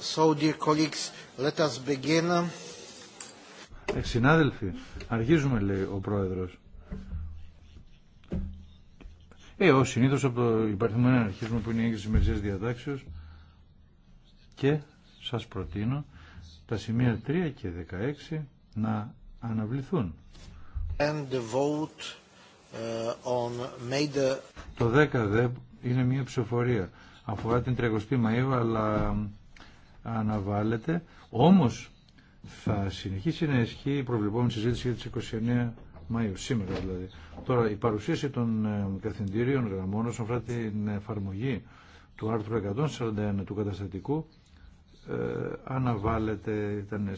So, ε, συνάδελφοι, αρχίζουμε λέει ο πρόεδρος. Ε, ως συνήθως από το υπαρθμό ένα αρχίζουμε που είναι η έγκριση μερικές διατάξεως και σας προτείνω τα σημεία 3 και 16 να αναβληθούν. Uh, το 10 δε είναι μια ψηφοφορία. Αφορά την 30η Μαΐου, αλλά αναβάλλεται, όμως θα συνεχίσει να ισχύει η προβληπόμενη συζήτηση για τις 29 Μαΐου, σήμερα δηλαδή. Τώρα η παρουσίαση των ε, καθεντήριων γραμμών όσον αφορά την εφαρμογή του άρθρου 141 του καταστατικού ε, αναβάλλεται, ήταν ε,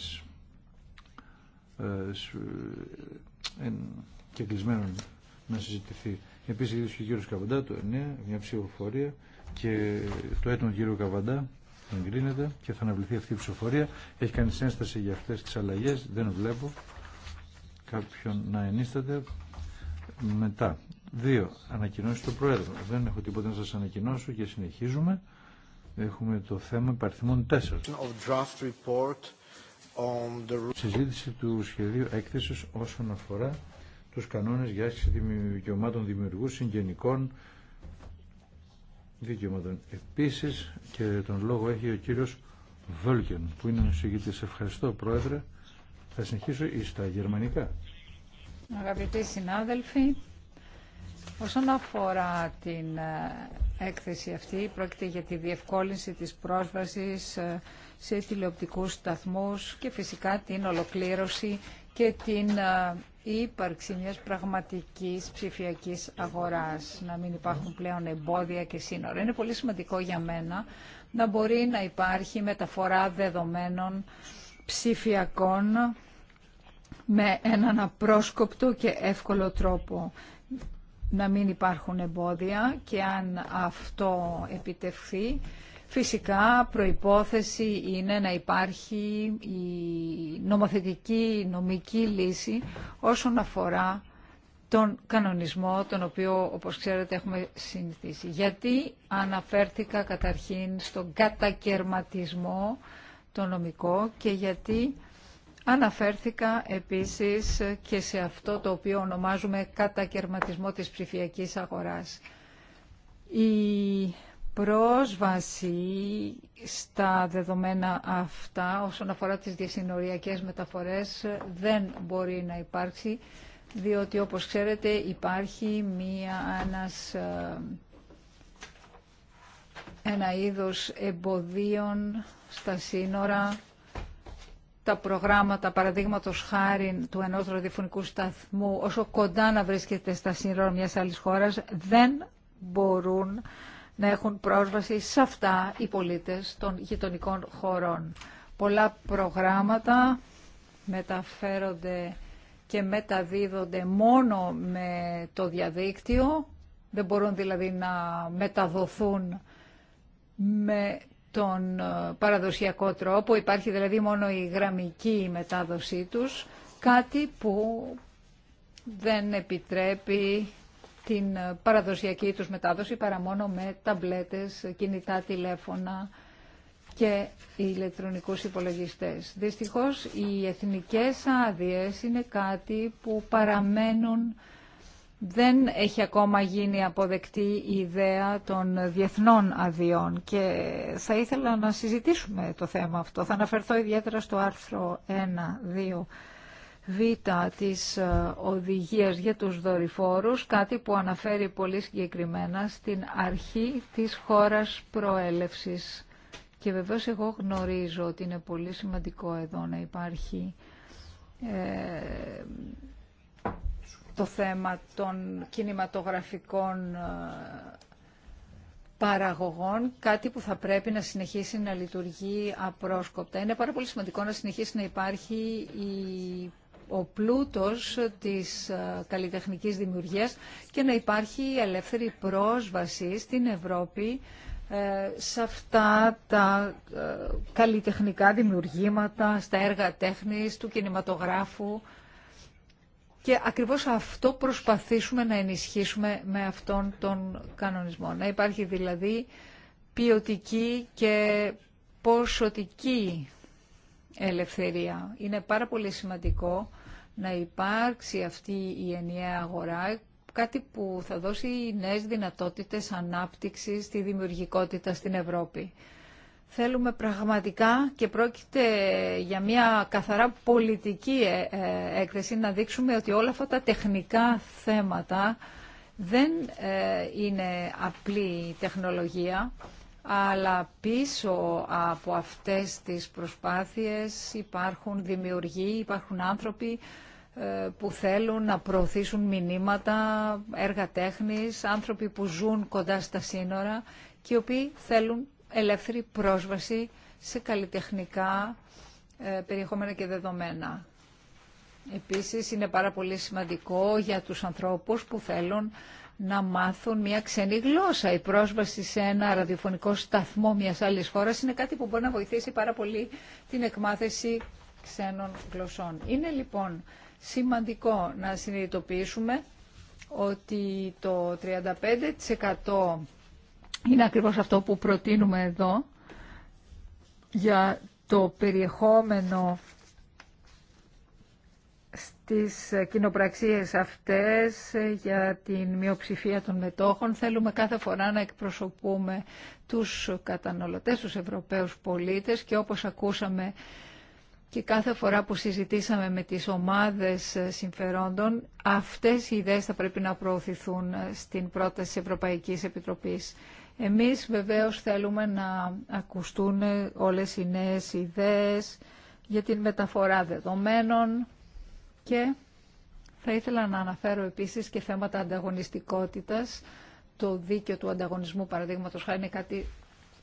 ε, και κλεισμένο να συζητηθεί. Επίσης, ο κύριος Καβαντά, το 9, μια ψηφοφορία και το έτοιμο του κύριου Καβαντά εγκρίνεται και θα αναβληθεί αυτή η ψηφοφορία. Έχει κάνει ένσταση για αυτές τις αλλαγέ. δεν βλέπω κάποιον να ενίσταται. Μετά, δύο, ανακοινώσει του Προέδρου. Δεν έχω τίποτα να σα ανακοινώσω και συνεχίζουμε. Έχουμε το θέμα υπαριθμών 4. Συζήτηση του σχεδίου έκθεσης όσον αφορά τους κανόνες για άσκηση δικαιωμάτων δημιουργού συγγενικών δικαιωμάτων. Επίσης και τον λόγο έχει ο κύριος Βόλκεν που είναι ο συγγητή. Ευχαριστώ πρόεδρε. Θα συνεχίσω στα γερμανικά. Αγαπητοί συνάδελφοι, όσον αφορά την ε, έκθεση αυτή, πρόκειται για τη διευκόλυνση της πρόσβασης ε, σε τηλεοπτικούς σταθμούς και φυσικά την ολοκλήρωση και την ε, η ύπαρξη μιας πραγματικής ψηφιακής αγοράς, να μην υπάρχουν πλέον εμπόδια και σύνορα. Είναι πολύ σημαντικό για μένα να μπορεί να υπάρχει μεταφορά δεδομένων ψηφιακών με έναν απρόσκοπτο και εύκολο τρόπο. Να μην υπάρχουν εμπόδια και αν αυτό επιτευχθεί, Φυσικά προϋπόθεση είναι να υπάρχει η νομοθετική, νομική λύση όσον αφορά τον κανονισμό, τον οποίο όπως ξέρετε έχουμε συνηθίσει. Γιατί αναφέρθηκα καταρχήν στον κατακαιρματισμό το νομικό και γιατί αναφέρθηκα επίσης και σε αυτό το οποίο ονομάζουμε κατακαιρματισμό της ψηφιακής αγοράς. Η πρόσβαση στα δεδομένα αυτά όσον αφορά τις διασυνοριακές μεταφορές δεν μπορεί να υπάρξει διότι όπως ξέρετε υπάρχει μία, ένας, ε, ένα είδος εμποδίων στα σύνορα τα προγράμματα παραδείγματο χάρη του ενός ραδιοφωνικού σταθμού όσο κοντά να βρίσκεται στα σύνορα μιας άλλης χώρας δεν μπορούν να έχουν πρόσβαση σε αυτά οι πολίτες των γειτονικών χωρών. Πολλά προγράμματα μεταφέρονται και μεταδίδονται μόνο με το διαδίκτυο, δεν μπορούν δηλαδή να μεταδοθούν με τον ε, παραδοσιακό τρόπο, υπάρχει δηλαδή μόνο η γραμμική μετάδοσή τους, κάτι που δεν επιτρέπει την παραδοσιακή τους μετάδοση παρά μόνο με ταμπλέτες, κινητά τηλέφωνα και ηλεκτρονικούς υπολογιστές. Δυστυχώς οι εθνικές άδειες είναι κάτι που παραμένουν δεν έχει ακόμα γίνει αποδεκτή η ιδέα των διεθνών αδειών και θα ήθελα να συζητήσουμε το θέμα αυτό. Θα αναφερθώ ιδιαίτερα στο άρθρο 1, Β της ε, οδηγίας για τους δορυφόρους, κάτι που αναφέρει πολύ συγκεκριμένα στην αρχή της χώρας προέλευσης. Και βεβαίως εγώ γνωρίζω ότι είναι πολύ σημαντικό εδώ να υπάρχει ε, το θέμα των κινηματογραφικών ε, παραγωγών, κάτι που θα πρέπει να συνεχίσει να λειτουργεί απρόσκοπτα. Είναι πάρα πολύ σημαντικό να συνεχίσει να υπάρχει η ο πλούτος της ε, καλλιτεχνικής δημιουργίας και να υπάρχει ελεύθερη πρόσβαση στην Ευρώπη ε, σε αυτά τα ε, καλλιτεχνικά δημιουργήματα, στα έργα τέχνης, του κινηματογράφου. Και ακριβώς αυτό προσπαθήσουμε να ενισχύσουμε με αυτόν τον κανονισμό. Να υπάρχει δηλαδή ποιοτική και ποσοτική ελευθερία. Είναι πάρα πολύ σημαντικό να υπάρξει αυτή η ενιαία αγορά, κάτι που θα δώσει νέες δυνατότητες ανάπτυξης τη δημιουργικότητα στην Ευρώπη. Θέλουμε πραγματικά και πρόκειται για μια καθαρά πολιτική ε, ε, έκθεση να δείξουμε ότι όλα αυτά τα τεχνικά θέματα δεν ε, είναι απλή τεχνολογία αλλά πίσω από αυτές τις προσπάθειες υπάρχουν δημιουργοί, υπάρχουν άνθρωποι ε, που θέλουν να προωθήσουν μηνύματα, έργα τέχνης, άνθρωποι που ζουν κοντά στα σύνορα και οι οποίοι θέλουν ελεύθερη πρόσβαση σε καλλιτεχνικά ε, περιεχόμενα και δεδομένα. Επίσης είναι πάρα πολύ σημαντικό για τους ανθρώπους που θέλουν να μάθουν μια ξένη γλώσσα. Η πρόσβαση σε ένα ραδιοφωνικό σταθμό μιας άλλης χώρα είναι κάτι που μπορεί να βοηθήσει πάρα πολύ την εκμάθηση ξένων γλωσσών. Είναι λοιπόν σημαντικό να συνειδητοποιήσουμε ότι το 35% είναι ακριβώς αυτό που προτείνουμε εδώ για το περιεχόμενο τις κοινοπραξίες αυτές για την μειοψηφία των μετόχων. Θέλουμε κάθε φορά να εκπροσωπούμε τους καταναλωτές, τους Ευρωπαίους πολίτες και όπως ακούσαμε και κάθε φορά που συζητήσαμε με τις ομάδες συμφερόντων, αυτές οι ιδέες θα πρέπει να προωθηθούν στην πρόταση της Ευρωπαϊκής Επιτροπής. Εμείς βεβαίως θέλουμε να ακουστούν όλες οι νέες ιδέες για την μεταφορά δεδομένων, και θα ήθελα να αναφέρω επίσης και θέματα ανταγωνιστικότητας. Το δίκαιο του ανταγωνισμού, παραδείγματο χάρη, είναι κάτι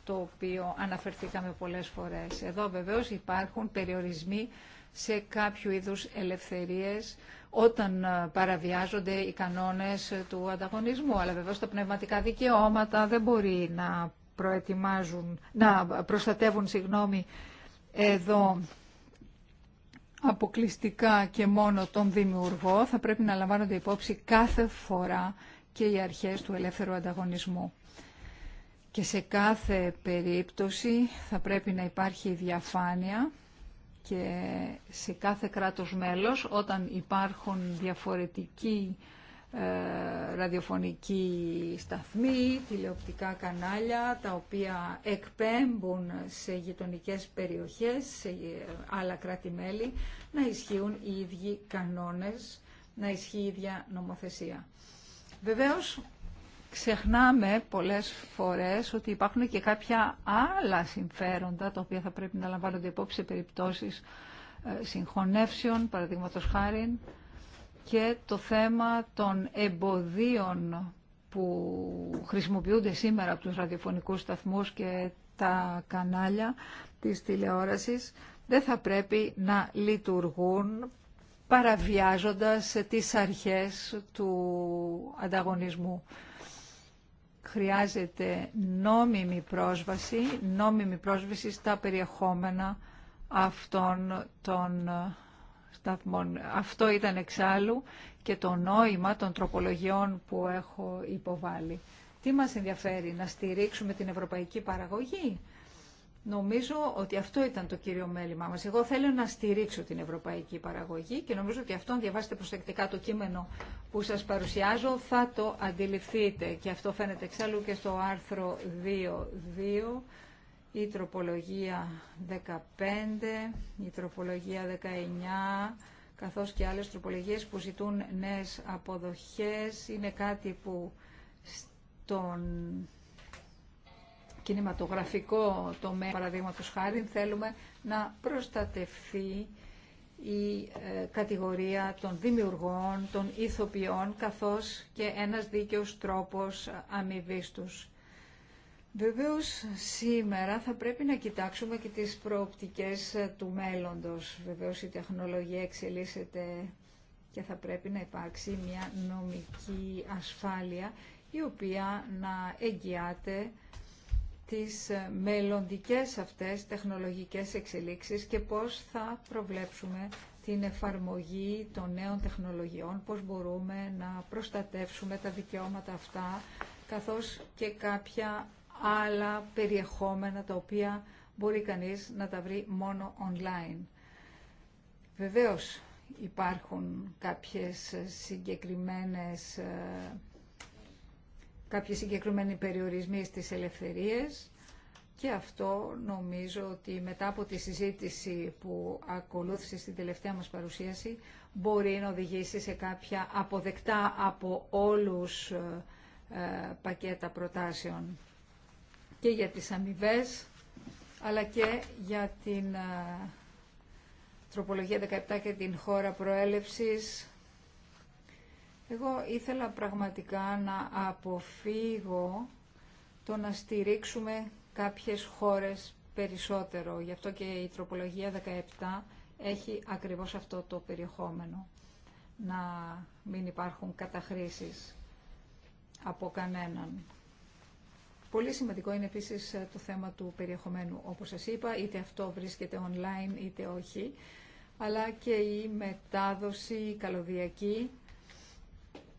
το οποίο αναφερθήκαμε πολλές φορές. Εδώ βεβαίως υπάρχουν περιορισμοί σε κάποιο είδους ελευθερίες όταν ε, παραβιάζονται οι κανόνες του ανταγωνισμού. Αλλά βεβαίως τα πνευματικά δικαιώματα δεν μπορεί να να προστατεύουν, συγγνώμη, εδώ αποκλειστικά και μόνο τον δημιουργό, θα πρέπει να λαμβάνονται υπόψη κάθε φορά και οι αρχές του ελεύθερου ανταγωνισμού. Και σε κάθε περίπτωση θα πρέπει να υπάρχει διαφάνεια και σε κάθε κράτος μέλος όταν υπάρχουν διαφορετικοί ε, ραδιοφωνική σταθμή, τηλεοπτικά κανάλια τα οποία εκπέμπουν σε γειτονικές περιοχές, σε ε, άλλα κράτη-μέλη, να ισχύουν οι ίδιοι κανόνες, να ισχύει η ίδια νομοθεσία. Βεβαίως, ξεχνάμε πολλές φορές ότι υπάρχουν και κάποια άλλα συμφέροντα τα οποία θα πρέπει να λαμβάνονται υπόψη σε περιπτώσεις ε, συγχωνεύσεων, παραδείγματος χάρη, και το θέμα των εμποδίων που χρησιμοποιούνται σήμερα από τους ραδιοφωνικούς σταθμούς και τα κανάλια της τηλεόρασης δεν θα πρέπει να λειτουργούν παραβιάζοντας τις αρχές του ανταγωνισμού. Χρειάζεται νόμιμη πρόσβαση, νόμιμη πρόσβαση στα περιεχόμενα αυτών των αυτό ήταν εξάλλου και το νόημα των τροπολογιών που έχω υποβάλει. Τι μας ενδιαφέρει, να στηρίξουμε την ευρωπαϊκή παραγωγή. Νομίζω ότι αυτό ήταν το κύριο μέλημά μας. Εγώ θέλω να στηρίξω την ευρωπαϊκή παραγωγή και νομίζω ότι αυτό, αν διαβάσετε προσεκτικά το κείμενο που σας παρουσιάζω, θα το αντιληφθείτε. Και αυτό φαίνεται εξάλλου και στο άρθρο 2.2 η τροπολογία 15, η τροπολογία 19, καθώς και άλλες τροπολογίες που ζητούν νέες αποδοχές. Είναι κάτι που στον κινηματογραφικό τομέα, παραδείγματο χάρη, θέλουμε να προστατευθεί η ε, κατηγορία των δημιουργών, των ηθοποιών, καθώς και ένας δίκαιος τρόπος αμοιβή τους. Βεβαίως σήμερα θα πρέπει να κοιτάξουμε και τις προοπτικές ε, του μέλλοντος. Βεβαίως η τεχνολογία εξελίσσεται και θα πρέπει να υπάρξει μια νομική ασφάλεια η οποία να εγγυάται τις ε, μελλοντικές αυτές τεχνολογικές εξελίξεις και πώς θα προβλέψουμε την εφαρμογή των νέων τεχνολογιών, πώς μπορούμε να προστατεύσουμε τα δικαιώματα αυτά, καθώς και κάποια άλλα περιεχόμενα τα οποία μπορεί κανείς να τα βρει μόνο online. Βεβαίως υπάρχουν κάποιες συγκεκριμένες ε, κάποιες συγκεκριμένοι περιορισμοί στις ελευθερίες και αυτό νομίζω ότι μετά από τη συζήτηση που ακολούθησε στην τελευταία μας παρουσίαση μπορεί να οδηγήσει σε κάποια αποδεκτά από όλους ε, ε, πακέτα προτάσεων και για τις αμοιβέ, αλλά και για την τροπολογία 17 και την χώρα προέλευσης. Εγώ ήθελα πραγματικά να αποφύγω το να στηρίξουμε κάποιες χώρες περισσότερο. Γι' αυτό και η τροπολογία 17 έχει ακριβώς αυτό το περιεχόμενο. Να μην υπάρχουν καταχρήσεις από κανέναν. Πολύ σημαντικό είναι επίσης ε, το θέμα του περιεχομένου, όπως σας είπα, είτε αυτό βρίσκεται online είτε όχι, αλλά και η μετάδοση καλωδιακή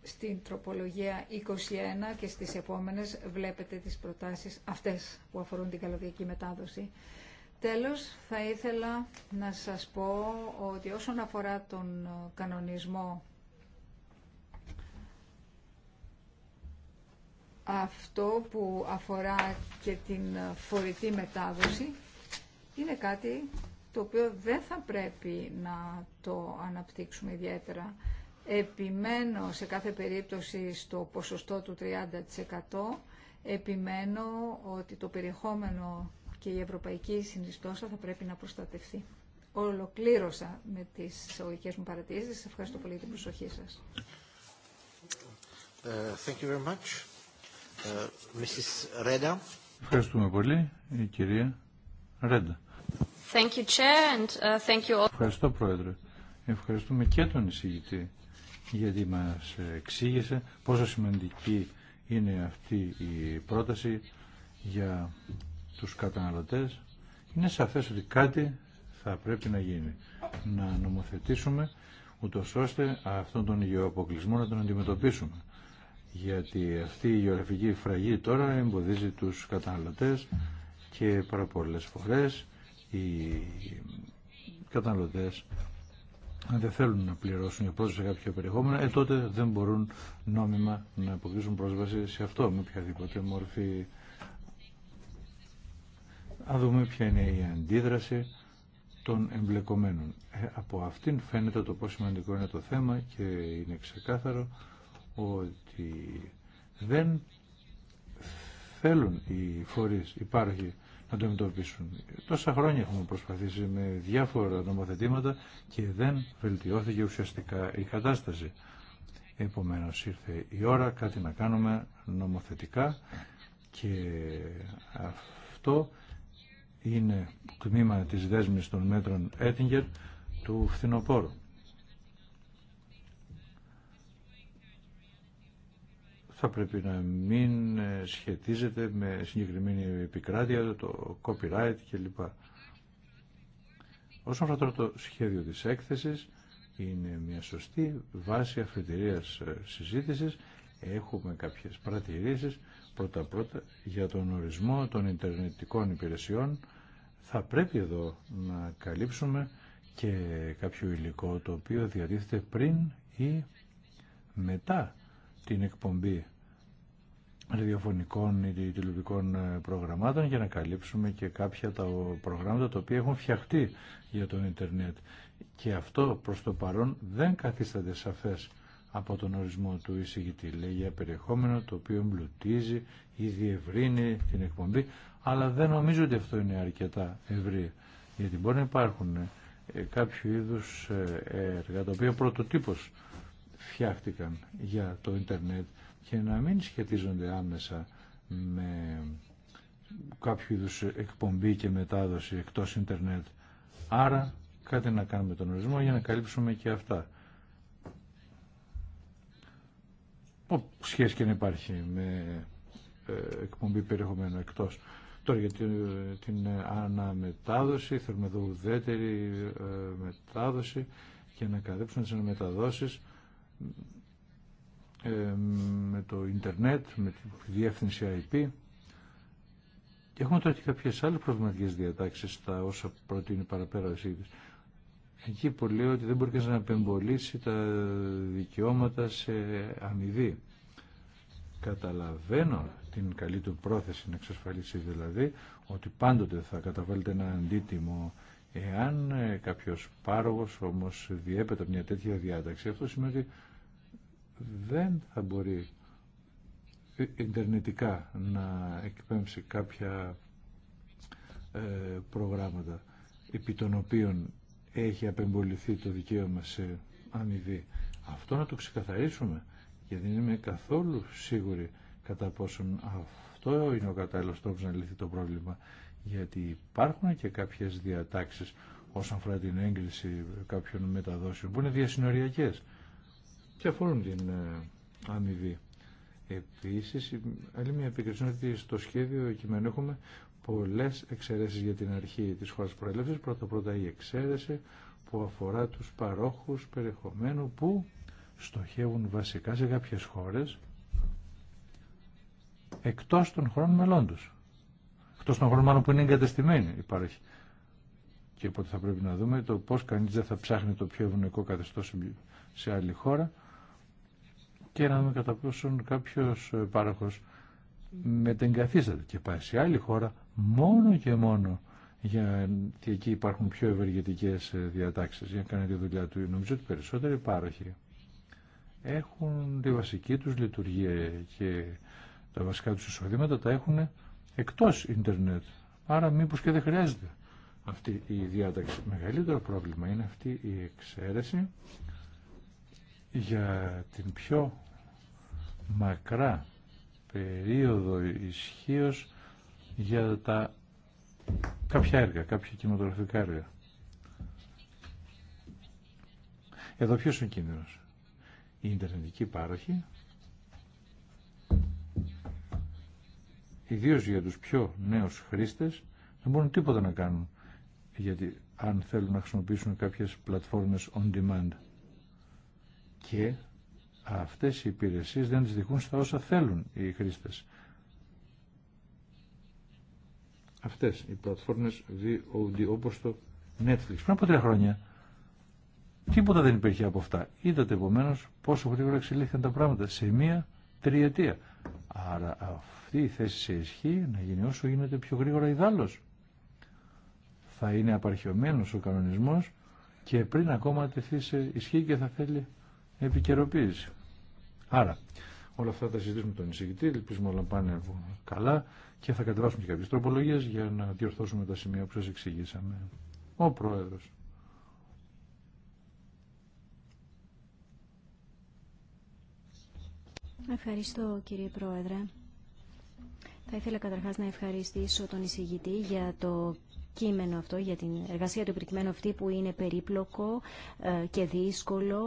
στην τροπολογία 21 και στις επόμενες βλέπετε τις προτάσεις αυτές που αφορούν την καλωδιακή μετάδοση. Τέλος, θα ήθελα να σας πω ότι όσον αφορά τον ε, κανονισμό αυτό που αφορά και την φορητή μετάδοση είναι κάτι το οποίο δεν θα πρέπει να το αναπτύξουμε ιδιαίτερα. Επιμένω σε κάθε περίπτωση στο ποσοστό του 30%. Επιμένω ότι το περιεχόμενο και η ευρωπαϊκή συνιστόσα θα πρέπει να προστατευτεί. Ολοκλήρωσα με τις εισαγωγικές μου παρατηρήσεις. Σας ευχαριστώ πολύ για την προσοχή σας. Ε, ε, Ευχαριστούμε πολύ, η κυρία Ρέντα. Uh, Ευχαριστώ, Πρόεδρε. Ευχαριστούμε και τον εισηγητή, γιατί μας εξήγησε πόσο σημαντική είναι αυτή η πρόταση για τους καταναλωτές. Είναι σαφές ότι κάτι θα πρέπει να γίνει. Να νομοθετήσουμε ούτω ώστε αυτόν τον υγειοαποκλεισμό να τον αντιμετωπίσουμε γιατί αυτή η γεωγραφική φραγή τώρα εμποδίζει τους καταναλωτές και πάρα πολλές φορές οι καταναλωτές αν δεν θέλουν να πληρώσουν για πρόσβαση σε κάποιο περιεχόμενο, ε, τότε δεν μπορούν νόμιμα να αποκτήσουν πρόσβαση σε αυτό με οποιαδήποτε μορφή. Α δούμε ποια είναι η αντίδραση των εμπλεκομένων. Ε, από αυτήν φαίνεται το πόσο σημαντικό είναι το θέμα και είναι ξεκάθαρο ότι δεν θέλουν οι φορείς, υπάρχει να το εντοπίσουν. Τόσα χρόνια έχουμε προσπαθήσει με διάφορα νομοθετήματα και δεν βελτιώθηκε ουσιαστικά η κατάσταση. Επομένως ήρθε η ώρα κάτι να κάνουμε νομοθετικά και αυτό είναι το τμήμα της δέσμης των μέτρων Έτιγκερ του φθινοπόρου. θα πρέπει να μην σχετίζεται με συγκεκριμένη επικράτεια, το copyright κλπ. Όσον αφορά το σχέδιο της έκθεσης, είναι μια σωστή βάση αφετηρίας ε, συζήτησης. Έχουμε κάποιες παρατηρήσεις. Πρώτα-πρώτα για τον ορισμό των Ιντερνετικών υπηρεσιών θα πρέπει εδώ να καλύψουμε και κάποιο υλικό το οποίο διατίθεται πριν ή μετά την εκπομπή ραδιοφωνικών ή τηλεοπτικών ε, προγραμμάτων για να καλύψουμε και κάποια τα προγράμματα τα οποία έχουν φτιαχτεί για το ίντερνετ. Και αυτό προς το παρόν δεν καθίσταται σαφές από τον ορισμό του εισηγητή. Λέει για περιεχόμενο το οποίο εμπλουτίζει ή διευρύνει την εκπομπή, αλλά δεν νομίζω ότι αυτό είναι αρκετά ευρύ, γιατί μπορεί να υπάρχουν ε, κάποιο είδους έργα, τα οποία φτιάχτηκαν για το ίντερνετ και να μην σχετίζονται άμεσα με κάποιο είδου εκπομπή και μετάδοση εκτός ίντερνετ. Άρα κάτι να κάνουμε τον ορισμό για να καλύψουμε και αυτά. Ο σχέση και να υπάρχει με ε, εκπομπή περιεχομένου εκτός. Τώρα για την αναμετάδοση, θερμεδοουδέτερη ε, μετάδοση και να καλύψουμε τις αναμεταδόσεις ε, με το ίντερνετ, με τη διεύθυνση IP. Και έχουμε τώρα και κάποιε άλλες προβληματικές διατάξεις στα όσα προτείνει παραπέρα ο Εκεί που λέει ότι δεν μπορεί κανεί να απεμπολίσει τα δικαιώματα σε αμοιβή. Καταλαβαίνω την καλή του πρόθεση να εξασφαλίσει δηλαδή ότι πάντοτε θα καταβάλλεται ένα αντίτιμο εάν ε, κάποιος πάρογος όμως διέπεται μια τέτοια διάταξη. Αυτό σημαίνει ότι δεν θα μπορεί ε, ιντερνετικά να εκπέμψει κάποια ε, προγράμματα επί των οποίων έχει απεμποληθεί το δικαίωμα σε αμοιβή. Αυτό να το ξεκαθαρίσουμε γιατί δεν είμαι καθόλου σίγουρη κατά πόσον αυτό είναι ο κατάλληλος τρόπος να λυθεί το πρόβλημα γιατί υπάρχουν και κάποιες διατάξεις όσον αφορά την έγκριση κάποιων μεταδόσεων που είναι διασυνοριακές και αφορούν την ε, αμοιβή. Επίσης, άλλη μια επίκριση ότι στο σχέδιο κειμένου έχουμε πολλές εξαιρέσεις για την αρχή της χώρας προέλευσης. Πρώτα-πρώτα η εξαίρεση που αφορά τους παρόχους περιεχομένου που στοχεύουν βασικά σε κάποιες χώρες εκτός των χρόνων μελών τους. Εκτός των χρόνων μάλλον που είναι εγκατεστημένοι υπάρχει. Και οπότε θα πρέπει να δούμε το πώς κανείς δεν θα ψάχνει το πιο ευνοϊκό καθεστώς σε άλλη χώρα και να δούμε κατά πόσον κάποιο ε, πάροχος μετεγκαθίσταται και πάει σε άλλη χώρα μόνο και μόνο γιατί εκεί υπάρχουν πιο ευεργετικές ε, διατάξει για να κάνει τη δουλειά του. Νομίζω ότι περισσότεροι πάροχοι έχουν τη βασική τους λειτουργία και τα βασικά τους εισοδήματα τα έχουν εκτό ίντερνετ. Άρα μήπω και δεν χρειάζεται αυτή η διάταξη. Μεγαλύτερο πρόβλημα είναι αυτή η εξαίρεση για την πιο μακρά περίοδο ισχύω για τα κάποια έργα, κάποια κινηματογραφικά έργα. Εδώ ποιος είναι ο κίνδυνος. Η Ιντερνετική πάροχη, ιδίως για τους πιο νέους χρήστες, δεν μπορούν τίποτα να κάνουν γιατί αν θέλουν να χρησιμοποιήσουν κάποιες πλατφόρμες on demand. Και αυτές οι υπηρεσίες δεν τις δικούν στα όσα θέλουν οι χρήστες. Αυτές οι πλατφόρμες VOD όπως το Netflix. Πριν από τρία χρόνια τίποτα δεν υπήρχε από αυτά. Είδατε επομένω πόσο γρήγορα εξελίχθηκαν τα πράγματα σε μία τριετία. Άρα αυτή η θέση σε ισχύ να γίνει όσο γίνεται πιο γρήγορα η ιδάλλως. Θα είναι απαρχιωμένος ο κανονισμός και πριν ακόμα τεθεί σε ισχύ και θα θέλει επικαιροποίηση. Άρα, όλα αυτά θα συζητήσουμε τον εισηγητή, ελπίζουμε όλα πάνε καλά και θα κατεβάσουμε και κάποιε τροπολογίε για να διορθώσουμε τα σημεία που σα εξηγήσαμε. Ο Πρόεδρος. Ευχαριστώ κύριε Πρόεδρε. Θα ήθελα καταρχάς να ευχαριστήσω τον εισηγητή για το κείμενο αυτό, για την εργασία του επιτυχημένου αυτή που είναι περίπλοκο ε, και δύσκολο.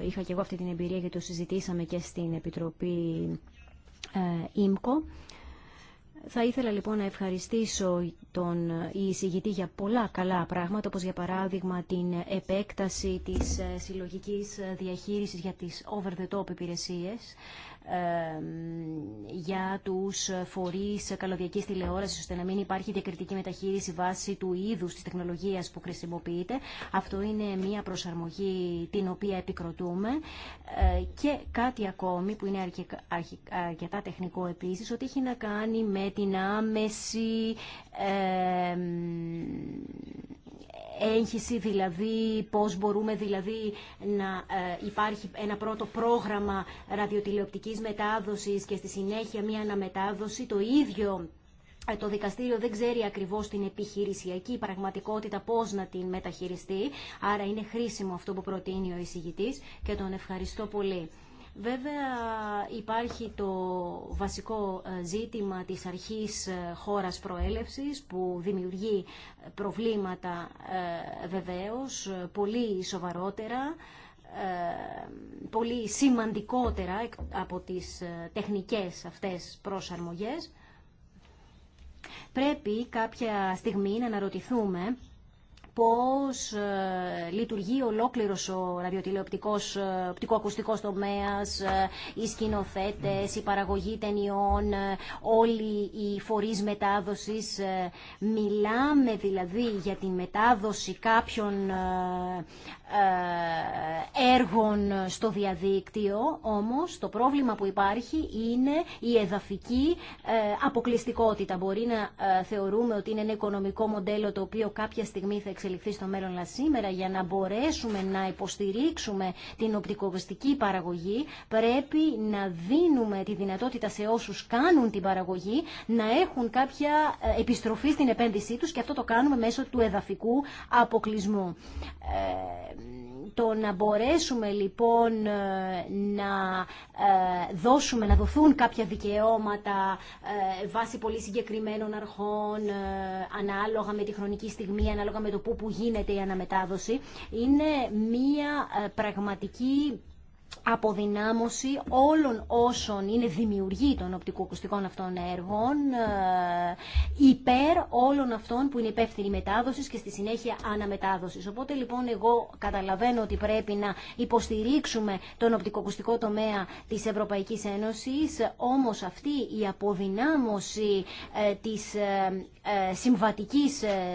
Ε, είχα και εγώ αυτή την εμπειρία γιατί το συζητήσαμε και στην Επιτροπή ε, ΙΜΚΟ. Θα ήθελα λοιπόν να ευχαριστήσω τον εισηγητή για πολλά καλά πράγματα, όπως για παράδειγμα την επέκταση της συλλογικής διαχείρισης για τις over-the-top υπηρεσίες για τους φορείς καλωδιακής τηλεόρασης ώστε να μην υπάρχει διακριτική μεταχείριση βάσει του είδους της τεχνολογίας που χρησιμοποιείται. Αυτό είναι μια προσαρμογή την οποία επικροτούμε ε, και κάτι ακόμη που είναι αρκετά τεχνικό επίση, ότι έχει να κάνει με την άμεση έγχυση, δηλαδή πώς μπορούμε δηλαδή να ε, υπάρχει ένα πρώτο πρόγραμμα ραδιοτηλεοπτικής μετάδοσης και στη συνέχεια μια αναμετάδοση, το ίδιο ε, το δικαστήριο δεν ξέρει ακριβώς την επιχειρησιακή πραγματικότητα πώς να την μεταχειριστεί, άρα είναι χρήσιμο αυτό που προτείνει ο εισηγητής και τον ευχαριστώ πολύ. Βέβαια υπάρχει το βασικό ε, ζήτημα της αρχής ε, χώρας προέλευσης που δημιουργεί ε, προβλήματα βεβαίως πολύ σοβαρότερα πολύ σημαντικότερα από τις τεχνικές αυτές προσαρμογές. Πρέπει κάποια στιγμή να αναρωτηθούμε πώς ε, λειτουργεί ολόκληρος ο ραδιοτηλεοπτικός, ε, οπτικοακουστικός τομέας, ε, οι σκηνοθέτες, η παραγωγή ταινιών, όλοι οι φορείς μετάδοσης. Μιλάμε δηλαδή για τη μετάδοση κάποιων ε, έργων στο διαδίκτυο, όμως το πρόβλημα που υπάρχει είναι η εδαφική ε, αποκλειστικότητα. Μπορεί να ε, θεωρούμε ότι είναι ένα οικονομικό μοντέλο το οποίο κάποια στιγμή θα εξελιχθεί στο μέλλον, αλλά σήμερα για να μπορέσουμε να υποστηρίξουμε την οπτικογραφική παραγωγή πρέπει να δίνουμε τη δυνατότητα σε όσους κάνουν την παραγωγή να έχουν κάποια επιστροφή στην επένδυσή τους και αυτό το κάνουμε μέσω του εδαφικού αποκλεισμού το να μπορέσουμε λοιπόν ε, να ε, δώσουμε, να δοθούν κάποια δικαιώματα ε, βάσει πολύ συγκεκριμένων αρχών, ανάλογα με τη χρονική στιγμή, ανάλογα με το πού που γίνεται η αναμετάδοση, είναι μία πραγματική αποδυνάμωση όλων όσων είναι δημιουργοί των οπτικοακουστικών αυτών έργων ε, υπέρ όλων αυτών που είναι υπεύθυνοι μετάδοση και στη συνέχεια αναμετάδοση. Οπότε λοιπόν εγώ καταλαβαίνω ότι πρέπει να υποστηρίξουμε τον οπτικοακουστικό τομέα τη Ευρωπαϊκή Ένωση, όμω αυτή η αποδυνάμωση ε, τη ε, συμβατική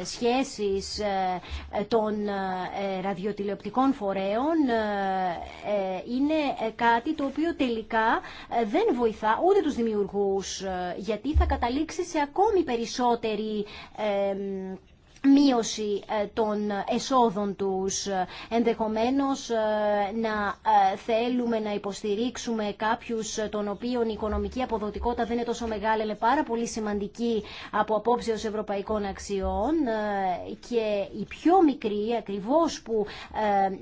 σχέση των ραδιοτηλεοπτικών φορέων είναι ε, κάτι το οποίο τελικά ε, δεν βοηθά ούτε τους δημιουργούς, ε, γιατί θα καταλήξει σε ακόμη περισσότερη μείωση ε, των εσόδων τους. Ε, ενδεχομένως ε, να θέλουμε να υποστηρίξουμε κάποιους των οποίων η οικονομική αποδοτικότητα δεν είναι τόσο μεγάλη, αλλά πάρα πολύ σημαντική από απόψεως ευρωπαϊκών αξιών και οι πιο μικροί ακριβώς που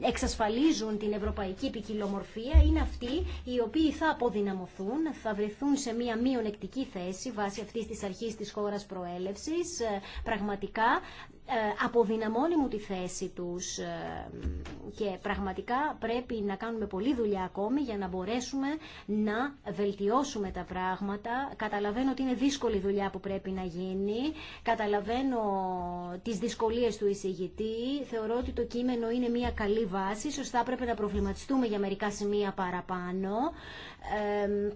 εξασφαλίζουν την ευρωπαϊκή ποικιλομορφία είναι αυτοί οι οποίοι θα αποδυναμωθούν, θα βρεθούν σε μια μειονεκτική θέση βάσει αυτής της αρχής της χώρας προέλευσης. Πραγματικά ε, αποδυναμώνει μου τη θέση τους ε, και πραγματικά πρέπει να κάνουμε πολλή δουλειά ακόμη για να μπορέσουμε να βελτιώσουμε τα πράγματα. Καταλαβαίνω ότι είναι δύσκολη δουλειά που πρέπει να γίνει. Καταλαβαίνω τις δυσκολίες του εισηγητή. Θεωρώ ότι το κείμενο είναι μια καλή βάση. Σωστά πρέπει να προβληματιστούμε για μερικά σημεία παραπάνω. Ε,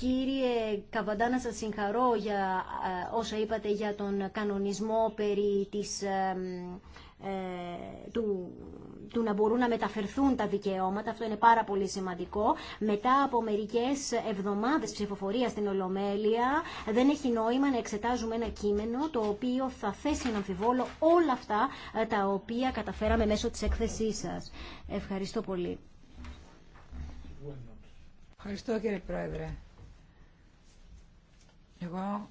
Κύριε Καβαντά, να σας συγχαρώ για ε, όσα είπατε για τον κανονισμό περί της, ε, ε, του, να μπορούν να μεταφερθούν τα δικαιώματα. Αυτό είναι πάρα πολύ σημαντικό. Μετά από μερικές εβδομάδες ψηφοφορία στην Ολομέλεια δεν έχει νόημα να εξετάζουμε ένα κείμενο το οποίο θα θέσει να αμφιβόλο όλα αυτά τα οποία καταφέραμε μέσω της έκθεσής σας. Ευχαριστώ πολύ. Ευχαριστώ κύριε Πρόεδρε. Εγώ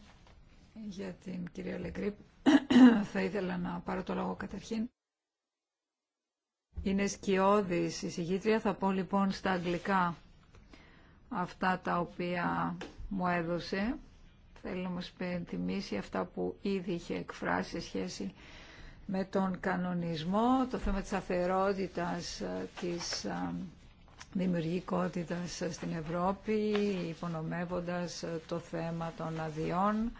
για την κυρία Λεκρίπ, θα ήθελα να πάρω το λόγο καταρχήν. Είναι σκιώδης η συγγήτρια. Θα πω λοιπόν στα αγγλικά αυτά τα οποία μου έδωσε. Θέλω να μας πεντιμήσει αυτά που ήδη είχε εκφράσει σχέση με τον κανονισμό, το θέμα της αφαιρότητας ε, της ε, δημιουργικότητας στην Ευρώπη, υπονομεύοντας το θέμα των αδειών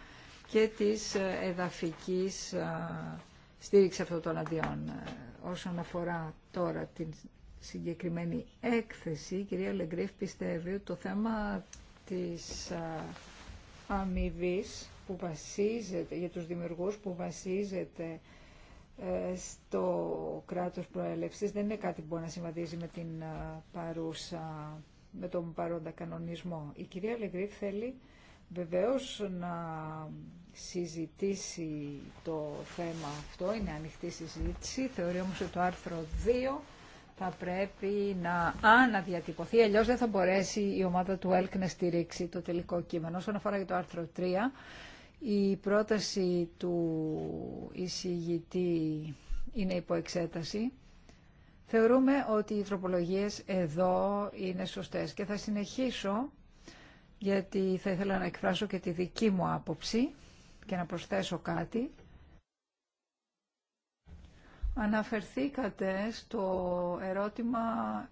και της εδαφικής στήριξης αυτών των αδειών. Όσον αφορά τώρα την συγκεκριμένη έκθεση, η κυρία Λεγκρίφ πιστεύει ότι το θέμα της αμοιβή που βασίζεται, για τους δημιουργούς που βασίζεται ε, στο κράτος προέλευσης δεν είναι κάτι που μπορεί να συμβαδίζει με, την ε, παρούσα, με τον παρόντα κανονισμό. Η κυρία Λεγκρίφ θέλει βεβαίως να συζητήσει το θέμα αυτό, είναι ανοιχτή συζήτηση, θεωρεί όμως ότι το άρθρο 2 θα πρέπει να αναδιατυπωθεί, αλλιώ δεν θα μπορέσει η ομάδα του ΕΛΚ να στηρίξει το τελικό κείμενο. Όσον αφορά για το άρθρο 3, η πρόταση του εισηγητή είναι υπό εξέταση. Θεωρούμε ότι οι τροπολογίες εδώ είναι σωστές και θα συνεχίσω γιατί θα ήθελα να εκφράσω και τη δική μου άποψη και να προσθέσω κάτι. Αναφερθήκατε στο ερώτημα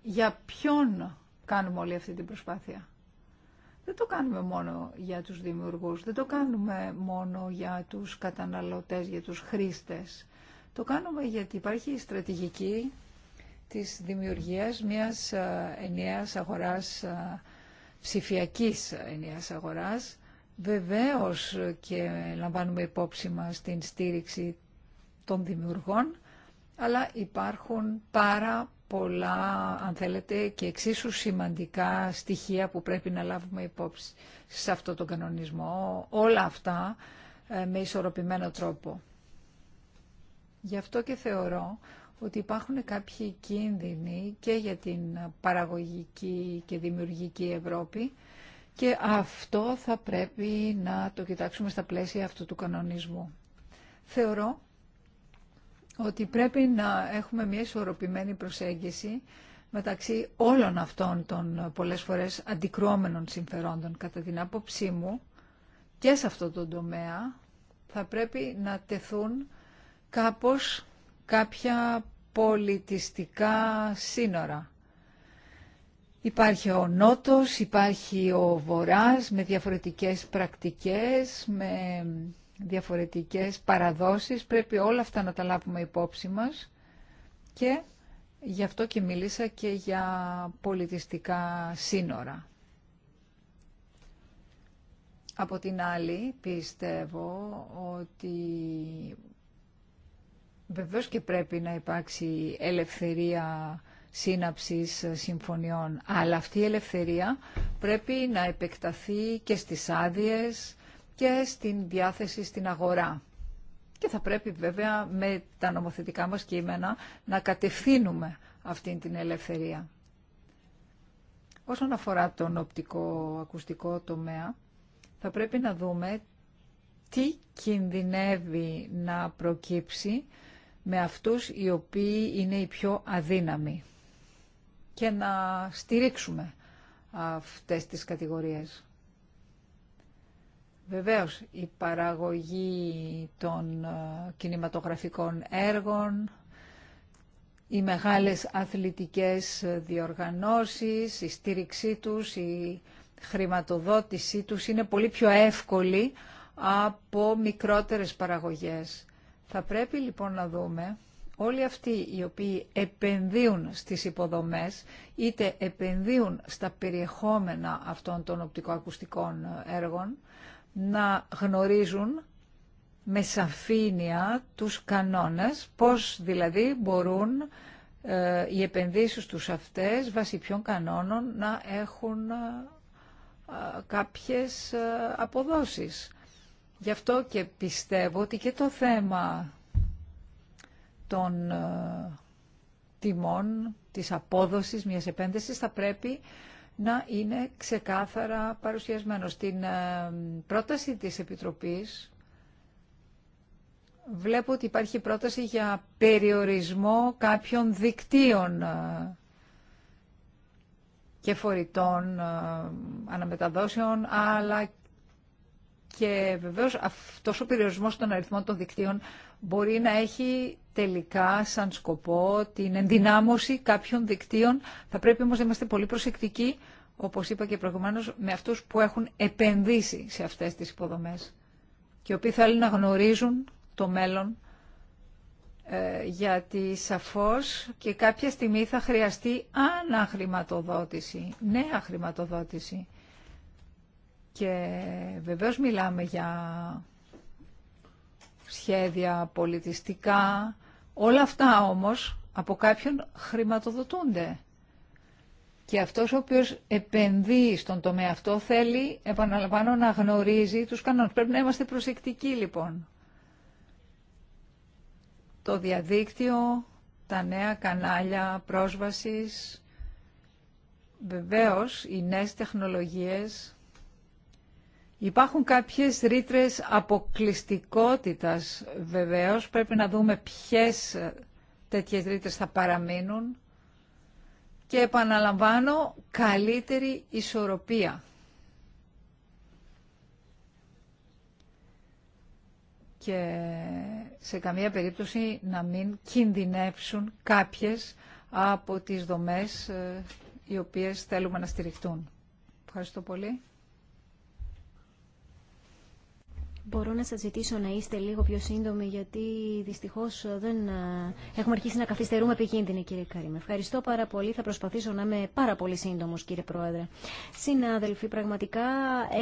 για ποιον κάνουμε όλη αυτή την προσπάθεια. Δεν το κάνουμε μόνο για τους δημιουργούς, δεν το κάνουμε μόνο για τους καταναλωτές, για τους χρήστες. Το κάνουμε γιατί υπάρχει η στρατηγική της δημιουργίας μιας ε, ενιαίας αγοράς, ε, ψηφιακής ενιαίας αγοράς. Βεβαίως και λαμβάνουμε υπόψη μας την στήριξη των δημιουργών, αλλά υπάρχουν πάρα πολλά, αν θέλετε, και εξίσου σημαντικά στοιχεία που πρέπει να λάβουμε υπόψη σε αυτό το κανονισμό. Όλα αυτά ε, με ισορροπημένο τρόπο. Γι' αυτό και θεωρώ ότι υπάρχουν κάποιοι κίνδυνοι και για την παραγωγική και δημιουργική Ευρώπη και αυτό θα πρέπει να το κοιτάξουμε στα πλαίσια αυτού του κανονισμού. Θεωρώ ότι πρέπει να έχουμε μια ισορροπημένη προσέγγιση μεταξύ όλων αυτών των πολλές φορές αντικρώμενων συμφερόντων κατά την άποψή μου και σε αυτό το τομέα θα πρέπει να τεθούν κάπως κάποια πολιτιστικά σύνορα. Υπάρχει ο Νότος, υπάρχει ο Βορράς με διαφορετικές πρακτικές, με διαφορετικές παραδόσεις. Πρέπει όλα αυτά να τα λάβουμε υπόψη μας και γι' αυτό και μίλησα και για πολιτιστικά σύνορα. Από την άλλη, πιστεύω ότι βεβαίως και πρέπει να υπάρξει ελευθερία σύναψης συμφωνιών, αλλά αυτή η ελευθερία πρέπει να επεκταθεί και στις άδειες, και στην διάθεση στην αγορά. Και θα πρέπει βέβαια με τα νομοθετικά μας κείμενα να κατευθύνουμε αυτή την ελευθερία. Όσον αφορά τον οπτικό-ακουστικό τομέα, θα πρέπει να δούμε τι κινδυνεύει να προκύψει με αυτούς οι οποίοι είναι οι πιο αδύναμοι και να στηρίξουμε αυτές τις κατηγορίες. Βεβαίως, η παραγωγή των ε, κινηματογραφικών έργων, οι μεγάλες αθλητικές διοργανώσεις, η στήριξή τους, η χρηματοδότησή τους είναι πολύ πιο εύκολη από μικρότερες παραγωγές. Θα πρέπει λοιπόν να δούμε όλοι αυτοί οι οποίοι επενδύουν στις υποδομές, είτε επενδύουν στα περιεχόμενα αυτών των οπτικοακουστικών έργων, να γνωρίζουν με σαφήνεια τους κανόνες, πώς δηλαδή μπορούν ε, οι επενδύσεις τους αυτές, βάσει ποιων κανόνων, να έχουν ε, κάποιες ε, αποδόσεις. Γι' αυτό και πιστεύω ότι και το θέμα των τιμών, της απόδοσης μιας επένδυσης θα πρέπει να είναι ξεκάθαρα παρουσιασμένο. Στην ε, πρόταση της Επιτροπής βλέπω ότι υπάρχει πρόταση για περιορισμό κάποιων δικτύων ε, και φορητών ε, αναμεταδόσεων, αλλά και βεβαίως αυτός ο περιορισμός των αριθμών των δικτύων μπορεί να έχει τελικά σαν σκοπό την ενδυνάμωση κάποιων δικτύων. Θα πρέπει όμως να είμαστε πολύ προσεκτικοί, όπως είπα και προηγουμένως, με αυτούς που έχουν επενδύσει σε αυτές τις υποδομές και οι οποίοι θέλουν να γνωρίζουν το μέλλον ε, γιατί σαφώς και κάποια στιγμή θα χρειαστεί αναχρηματοδότηση, νέα χρηματοδότηση. Και βεβαίως μιλάμε για σχέδια πολιτιστικά. Όλα αυτά όμως από κάποιον χρηματοδοτούνται. Και αυτός ο οποίος επενδύει στον τομέα αυτό θέλει, επαναλαμβάνω, να γνωρίζει τους κανόνες. Πρέπει να είμαστε προσεκτικοί λοιπόν. Το διαδίκτυο, τα νέα κανάλια πρόσβασης, βεβαίως οι νέες τεχνολογίες Υπάρχουν κάποιες ρήτρε αποκλειστικότητας βεβαίως. Πρέπει να δούμε ποιες ε, τέτοιες ρήτρε θα παραμείνουν. Και επαναλαμβάνω, καλύτερη ισορροπία. Και σε καμία περίπτωση να μην κινδυνεύσουν κάποιες από τις δομές ε, οι οποίες θέλουμε να στηριχτούν. Ευχαριστώ πολύ. Μπορώ να σας ζητήσω να είστε λίγο πιο σύντομοι γιατί δυστυχώς ε, δεν... Ε, έχουμε αρχίσει να καθυστερούμε επικίνδυνοι κύριε Καρύμ. Ευχαριστώ πάρα πολύ. Θα προσπαθήσω να είμαι πάρα πολύ σύντομος κύριε Πρόεδρε. Συνάδελφοι, πραγματικά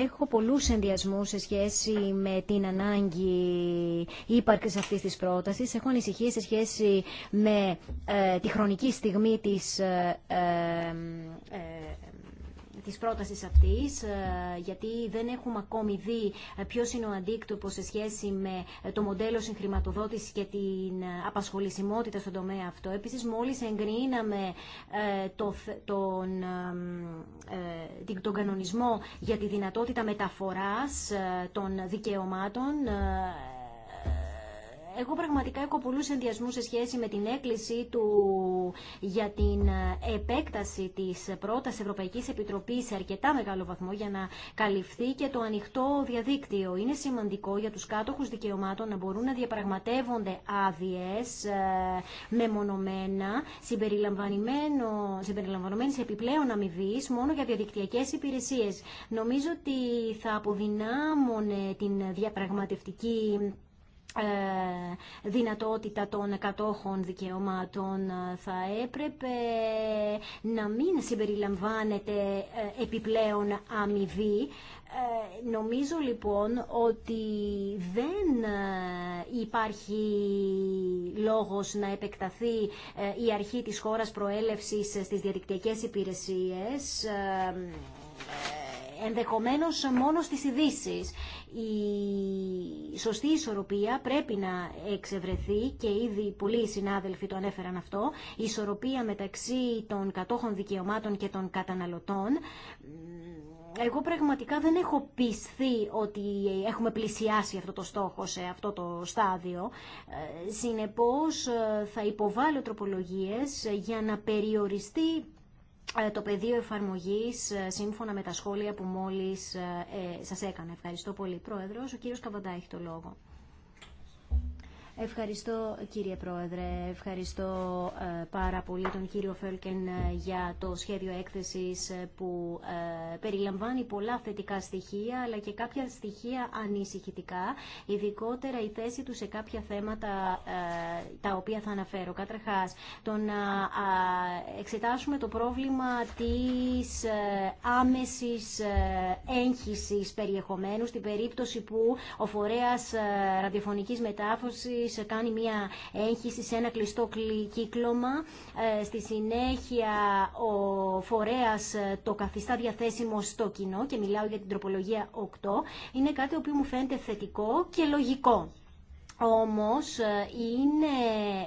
έχω πολλούς ενδιασμούς σε σχέση με την ανάγκη ύπαρξης αυτής της πρότασης. Έχω ανησυχίε σε σχέση με ε, τη χρονική στιγμή της της πρότασης αυτής, ε, γιατί δεν έχουμε ακόμη δει ε, ποιος είναι ο αντίκτυπος σε σχέση με ε, το μοντέλο συγχρηματοδότηση και την απασχολησιμότητα στον τομέα αυτό. Επίσης, μόλις εγκρίναμε τον, τον κανονισμό για τη δυνατότητα μεταφοράς των δικαιωμάτων εγώ πραγματικά έχω πολλού ενδιασμού σε σχέση με την έκκληση του για την επέκταση της πρώτας Ευρωπαϊκής Επιτροπής σε αρκετά μεγάλο βαθμό για να καλυφθεί και το ανοιχτό διαδίκτυο. Είναι σημαντικό για τους κάτοχους δικαιωμάτων να μπορούν να διαπραγματεύονται άδειε ε, μεμονωμένα, συμπεριλαμβανομένε επιπλέον αμοιβή μόνο για διαδικτυακέ υπηρεσίε. Νομίζω ότι θα αποδυνάμωνε την διαπραγματευτική ε, δυνατότητα των κατόχων δικαιωμάτων ε, θα έπρεπε να μην συμπεριλαμβάνεται ε, επιπλέον αμοιβή νομίζω λοιπόν ότι δεν υπάρχει λόγος να επεκταθεί η αρχή της χώρας προέλευσης στις διαδικτυακές υπηρεσίες ενδεχομένως μόνο στις ειδήσει η σωστή ισορροπία πρέπει να εξευρεθεί και ήδη πολλοί συνάδελφοι το ανέφεραν αυτό, η ισορροπία μεταξύ των κατόχων δικαιωμάτων και των καταναλωτών. Εγώ πραγματικά δεν έχω πιστεί ότι έχουμε πλησιάσει αυτό το στόχο σε αυτό το στάδιο. Ε, συνεπώς ε, θα υποβάλω τροπολογίες για να περιοριστεί ε, το πεδίο εφαρμογής ε, σύμφωνα με τα σχόλια που μόλις ε, σας έκανα. Ευχαριστώ πολύ, Πρόεδρος. Ο κύριος Καβαντά έχει το λόγο. Ευχαριστώ κύριε Πρόεδρε, ευχαριστώ ε, πάρα πολύ τον κύριο Φέλκεν ε, για το σχέδιο έκθεσης ε, που περιλαμβάνει πολλά θετικά στοιχεία αλλά και κάποια στοιχεία ανησυχητικά, ειδικότερα η θέση του σε κάποια θέματα τα οποία θα αναφέρω. Κάτραχας, το να εξετάσουμε το πρόβλημα της άμεσης έγχυσης περιεχομένου στην περίπτωση που ο φορέας ραδιοφωνικής μετάφωσης της κάνει μια έγχυση σε ένα κλειστό κύκλωμα. Ε, στη συνέχεια ο φορέας ε, το καθιστά διαθέσιμο στο κοινό και μιλάω για την τροπολογία 8. Είναι κάτι που μου φαίνεται θετικό και λογικό. Όμως ε, είναι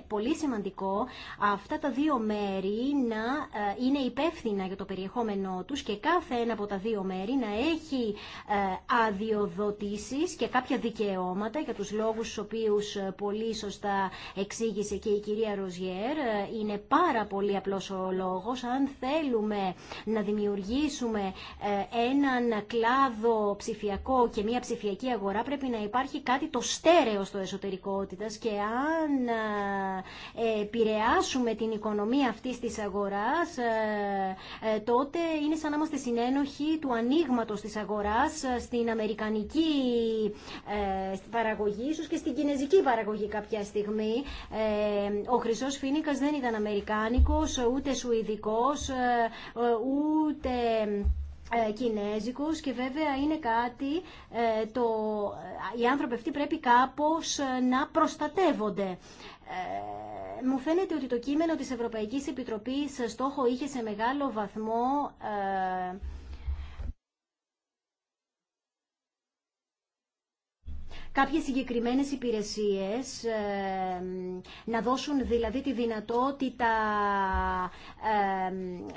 πολύ σημαντικό αυτά τα δύο μέρη να ε, είναι υπεύθυνα για το περιεχόμενό τους και κάθε ένα από τα δύο μέρη να έχει ε, αδειοδοτήσεις και κάποια δικαιώματα για τους λόγους στους οποίους πολύ σωστά εξήγησε και η κυρία Ροζιέρ. Είναι πάρα πολύ απλός ο λόγος. Αν θέλουμε να δημιουργήσουμε έναν κλάδο ψηφιακό και μια ψηφιακή αγορά πρέπει να υπάρχει κάτι το στέρεο στο εσωτερικό και αν ε, επηρεάσουμε την οικονομία αυτής της αγοράς, ε, ε, τότε είναι σαν να είμαστε συνένοχοι του ανοίγματο της αγοράς στην αμερικανική παραγωγή, ίσω και στην κινέζικη παραγωγή κάποια στιγμή. Ο Χρυσός Φίνικας δεν ήταν αμερικάνικος, ούτε σουηδικός, ούτε ε, κινέζικους και βέβαια είναι κάτι ε, το ε, οι άνθρωποι αυτοί πρέπει κάπως να προστατεύονται. Μου φαίνεται ότι το κείμενο της Ευρωπαϊκής Επιτροπής στόχο είχε σε μεγάλο βαθμό κάποιες συγκεκριμένες υπηρεσίες, να δώσουν δηλαδή τη δυνατότητα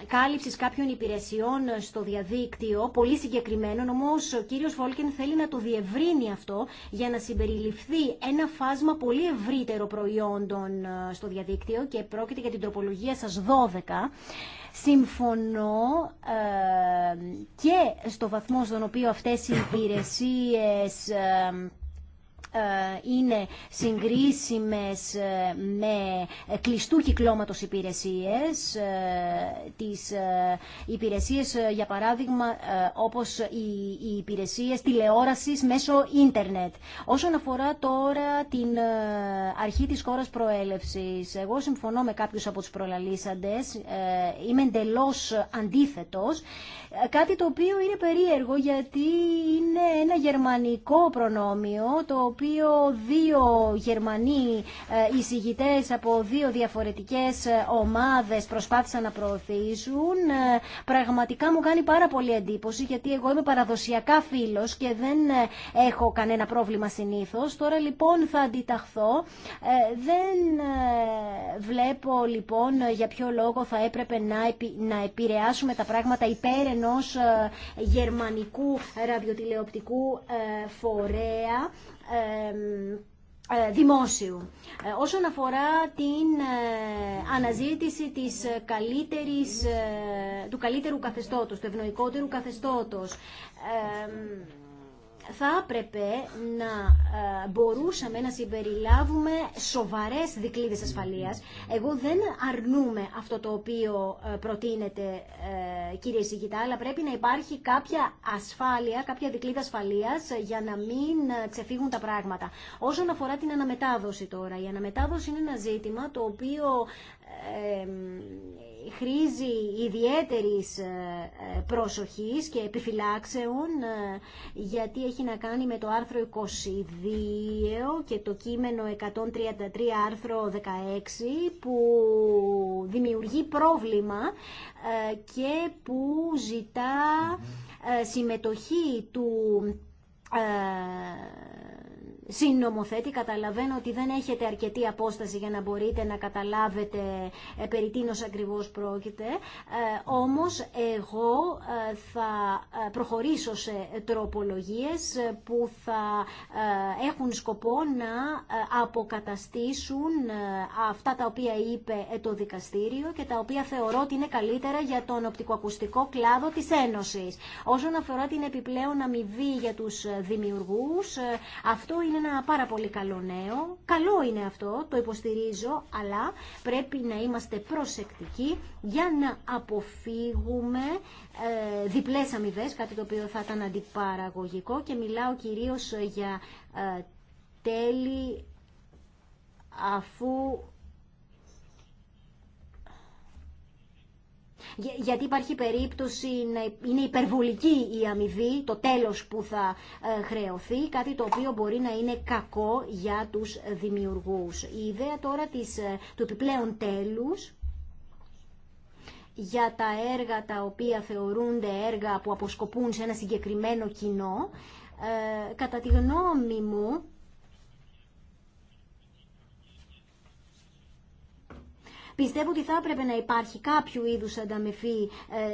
κάλυψης κάποιων υπηρεσιών στο διαδίκτυο, πολύ συγκεκριμένων, όμως ο κύριος Βόλκεν θέλει να το διευρύνει αυτό για να συμπεριληφθεί ένα φάσμα πολύ ευρύτερο προϊόντων ε, στο διαδίκτυο και πρόκειται για την τροπολογία σας 12. Συμφωνώ και στο βαθμό στον οποίο αυτές οι υπηρεσίες... Ε, ε, είναι συγκρίσιμες ε, με κλειστού κυκλώματος υπηρεσίες, ε, τις υπηρεσίες για παράδειγμα όπως οι υπηρεσίες τηλεόρασης μέσω ίντερνετ. Όσον αφορά τώρα την αρχή της χώρας προέλευσης, εγώ συμφωνώ με κάποιους από τους προλαλήσαντες, είμαι εντελώ αντίθετος, κάτι το οποίο είναι περίεργο γιατί είναι ένα γερμανικό προνόμιο το οποίο δύο Γερμανοί ε, εισηγητές από δύο διαφορετικές ε, ομάδες προσπάθησαν να προωθήσουν ε, πραγματικά μου κάνει πάρα πολύ εντύπωση γιατί εγώ είμαι παραδοσιακά φίλος και δεν έχω κανένα πρόβλημα συνήθως. Τώρα λοιπόν θα αντιταχθώ. Δεν βλέπω λοιπόν για ποιο λόγο θα έπρεπε να επηρεάσουμε τα πράγματα υπέρ ενός γερμανικού ραδιοτηλεοπτικού φορέα ε, δημόσιου. Ε, όσον αφορά την ε, αναζήτηση της καλύτερης, του καλύτερου καθεστώτος, του ευνοϊκότερου καθεστώτος, θα έπρεπε να ε, μπορούσαμε να συμπεριλάβουμε σοβαρές δικλείδες ασφαλείας. Εγώ δεν αρνούμε αυτό το οποίο ε, προτείνεται ε, κύριε Σιγητά, αλλά πρέπει να υπάρχει κάποια ασφάλεια, κάποια δικλείδα ασφαλείας για να μην ξεφύγουν τα πράγματα. Όσον αφορά την αναμετάδοση τώρα, η αναμετάδοση είναι ένα ζήτημα το οποίο χρήζει ιδιαίτερης ε, προσοχής και επιφυλάξεων ε, γιατί έχει να κάνει με το άρθρο 22 και το κείμενο 133 άρθρο 16 που δημιουργεί πρόβλημα ε, και που ζητά συμμετοχή του συνομοθέτη. Καταλαβαίνω ότι δεν έχετε αρκετή απόσταση για να μπορείτε να καταλάβετε ε, περί τίνος ακριβώς πρόκειται. Ε, όμως εγώ ε, θα προχωρήσω σε τροπολογίες που θα έχουν σκοπό να αποκαταστήσουν αυτά τα οποία είπε το δικαστήριο και τα οποία θεωρώ ότι είναι καλύτερα για τον οπτικοακουστικό κλάδο της Ένωσης. Όσον αφορά την επιπλέον αμοιβή για τους δημιουργούς, αυτό είναι ένα πάρα πολύ καλό νέο. Καλό είναι αυτό, το υποστηρίζω, αλλά πρέπει να είμαστε προσεκτικοί για να αποφύγουμε ε, διπλές αμοιβέ, κάτι το οποίο θα ήταν αντιπαραγωγικό και μιλάω κυρίως για ε, τέλη αφού γιατί υπάρχει περίπτωση να είναι υπερβολική η αμοιβή, το τέλος που θα ε, χρεωθεί, κάτι το οποίο μπορεί να είναι κακό για τους δημιουργούς. Η ιδέα τώρα της, ε, του επιπλέον τέλους για τα έργα τα οποία θεωρούνται έργα που αποσκοπούν σε ένα συγκεκριμένο κοινό, ε, κατά τη γνώμη μου, Πιστεύω ότι θα έπρεπε να υπάρχει κάποιο είδους ανταμεφή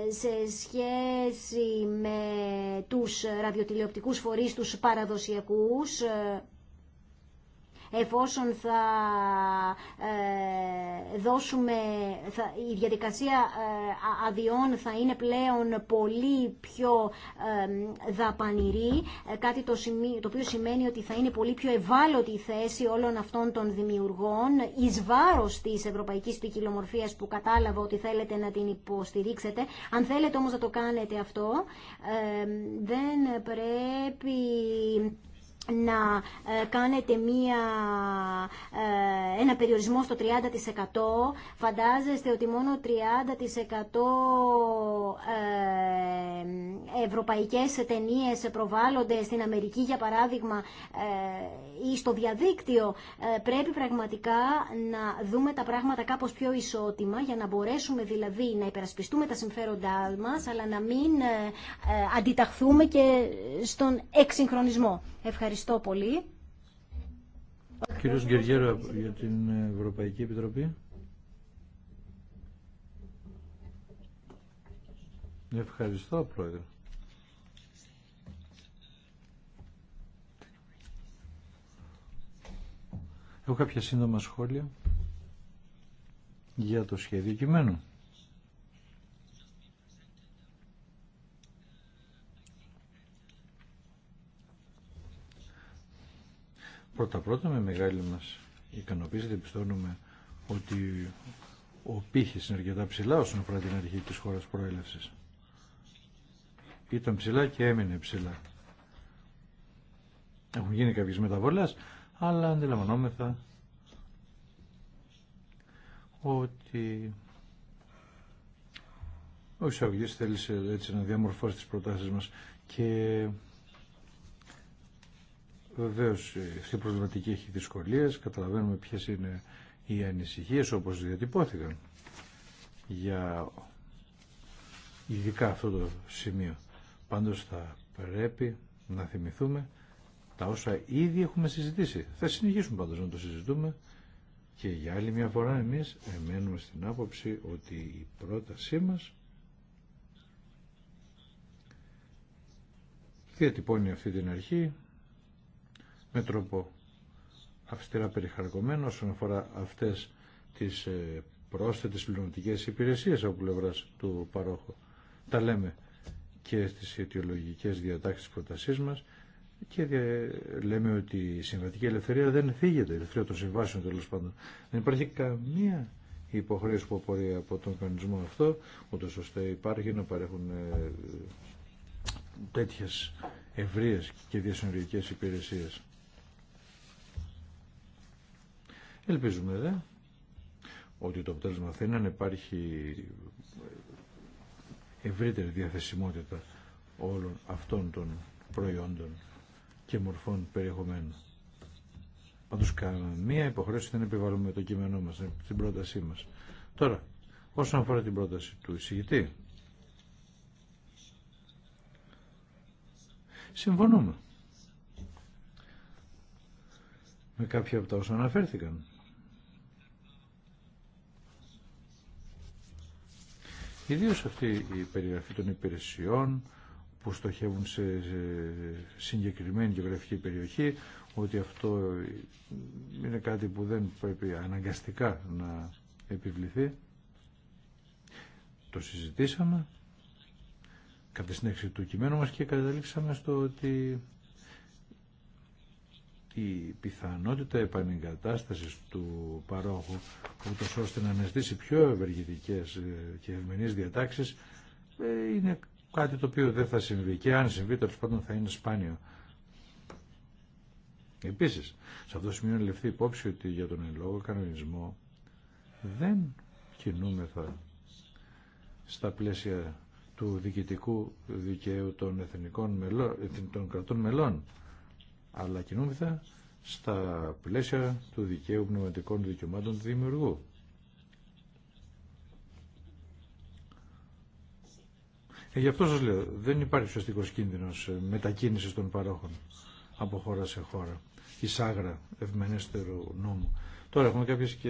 ε, σε σχέση με τους ραδιοτηλεοπτικούς φορείς, τους παραδοσιακούς ε, εφόσον θα ε, δώσουμε, θα, η διαδικασία ε, αδειών θα είναι πλέον πολύ πιο ε, δαπανηρή, κάτι το, το οποίο σημαίνει ότι θα είναι πολύ πιο ευάλωτη η θέση όλων αυτών των δημιουργών εις βάρος της ευρωπαϊκής ποικιλομορφίας που κατάλαβα ότι θέλετε να την υποστηρίξετε. Αν θέλετε όμως να το κάνετε αυτό, δεν πρέπει να ε, κάνετε μία, ε, ένα περιορισμό στο 30%. Φαντάζεστε ότι μόνο 30% ε, ευρωπαϊκές ταινίες προβάλλονται στην Αμερική, για παράδειγμα, ή στο διαδίκτυο. Πρέπει πραγματικά να δούμε τα πράγματα κάπως πιο ισότιμα, για να μπορέσουμε δηλαδή να υπερασπιστούμε τα συμφέροντά μας, αλλά να μην αντιταχθούμε και στον εξυγχρονισμό. Ευχαριστώ πολύ. Κύριος Γκεργέρο για την Ευρωπαϊκή Επιτροπή. Ευχαριστώ, Πρόεδρε. Έχω κάποια σύντομα σχόλια για το σχέδιο κειμένου. Πρώτα-πρώτα με μεγάλη μας ικανοποίηση διαπιστώνουμε ότι ο πύχη είναι αρκετά ψηλά όσον αφορά την αρχή της χώρας προέλευσης. Ήταν ψηλά και έμεινε ψηλά. Έχουν γίνει κάποιες μεταβολές, αλλά αντιλαμβανόμεθα ότι ο εισαγωγής θέλησε έτσι να διαμορφώσει τις προτάσεις μας και Βεβαίω αυτή ε, η προβληματική έχει δυσκολίε. Καταλαβαίνουμε ποιε είναι οι ανησυχίε όπω διατυπώθηκαν για ειδικά αυτό το σημείο. Πάντω θα πρέπει να θυμηθούμε τα όσα ήδη έχουμε συζητήσει. Θα συνεχίσουμε πάντως να το συζητούμε και για άλλη μια φορά εμείς εμένουμε στην άποψη ότι η πρότασή μας διατυπώνει αυτή την αρχή με τρόπο αυστηρά περιχαρακωμένο όσον αφορά αυτές τις ε, πρόσθετες πληρωματικές υπηρεσίες από πλευρά του παρόχου. Τα λέμε και στις αιτιολογικές διατάξεις προτασής μας και λέμε ότι η συμβατική ελευθερία δεν θίγεται, η ελευθερία των συμβάσεων τέλο πάντων. Δεν υπάρχει καμία υποχρέωση που απορρέει από τον κανονισμό αυτό, ούτω ώστε υπάρχει να παρέχουν ε, τέτοιες ευρείες και διασυνοριακές υπηρεσίες. Ελπίζουμε δε ότι το αποτέλεσμα θα είναι να υπάρχει ευρύτερη διαθεσιμότητα όλων αυτών των προϊόντων και μορφών περιεχομένου. Πάντως μία υποχρέωση δεν επιβάλλουμε το κείμενό μας, την πρότασή μας. Τώρα, όσον αφορά την πρόταση του εισηγητή, συμφωνούμε με κάποια από τα όσα αναφέρθηκαν. Ιδίως αυτή η περιγραφή των υπηρεσιών που στοχεύουν σε συγκεκριμένη γεωγραφική περιοχή, ότι αυτό είναι κάτι που δεν πρέπει αναγκαστικά να επιβληθεί. Το συζητήσαμε κατά συνέχιση του κειμένου μας και καταλήξαμε στο ότι η πιθανότητα επανεγκατάστασης του παρόχου ούτως ώστε να αναζητήσει πιο ευεργητικές ε, και ευμενείς διατάξεις ε, είναι κάτι το οποίο δεν θα συμβεί και αν συμβεί τέλο πάντων θα είναι σπάνιο. Επίσης, σε αυτό το σημείο ληφθεί υπόψη ότι για τον ελόγο κανονισμό δεν κινούμεθα στα πλαίσια του διοικητικού δικαίου των εθνικών των κρατών μελών αλλά κινούμεθα στα πλαίσια του δικαίου πνευματικών δικαιωμάτων του δημιουργού. Ε, γι' αυτό σας λέω, δεν υπάρχει ουσιαστικό κίνδυνος ε, μετακίνησης των παρόχων από χώρα σε χώρα. σάγρα ευμενέστερου νόμου. Τώρα έχουμε κάποιες και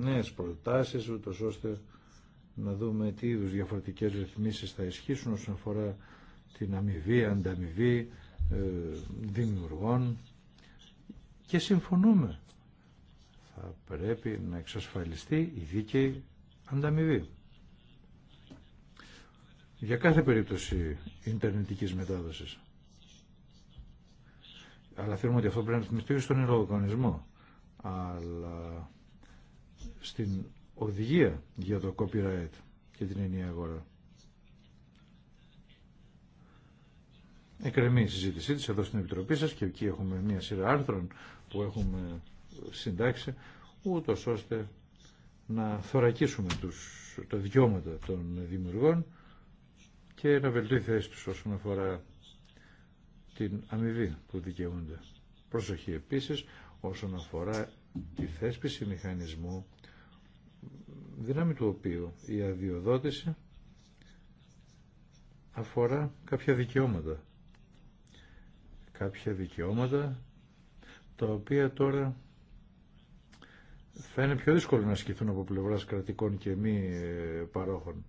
νέες προτάσεις, ούτως ώστε να δούμε τι είδους διαφορετικές ρυθμίσεις θα ισχύσουν όσον αφορά την αμοιβή, ανταμοιβή, ε, δημιουργών και συμφωνούμε. Θα πρέπει να εξασφαλιστεί η δίκαιη ανταμοιβή. Για κάθε περίπτωση ιντερνετικής μετάδοσης. Αλλά θέλουμε ότι αυτό πρέπει να ρυθμιστεί στον ερωδοκανισμό. Αλλά στην οδηγία για το copyright και την ενιαία αγορά. εκρεμεί η συζήτησή τη εδώ στην Επιτροπή σας και εκεί έχουμε μια σειρά άρθρων που έχουμε συντάξει ούτω ώστε να θωρακίσουμε τους, τα δικαιώματα των δημιουργών και να βελτιώσει η θέση τους όσον αφορά την αμοιβή που δικαιούνται. Προσοχή επίσης όσον αφορά τη θέσπιση μηχανισμού δύναμη του οποίου η αδειοδότηση αφορά κάποια δικαιώματα κάποια δικαιώματα τα οποία τώρα θα είναι πιο δύσκολο να ασκηθούν από πλευρά κρατικών και μη ε, παρόχων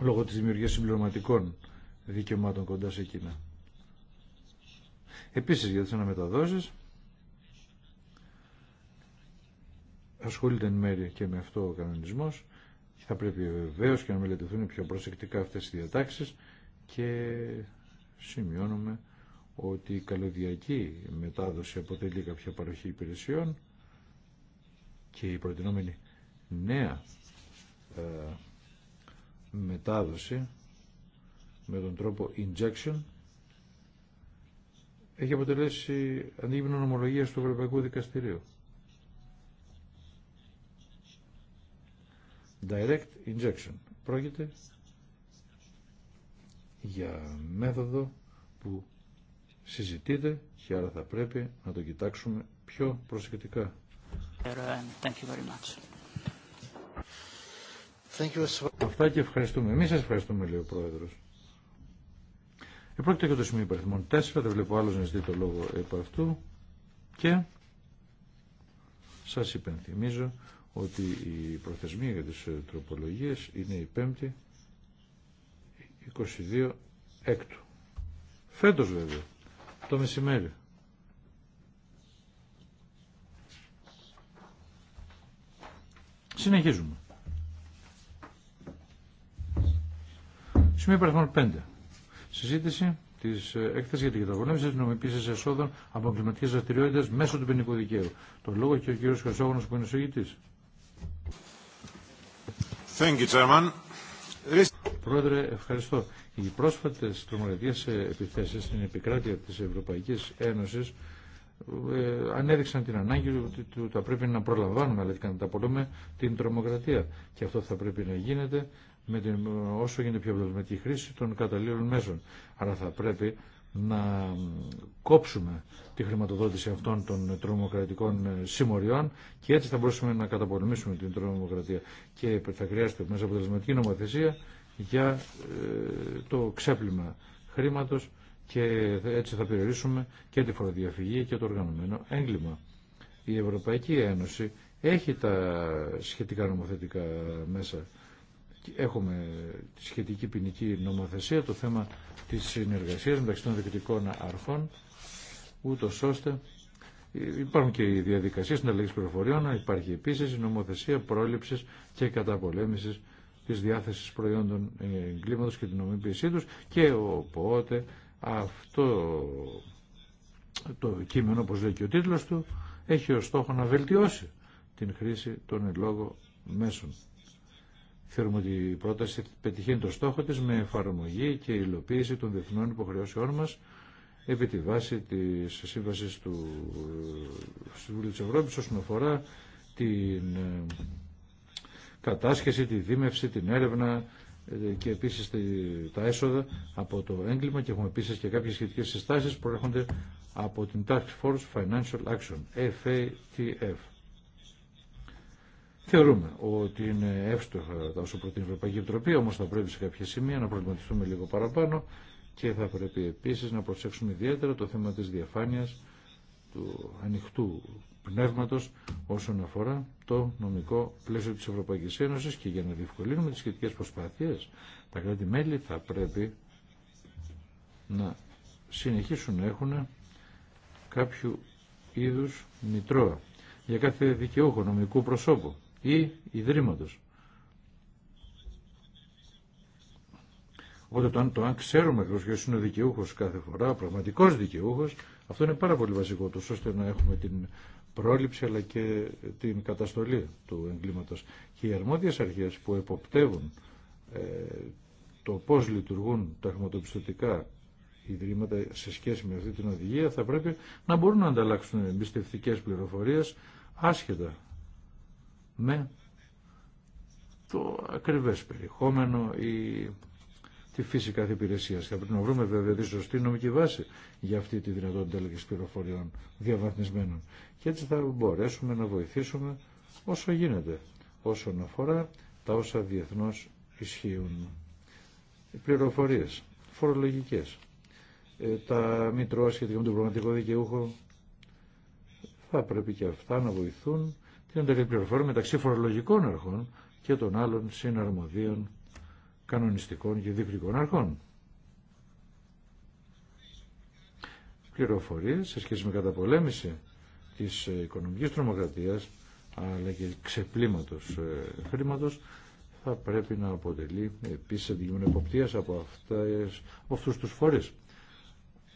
λόγω της δημιουργίας συμπληρωματικών δικαιωμάτων κοντά σε εκείνα. Επίσης για τις αναμεταδόσεις ασχολείται εν μέρη και με αυτό ο κανονισμός θα πρέπει βεβαίω και να μελετηθούν πιο προσεκτικά αυτές οι διατάξεις και σημειώνουμε ότι η καλωδιακή μετάδοση αποτελεί κάποια παροχή υπηρεσιών και η προτινόμενη νέα ε, μετάδοση με τον τρόπο injection έχει αποτελέσει αντίγυμνο νομολογία του Ευρωπαϊκού Δικαστηρίου. Direct injection. Πρόκειται για μέθοδο που συζητείτε και άρα θα πρέπει να το κοιτάξουμε πιο προσεκτικά. Αυτά και ευχαριστούμε. Εμείς σας ευχαριστούμε, λέει ο Πρόεδρος. Επρόκειται και το σημείο υπαριθμών 4, δεν βλέπω άλλος να ζητεί το λόγο επ' αυτού και σας υπενθυμίζω ότι η προθεσμία για τις τροπολογίες είναι η πέμπτη 22 έκτου. Φέτος βέβαια, το μεσημέρι. Συνεχίζουμε. Σημείο παραθμόν 5. Συζήτηση ε, τη έκθεση για την καταπολέμηση τη νομιμοποίηση εσόδων από εγκληματικέ δραστηριότητε μέσω του ποινικού δικαίου. Το λόγο και ο κ. Χρυσόγονο που είναι ο Πρόεδρε, ευχαριστώ. Οι πρόσφατε τρομοκρατικέ επιθέσει στην επικράτεια τη Ευρωπαϊκή Ένωση ε, ανέδειξαν την ανάγκη ότι θα πρέπει να προλαμβάνουμε αλλά και να τα την τρομοκρατία. Και αυτό θα πρέπει να γίνεται με όσο γίνεται πιο αποτελεσματική χρήση των καταλήλων μέσων. Άρα θα πρέπει να κόψουμε τη χρηματοδότηση αυτών των τρομοκρατικών ε, συμμοριών και έτσι θα μπορούσαμε να καταπολεμήσουμε την τρομοκρατία. Και θα χρειάζεται μέσα από αποτελεσματική νομοθεσία για ε, το ξέπλυμα χρήματος και έτσι θα περιορίσουμε και τη φοροδιαφυγή και το οργανωμένο έγκλημα. Η Ευρωπαϊκή Ένωση έχει τα σχετικά νομοθετικά μέσα. Έχουμε τη σχετική ποινική νομοθεσία, το θέμα της συνεργασίας μεταξύ των διοικητικών αρχών, ούτω ώστε υπάρχουν και οι διαδικασίες συνταλλαγής πληροφοριών, υπάρχει επίσης η νομοθεσία πρόληψης και καταπολέμησης της διάθεσης προϊόντων εγκλήματος και την νομιμοποίησή τους και οπότε αυτό το κείμενο, όπως λέει και ο τίτλος του, έχει ως στόχο να βελτιώσει την χρήση των εν μέσων. Θεωρούμε ότι η πρόταση πετυχαίνει το στόχο της με εφαρμογή και υλοποίηση των διεθνών υποχρεώσεών μας επί τη βάση της σύμβασης του Συμβουλίου της Ευρώπης όσον αφορά την ε, κατάσχεση, τη δίμευση, την έρευνα ε, και επίσης τα έσοδα από το έγκλημα και έχουμε επίσης και κάποιες σχετικές συστάσεις που προέρχονται από την Task Force Financial Action, FATF. Θεωρούμε ότι είναι εύστοχα όσο προτείνει η Ευρωπαϊκή Επιτροπή, όμως θα πρέπει σε κάποια σημεία να προβληματιστούμε λίγο παραπάνω και θα πρέπει επίσης να προσέξουμε ιδιαίτερα το θέμα της διαφάνειας του ανοιχτού πνεύματος όσον αφορά το νομικό πλαίσιο της Ευρωπαϊκής Ένωσης και για να διευκολύνουμε τις σχετικές προσπάθειες τα κράτη-μέλη θα πρέπει να συνεχίσουν να έχουν κάποιο είδους μητρώα για κάθε δικαιούχο νομικού προσώπου ή ιδρύματος. Οπότε το αν, το ξέρουμε ακριβώ είναι ο δικαιούχο κάθε φορά, ο πραγματικό δικαιούχο, αυτό είναι πάρα πολύ βασικό, ώστε να έχουμε την πρόληψη αλλά και την καταστολή του εγκλήματος. Και οι αρμόδιες αρχές που εποπτεύουν ε, το πώς λειτουργούν τα χρηματοπιστωτικά ιδρύματα σε σχέση με αυτή την οδηγία θα πρέπει να μπορούν να ανταλλάξουν εμπιστευτικές πληροφορίες άσχετα με το ακριβές περιεχόμενο ή τη φύση κάθε υπηρεσία. Θα πρέπει να βρούμε βέβαια τη σωστή νομική βάση για αυτή τη δυνατότητα έλεγχη πληροφοριών διαβαθμισμένων. Και έτσι θα μπορέσουμε να βοηθήσουμε όσο γίνεται όσον αφορά τα όσα διεθνώ ισχύουν. Οι πληροφορίες φορολογικές, ε, τα μητρώα σχετικά με τον πραγματικό δικαιούχο, θα πρέπει και αυτά να βοηθούν την ανταλλαγή πληροφορία μεταξύ φορολογικών αρχών και των άλλων συναρμοδίων κανονιστικών και δίπλικων αρχών. Πληροφορίες σε σχέση με καταπολέμηση της ε, οικονομικής τρομοκρατίας αλλά και ξεπλήματος ε, χρήματος θα πρέπει να αποτελεί επίσης αντικείμενο εποπτείας από, αυτές, του αυτούς τους φορείς.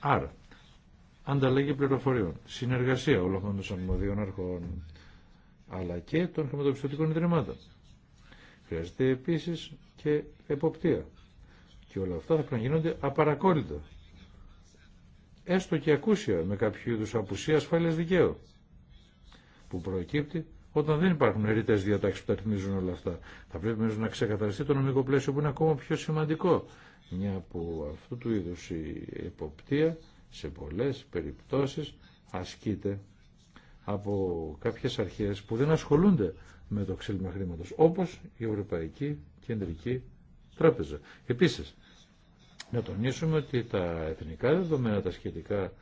Άρα, ανταλλαγή πληροφοριών, συνεργασία όλων αυτών των αρμοδίων αρχών, αλλά και των χρηματοπιστωτικών ιδρυμάτων. Χρειάζεται επίσης και εποπτεία. Και όλα αυτά θα πρέπει να γίνονται απαρακόλλητα. Έστω και ακούσια με κάποιο είδου απουσία ασφάλεια δικαίου. Που προκύπτει όταν δεν υπάρχουν ρητέ διατάξει που τα ρυθμίζουν όλα αυτά. Θα πρέπει να ξεκαθαριστεί το νομικό πλαίσιο που είναι ακόμα πιο σημαντικό. Μια που αυτού του είδου η εποπτεία σε πολλέ περιπτώσει ασκείται από κάποιες αρχές που δεν ασχολούνται με το ξύλιμα χρήματος, όπως η Ευρωπαϊκή Κεντρική τράπεζα. Επίσης, να τονίσουμε ότι τα εθνικά δεδομένα, τα σχετικά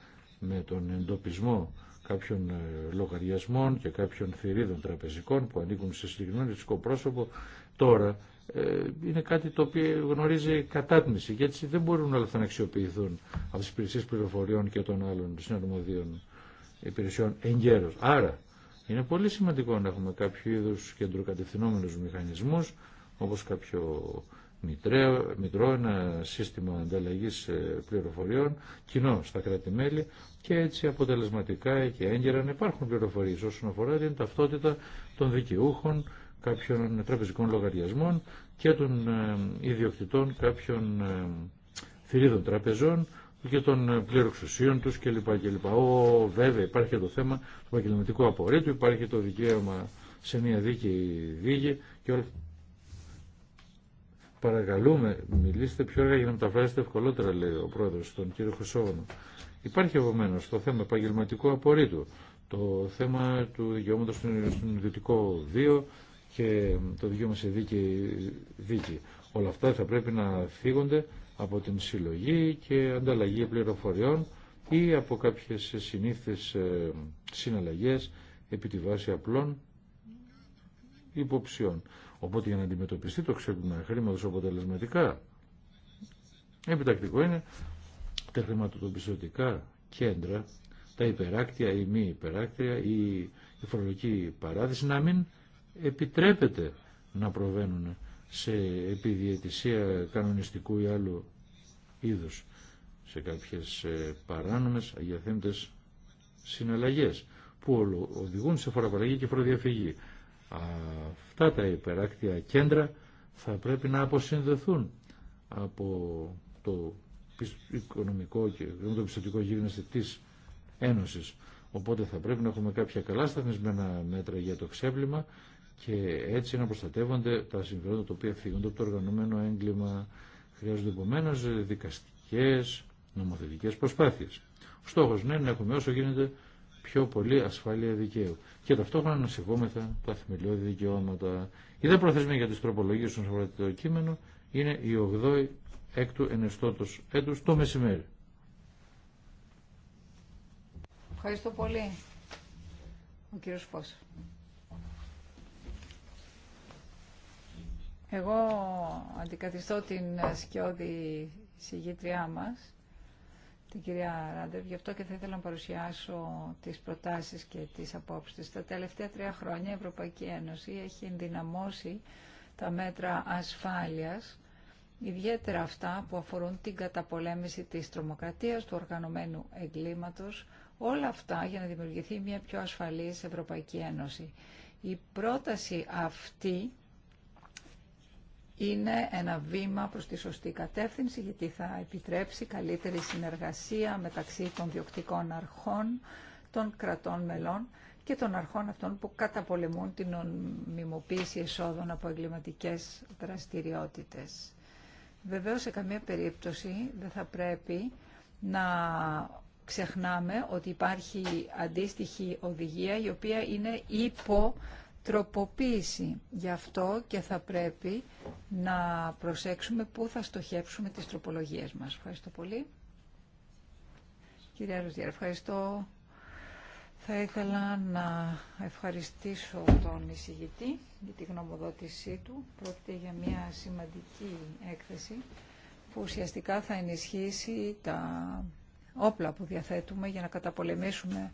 με τον εντοπισμό κάποιων ε, λογαριασμών και κάποιων θηρίδων τραπεζικών που ανήκουν σε συγκεκριμένο πρόσωπο, τώρα ε, είναι κάτι το οποίο γνωρίζει κατάτμιση Γιατί δεν μπορούν όλα αυτά να αξιοποιηθούν από τις υπηρεσίες πληροφοριών και των άλλων συναρμοδίων υπηρεσιών εγκαίρως. Άρα είναι πολύ σημαντικό να έχουμε κάποιο είδους κεντροκατευθυνόμενους μηχανισμούς όπως κάποιο μητρέο, ένα σύστημα ανταλλαγή ε, πληροφοριών κοινό στα κράτη-μέλη και έτσι αποτελεσματικά και έγκαιρα να υπάρχουν πληροφορίε όσον αφορά την ταυτότητα των δικαιούχων κάποιων τραπεζικών λογαριασμών και των ε, ιδιοκτητών κάποιων ε, θηρίδων τραπεζών και των πληροξουσίων τους κλπ. κλπ. βέβαια υπάρχει το θέμα του επαγγελματικού απορρίτου, υπάρχει το δικαίωμα σε μια δίκαιη δίγη και Παρακαλούμε, μιλήστε πιο αργά για να μεταφράσετε ευκολότερα, λέει ο πρόεδρο, τον κύριο Χρυσόγονο. Υπάρχει επομένω το θέμα επαγγελματικού απορρίτου, το θέμα του δικαιώματο στον ιδιωτικό βίο και το δικαίωμα σε δίκη, δίκη. Όλα αυτά θα πρέπει να φύγονται από την συλλογή και ανταλλαγή πληροφοριών ή από κάποιες συνήθεις ε, συναλλαγές επί τη βάση απλών υποψιών. Οπότε για να αντιμετωπιστεί το ξέπλυμα χρήματο αποτελεσματικά, επιτακτικό είναι τα χρηματοπιστωτικά κέντρα, τα υπεράκτια ή μη υπεράκτια ή η φορολογική παράδειση να μην επιτρέπεται να προβαίνουν σε επιδιαιτησία κανονιστικού ή άλλου είδους σε κάποιες ε, παράνομες αγιαθέμπτες συναλλαγές που οδηγούν σε φοραπαλλαγή και φοροδιαφυγή. Αυτά τα υπεράκτια κέντρα θα πρέπει να αποσυνδεθούν από το οικονομικό και το πιστοτικό γίγνεσθε της Ένωσης. Οπότε θα πρέπει να έχουμε κάποια καλά σταθμισμένα μέτρα για το ξέπλυμα και έτσι να προστατεύονται τα συμφέροντα τα οποία φύγονται από το οργανωμένο έγκλημα. Χρειάζονται επομένω δικαστικέ, νομοθετικέ προσπάθειε. στόχο ναι, να έχουμε όσο γίνεται πιο πολύ ασφάλεια δικαίου. Και ταυτόχρονα να σεβόμεθα τα θεμελιώδη δικαιώματα. Η δε προθεσμία για τις τροπολογίε στον σοβαρό κείμενο είναι η 8η έκτου ενεστώτος έτους το μεσημέρι. Ευχαριστώ πολύ. Ο κύριος Φώσος. Εγώ αντικαθιστώ την σκιώδη συγγήτριά μας την κυρία Ράντερ, γι' αυτό και θα ήθελα να παρουσιάσω τις προτάσεις και τις απόψεις Τα τελευταία τρία χρόνια η Ευρωπαϊκή Ένωση έχει ενδυναμώσει τα μέτρα ασφάλειας, ιδιαίτερα αυτά που αφορούν την καταπολέμηση της τρομοκρατίας, του οργανωμένου εγκλήματος, όλα αυτά για να δημιουργηθεί μια πιο ασφαλής Ευρωπαϊκή Ένωση. Η πρόταση αυτή είναι ένα βήμα προς τη σωστή κατεύθυνση γιατί θα επιτρέψει καλύτερη συνεργασία μεταξύ των διοκτικών αρχών, των κρατών μελών και των αρχών αυτών που καταπολεμούν την νομιμοποίηση εσόδων από εγκληματικές δραστηριότητες. Βεβαίως σε καμία περίπτωση δεν θα πρέπει να ξεχνάμε ότι υπάρχει αντίστοιχη οδηγία η οποία είναι υπό τροποποίηση. Γι' αυτό και θα πρέπει να προσέξουμε πού θα στοχεύσουμε τις τροπολογίες μας. Ευχαριστώ πολύ. Κυρία Ρουζιέρα, ευχαριστώ. Θα ήθελα να ευχαριστήσω τον εισηγητή για τη γνωμοδότησή του. Πρόκειται για μια σημαντική έκθεση που ουσιαστικά θα ενισχύσει τα όπλα που διαθέτουμε για να καταπολεμήσουμε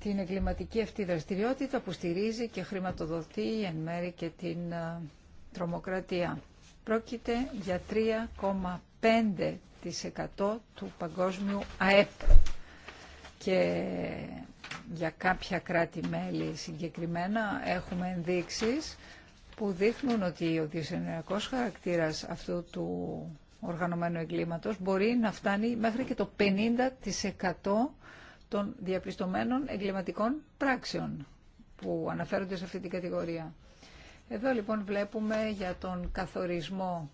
την εγκληματική αυτή δραστηριότητα που στηρίζει και χρηματοδοτεί εν μέρη και την ε, τρομοκρατία. Πρόκειται για 3,5% του παγκόσμιου ΑΕΠ και για κάποια κράτη-μέλη συγκεκριμένα έχουμε ενδείξεις που δείχνουν ότι ο διασυνοριακός χαρακτήρας αυτού του οργανωμένου εγκλήματος μπορεί να φτάνει μέχρι και το 50% των διαπιστωμένων εγκληματικών πράξεων που αναφέρονται σε αυτή την κατηγορία. Εδώ λοιπόν βλέπουμε για τον καθορισμό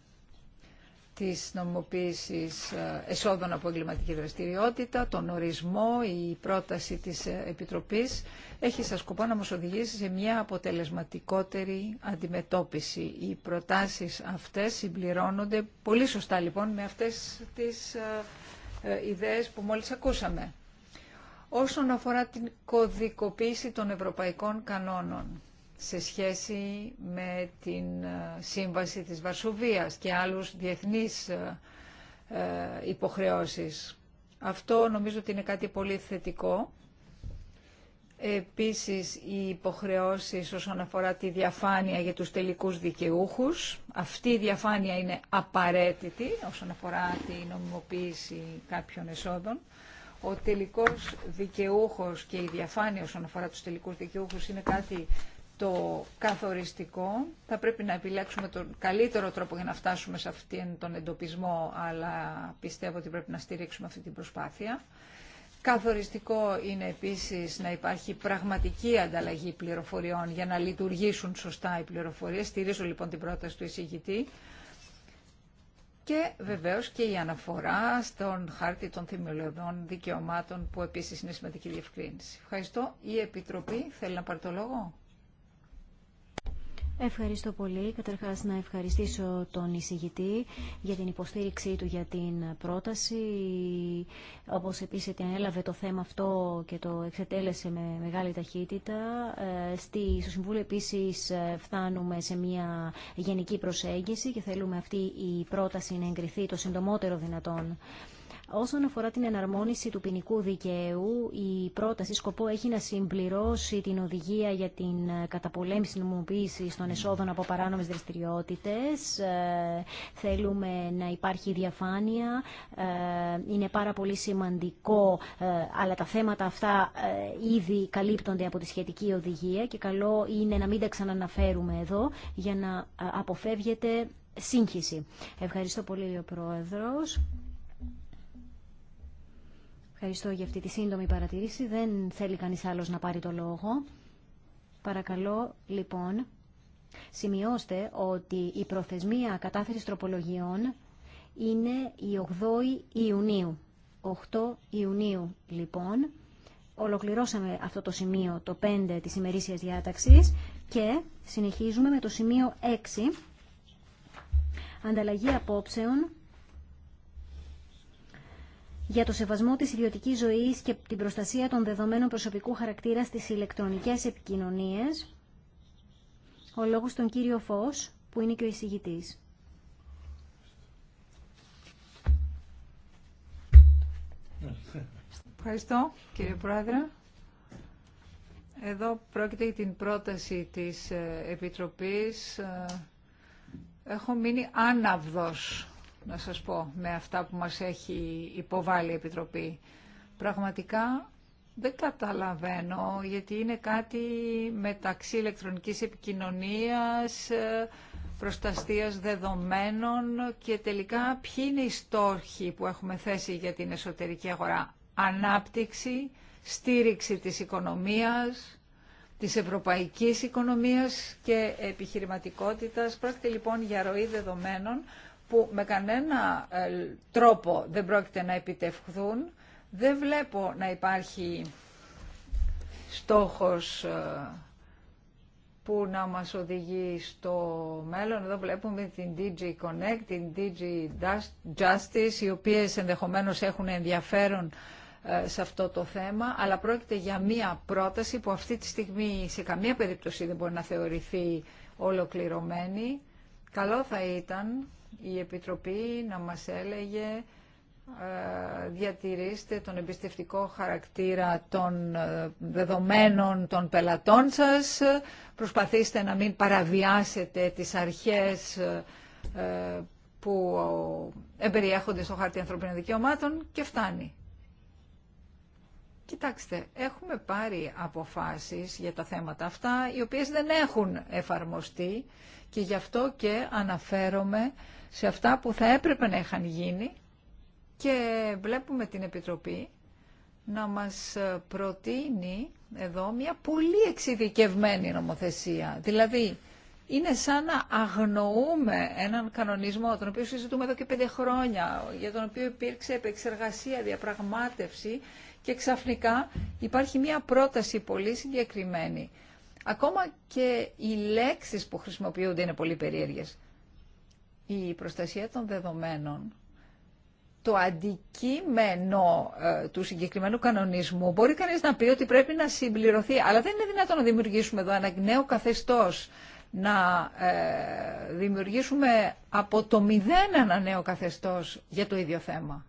της νομοποίησης ε, εσόδων από εγκληματική δραστηριότητα, τον ορισμό, η πρόταση της ε, Επιτροπής έχει σαν σκοπό να μας οδηγήσει σε μια αποτελεσματικότερη αντιμετώπιση. Οι προτάσεις αυτές συμπληρώνονται πολύ σωστά λοιπόν με αυτές τις ε, ιδέες που μόλις ακούσαμε όσον αφορά την κωδικοποίηση των ευρωπαϊκών κανόνων σε σχέση με την ε, σύμβαση της Βαρσοβίας και άλλους διεθνείς ε, ε, υποχρεώσεις. Αυτό νομίζω ότι είναι κάτι πολύ θετικό. Επίσης, οι υποχρεώσεις όσον αφορά τη διαφάνεια για τους τελικούς δικαιούχους. Αυτή η διαφάνεια είναι απαραίτητη όσον αφορά τη νομιμοποίηση κάποιων εσόδων ο τελικός δικαιούχος και η διαφάνεια όσον αφορά τους τελικούς δικαιούχους είναι κάτι το καθοριστικό. Θα πρέπει να επιλέξουμε τον καλύτερο τρόπο για να φτάσουμε σε αυτήν τον εντοπισμό, αλλά πιστεύω ότι πρέπει να στηρίξουμε αυτή την προσπάθεια. Καθοριστικό είναι επίσης να υπάρχει πραγματική ανταλλαγή πληροφοριών για να λειτουργήσουν σωστά οι πληροφορίες. Στηρίζω λοιπόν την πρόταση του εισηγητή και βεβαίως και η αναφορά στον χάρτη των θεμελιωδών δικαιωμάτων που επίσης είναι σημαντική διευκρίνηση. Ευχαριστώ. Η Επιτροπή θέλει να πάρει το λόγο. Ευχαριστώ πολύ. Καταρχάς να ευχαριστήσω τον εισηγητή για την υποστήριξή του για την πρόταση. Όπως επίσης ανέλαβε το θέμα αυτό και το εξετέλεσε με μεγάλη ταχύτητα. Ε, στη, στο Συμβούλιο επίσης ε, φτάνουμε σε μια γενική προσέγγιση και θέλουμε αυτή η πρόταση να εγκριθεί το συντομότερο δυνατόν. Όσον αφορά την εναρμόνιση του ποινικού δικαίου, η πρόταση σκοπό έχει να συμπληρώσει την οδηγία για την ε, καταπολέμηση νομοποίηση των εσόδων από παράνομες δραστηριότητες. Ε, θέλουμε να υπάρχει διαφάνεια. Ε, είναι πάρα πολύ σημαντικό, αλλά τα θέματα αυτά ήδη καλύπτονται από τη σχετική οδηγία και καλό είναι να μην τα ξαναναφέρουμε εδώ για να αποφεύγεται σύγχυση. Ευχαριστώ πολύ ο Πρόεδρος. Ευχαριστώ για αυτή τη σύντομη παρατηρήση. Δεν θέλει κανείς άλλος να πάρει το λόγο. Παρακαλώ, λοιπόν, σημειώστε ότι η προθεσμία κατάθεσης τροπολογιών είναι η 8η Ιουνίου. 8 Ιουνίου, λοιπόν, ολοκληρώσαμε αυτό το σημείο, το 5 της ημερήσιας διάταξης και συνεχίζουμε με το σημείο 6, ανταλλαγή απόψεων για το σεβασμό της ιδιωτικής ζωής και την προστασία των δεδομένων προσωπικού χαρακτήρα στις ηλεκτρονικές επικοινωνίες. Ο λόγος τον κύριο Φως, που είναι και ο εισηγητής. Ευχαριστώ κύριε Πρόεδρε. Εδώ πρόκειται για την πρόταση της Επιτροπής. Έχω μείνει άναυδος να σας πω, με αυτά που μας έχει υποβάλει η Επιτροπή. Πραγματικά δεν καταλαβαίνω, γιατί είναι κάτι μεταξύ ηλεκτρονικής επικοινωνίας, ε, προστασίας δεδομένων και τελικά ποιοι είναι οι στόχοι που έχουμε θέσει για την εσωτερική αγορά. Ανάπτυξη, στήριξη της οικονομίας, της ευρωπαϊκής οικονομίας και επιχειρηματικότητας. Πρόκειται λοιπόν για ροή δεδομένων που με κανένα ε, τρόπο δεν πρόκειται να επιτευχθούν. Δεν βλέπω να υπάρχει στόχος ε, που να μας οδηγεί στο μέλλον. Εδώ βλέπουμε την DG Connect, την DG Justice, οι οποίες ενδεχομένως έχουν ενδιαφέρον ε, σε αυτό το θέμα, αλλά πρόκειται για μία πρόταση που αυτή τη στιγμή σε καμία περίπτωση δεν μπορεί να θεωρηθεί ολοκληρωμένη. Καλό θα ήταν η Επιτροπή να μας έλεγε ε, διατηρήστε τον εμπιστευτικό χαρακτήρα των ε, δεδομένων των πελατών σας, προσπαθήστε να μην παραβιάσετε τις αρχές ε, που εμπεριέχονται στο χάρτη ανθρωπίνων δικαιωμάτων και φτάνει. Κοιτάξτε, έχουμε πάρει αποφάσεις για τα θέματα αυτά, οι οποίες δεν έχουν εφαρμοστεί και γι' αυτό και αναφέρομαι σε αυτά που θα έπρεπε να είχαν γίνει και βλέπουμε την Επιτροπή να μας προτείνει εδώ μια πολύ εξειδικευμένη νομοθεσία. Δηλαδή, είναι σαν να αγνοούμε έναν κανονισμό, τον οποίο συζητούμε εδώ και πέντε χρόνια, για τον οποίο υπήρξε επεξεργασία, διαπραγμάτευση και ξαφνικά υπάρχει μια πρόταση πολύ συγκεκριμένη. Ακόμα και οι λέξεις που χρησιμοποιούνται είναι πολύ περίεργες. Η προστασία των δεδομένων, το αντικείμενο ε, του συγκεκριμένου κανονισμού, μπορεί κανείς να πει ότι πρέπει να συμπληρωθεί, αλλά δεν είναι δυνατόν να δημιουργήσουμε εδώ ένα νέο καθεστώς, να ε, δημιουργήσουμε από το μηδέν ένα νέο καθεστώς για το ίδιο θέμα.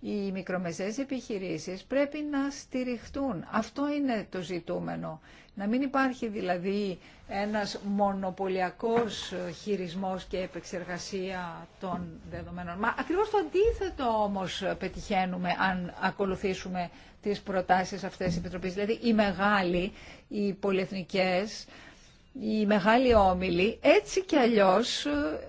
Οι μικρομεσαίες επιχειρήσεις πρέπει να στηριχτούν. Αυτό είναι το ζητούμενο. Να μην υπάρχει δηλαδή ένας μονοπωλιακός χειρισμός και επεξεργασία των δεδομένων. Μα ακριβώς το αντίθετο όμως πετυχαίνουμε αν ακολουθήσουμε τις προτάσεις αυτές της Επιτροπής. Δηλαδή οι μεγάλοι, οι πολυεθνικές, οι μεγάλοι όμιλοι, έτσι και αλλιώς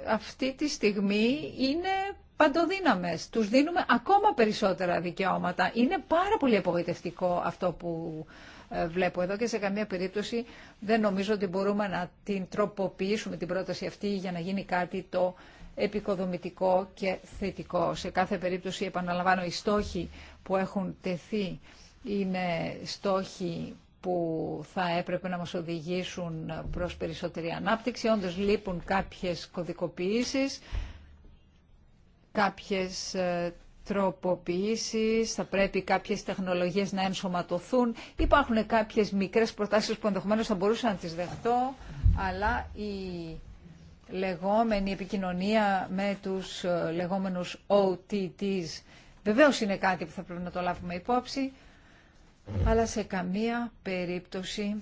αυτή τη στιγμή είναι παντοδύναμες. Τους δίνουμε ακόμα περισσότερα δικαιώματα. Είναι πάρα πολύ απογοητευτικό αυτό που βλέπω εδώ και σε καμία περίπτωση δεν νομίζω ότι μπορούμε να την τροποποιήσουμε την πρόταση αυτή για να γίνει κάτι το επικοδομητικό και θετικό. Σε κάθε περίπτωση, επαναλαμβάνω, οι στόχοι που έχουν τεθεί είναι στόχοι που θα έπρεπε να μας οδηγήσουν προς περισσότερη ανάπτυξη. Όντως λείπουν κάποιες κωδικοποιήσεις, κάποιες ε, τροποποιήσεις, θα πρέπει κάποιες τεχνολογίες να ενσωματωθούν. Υπάρχουν κάποιες μικρές προτάσεις που ενδεχομένως θα μπορούσα να τις δεχτώ, αλλά η λεγόμενη επικοινωνία με τους ε, λεγόμενους OTTs βεβαίως είναι κάτι που θα πρέπει να το λάβουμε υπόψη, αλλά σε καμία περίπτωση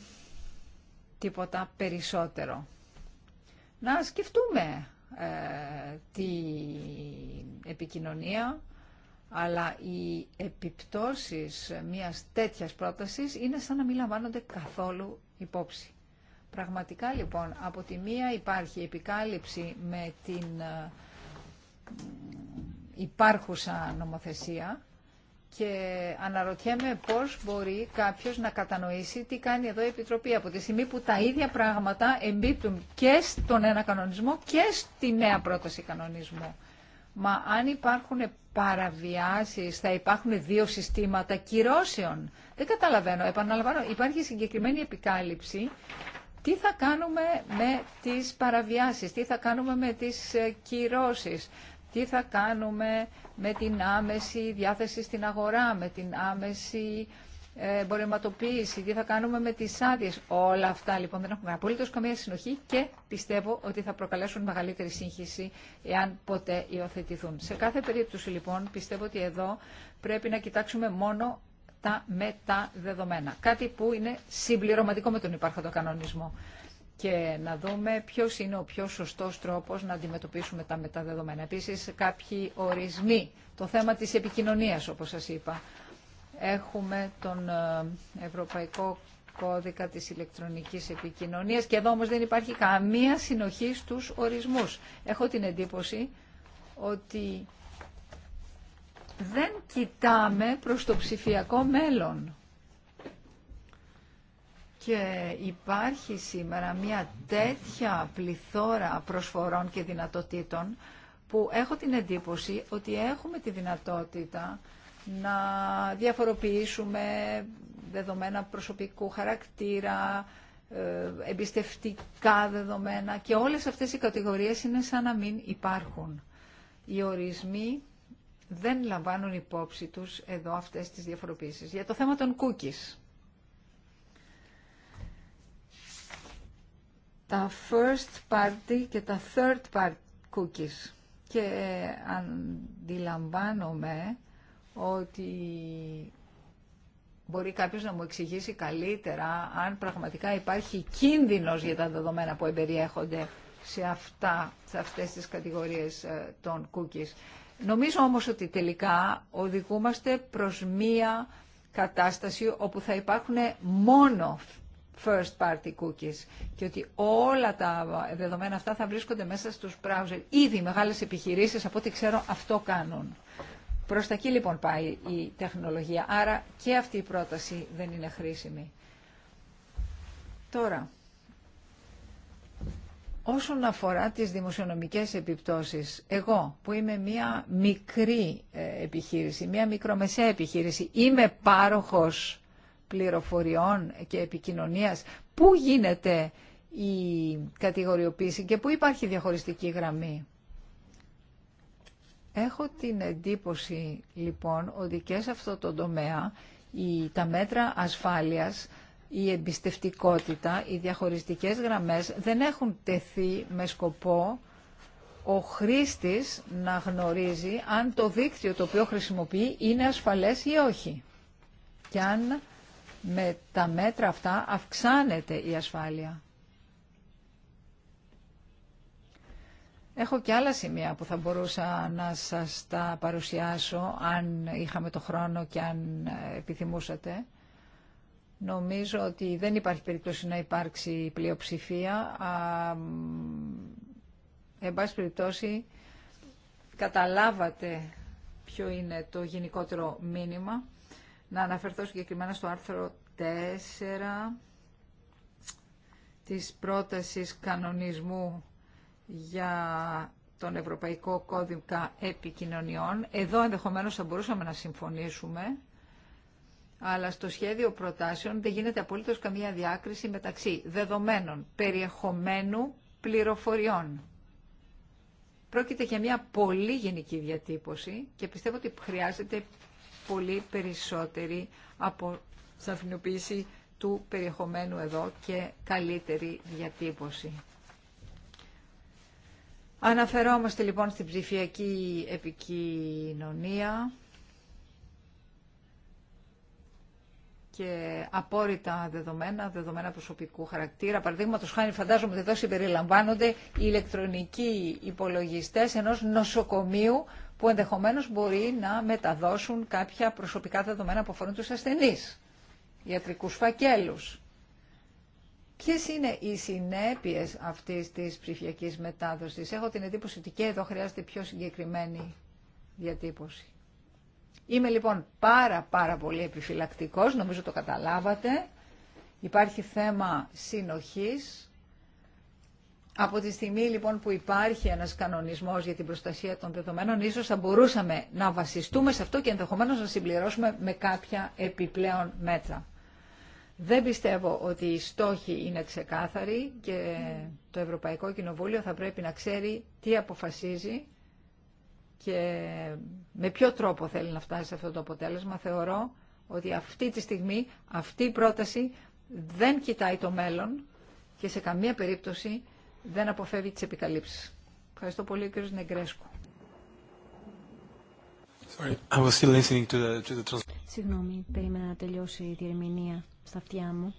τίποτα περισσότερο. Να σκεφτούμε ε, την επικοινωνία αλλά οι επιπτώσεις μιας τέτοιας πρότασης είναι σαν να μην λαμβάνονται καθόλου υπόψη. Πραγματικά λοιπόν, από τη μία υπάρχει επικάλυψη με την ε, υπάρχουσα νομοθεσία και αναρωτιέμαι πώς μπορεί κάποιος να κατανοήσει τι κάνει εδώ η Επιτροπή από τη στιγμή που τα ίδια πράγματα εμπίπτουν και στον ένα κανονισμό και στη νέα πρόταση κανονισμού. Μα αν υπάρχουν παραβιάσεις, θα υπάρχουν δύο συστήματα κυρώσεων. Δεν καταλαβαίνω, επαναλαμβάνω, υπάρχει συγκεκριμένη επικάλυψη. Τι θα κάνουμε με τις παραβιάσεις, τι θα κάνουμε με τις ε, κυρώσεις, τι θα κάνουμε με την άμεση διάθεση στην αγορά, με την άμεση εμπορευματοποίηση, τι θα κάνουμε με τις άδειε. Όλα αυτά λοιπόν δεν έχουμε απολύτω καμία συνοχή και πιστεύω ότι θα προκαλέσουν μεγαλύτερη σύγχυση εάν ποτέ υιοθετηθούν. Σε κάθε περίπτωση λοιπόν πιστεύω ότι εδώ πρέπει να κοιτάξουμε μόνο τα μεταδεδομένα. Κάτι που είναι συμπληρωματικό με τον υπάρχοντο κανονισμό και να δούμε ποιο είναι ο πιο σωστό τρόπο να αντιμετωπίσουμε τα μεταδεδομένα. Επίση, κάποιοι ορισμοί, το θέμα τη επικοινωνία, όπω σα είπα, έχουμε τον ε, Ευρωπαϊκό Κώδικα της ηλεκτρονικής επικοινωνίας και εδώ όμως δεν υπάρχει καμία συνοχή στους ορισμούς. Έχω την εντύπωση ότι δεν κοιτάμε προς το ψηφιακό μέλλον. Και υπάρχει σήμερα μια τέτοια πληθώρα προσφορών και δυνατοτήτων που έχω την εντύπωση ότι έχουμε τη δυνατότητα να διαφοροποιήσουμε δεδομένα προσωπικού χαρακτήρα, ε, εμπιστευτικά δεδομένα και όλες αυτές οι κατηγορίες είναι σαν να μην υπάρχουν. Οι ορισμοί δεν λαμβάνουν υπόψη τους εδώ αυτές τις διαφοροποίησεις. Για το θέμα των cookies. Τα first party και τα third party cookies. Και ε, αντιλαμβάνομαι ότι μπορεί κάποιος να μου εξηγήσει καλύτερα αν πραγματικά υπάρχει κίνδυνος για τα δεδομένα που εμπεριέχονται σε, αυτά, σε αυτές τις κατηγορίες ε, των cookies. Νομίζω όμως ότι τελικά οδηγούμαστε προς μία κατάσταση όπου θα υπάρχουν μόνο first party cookies και ότι όλα τα δεδομένα αυτά θα βρίσκονται μέσα στους browser. Ήδη μεγάλες επιχειρήσεις από ό,τι ξέρω αυτό κάνουν. Προ τα εκεί λοιπόν πάει η τεχνολογία. Άρα και αυτή η πρόταση δεν είναι χρήσιμη. Τώρα, όσον αφορά τις δημοσιονομικές επιπτώσεις, εγώ που είμαι μία μικρή ε, επιχείρηση, μία μικρομεσαία επιχείρηση, είμαι πάροχος πληροφοριών και επικοινωνίας, πού γίνεται η κατηγοριοποίηση και πού υπάρχει διαχωριστική γραμμή. Έχω την εντύπωση λοιπόν ότι και σε αυτό το τομέα η, τα μέτρα ασφάλειας, η εμπιστευτικότητα, οι διαχωριστικές γραμμές δεν έχουν τεθεί με σκοπό ο χρήστης να γνωρίζει αν το δίκτυο το οποίο χρησιμοποιεί είναι ασφαλές ή όχι. Και αν με τα μέτρα αυτά αυξάνεται η ασφάλεια. Έχω και άλλα σημεία που θα μπορούσα να σας τα παρουσιάσω αν είχαμε το χρόνο και αν επιθυμούσατε. Νομίζω ότι δεν υπάρχει περίπτωση να υπάρξει πλειοψηφία. Α, εν πάση καταλάβατε ποιο είναι το γενικότερο μήνυμα. Να αναφερθώ συγκεκριμένα στο άρθρο 4 της πρότασης κανονισμού για τον Ευρωπαϊκό Κώδικα Επικοινωνιών. Εδώ ενδεχομένως θα μπορούσαμε να συμφωνήσουμε, αλλά στο σχέδιο προτάσεων δεν γίνεται απολύτως καμία διάκριση μεταξύ δεδομένων περιεχομένου πληροφοριών. Πρόκειται για μια πολύ γενική διατύπωση και πιστεύω ότι χρειάζεται πολύ περισσότερη από του περιεχομένου εδώ και καλύτερη διατύπωση. Αναφερόμαστε λοιπόν στην ψηφιακή επικοινωνία και απόρριτα δεδομένα, δεδομένα προσωπικού χαρακτήρα. Παραδείγματο χάρη, φαντάζομαι ότι εδώ συμπεριλαμβάνονται οι ηλεκτρονικοί υπολογιστέ ενό νοσοκομείου που ενδεχομένω μπορεί να μεταδώσουν κάποια προσωπικά δεδομένα που αφορούν του ασθενεί, ιατρικού φακέλου. Ποιες είναι οι συνέπειες αυτής της ψηφιακής μετάδοσης. Έχω την εντύπωση ότι και εδώ χρειάζεται πιο συγκεκριμένη διατύπωση. Είμαι λοιπόν πάρα πάρα πολύ επιφυλακτικός, νομίζω το καταλάβατε. Υπάρχει θέμα συνοχής. Από τη στιγμή λοιπόν που υπάρχει ένας κανονισμός για την προστασία των δεδομένων, ίσως θα μπορούσαμε να βασιστούμε σε αυτό και ενδεχομένως να συμπληρώσουμε με κάποια επιπλέον μέτρα. Δεν πιστεύω ότι οι στόχοι είναι ξεκάθαροι και το Ευρωπαϊκό Κοινοβούλιο θα πρέπει να ξέρει τι αποφασίζει και με ποιο τρόπο θέλει να φτάσει σε αυτό το αποτέλεσμα. Θεωρώ ότι αυτή τη στιγμή αυτή η πρόταση δεν κοιτάει το μέλλον και σε καμία περίπτωση δεν αποφεύγει τις επικαλύψεις. Ευχαριστώ πολύ κύριος Νεγκρέσκου. Συγγνώμη, περίμενα να τελειώσει η διερμηνία στα αυτιά μου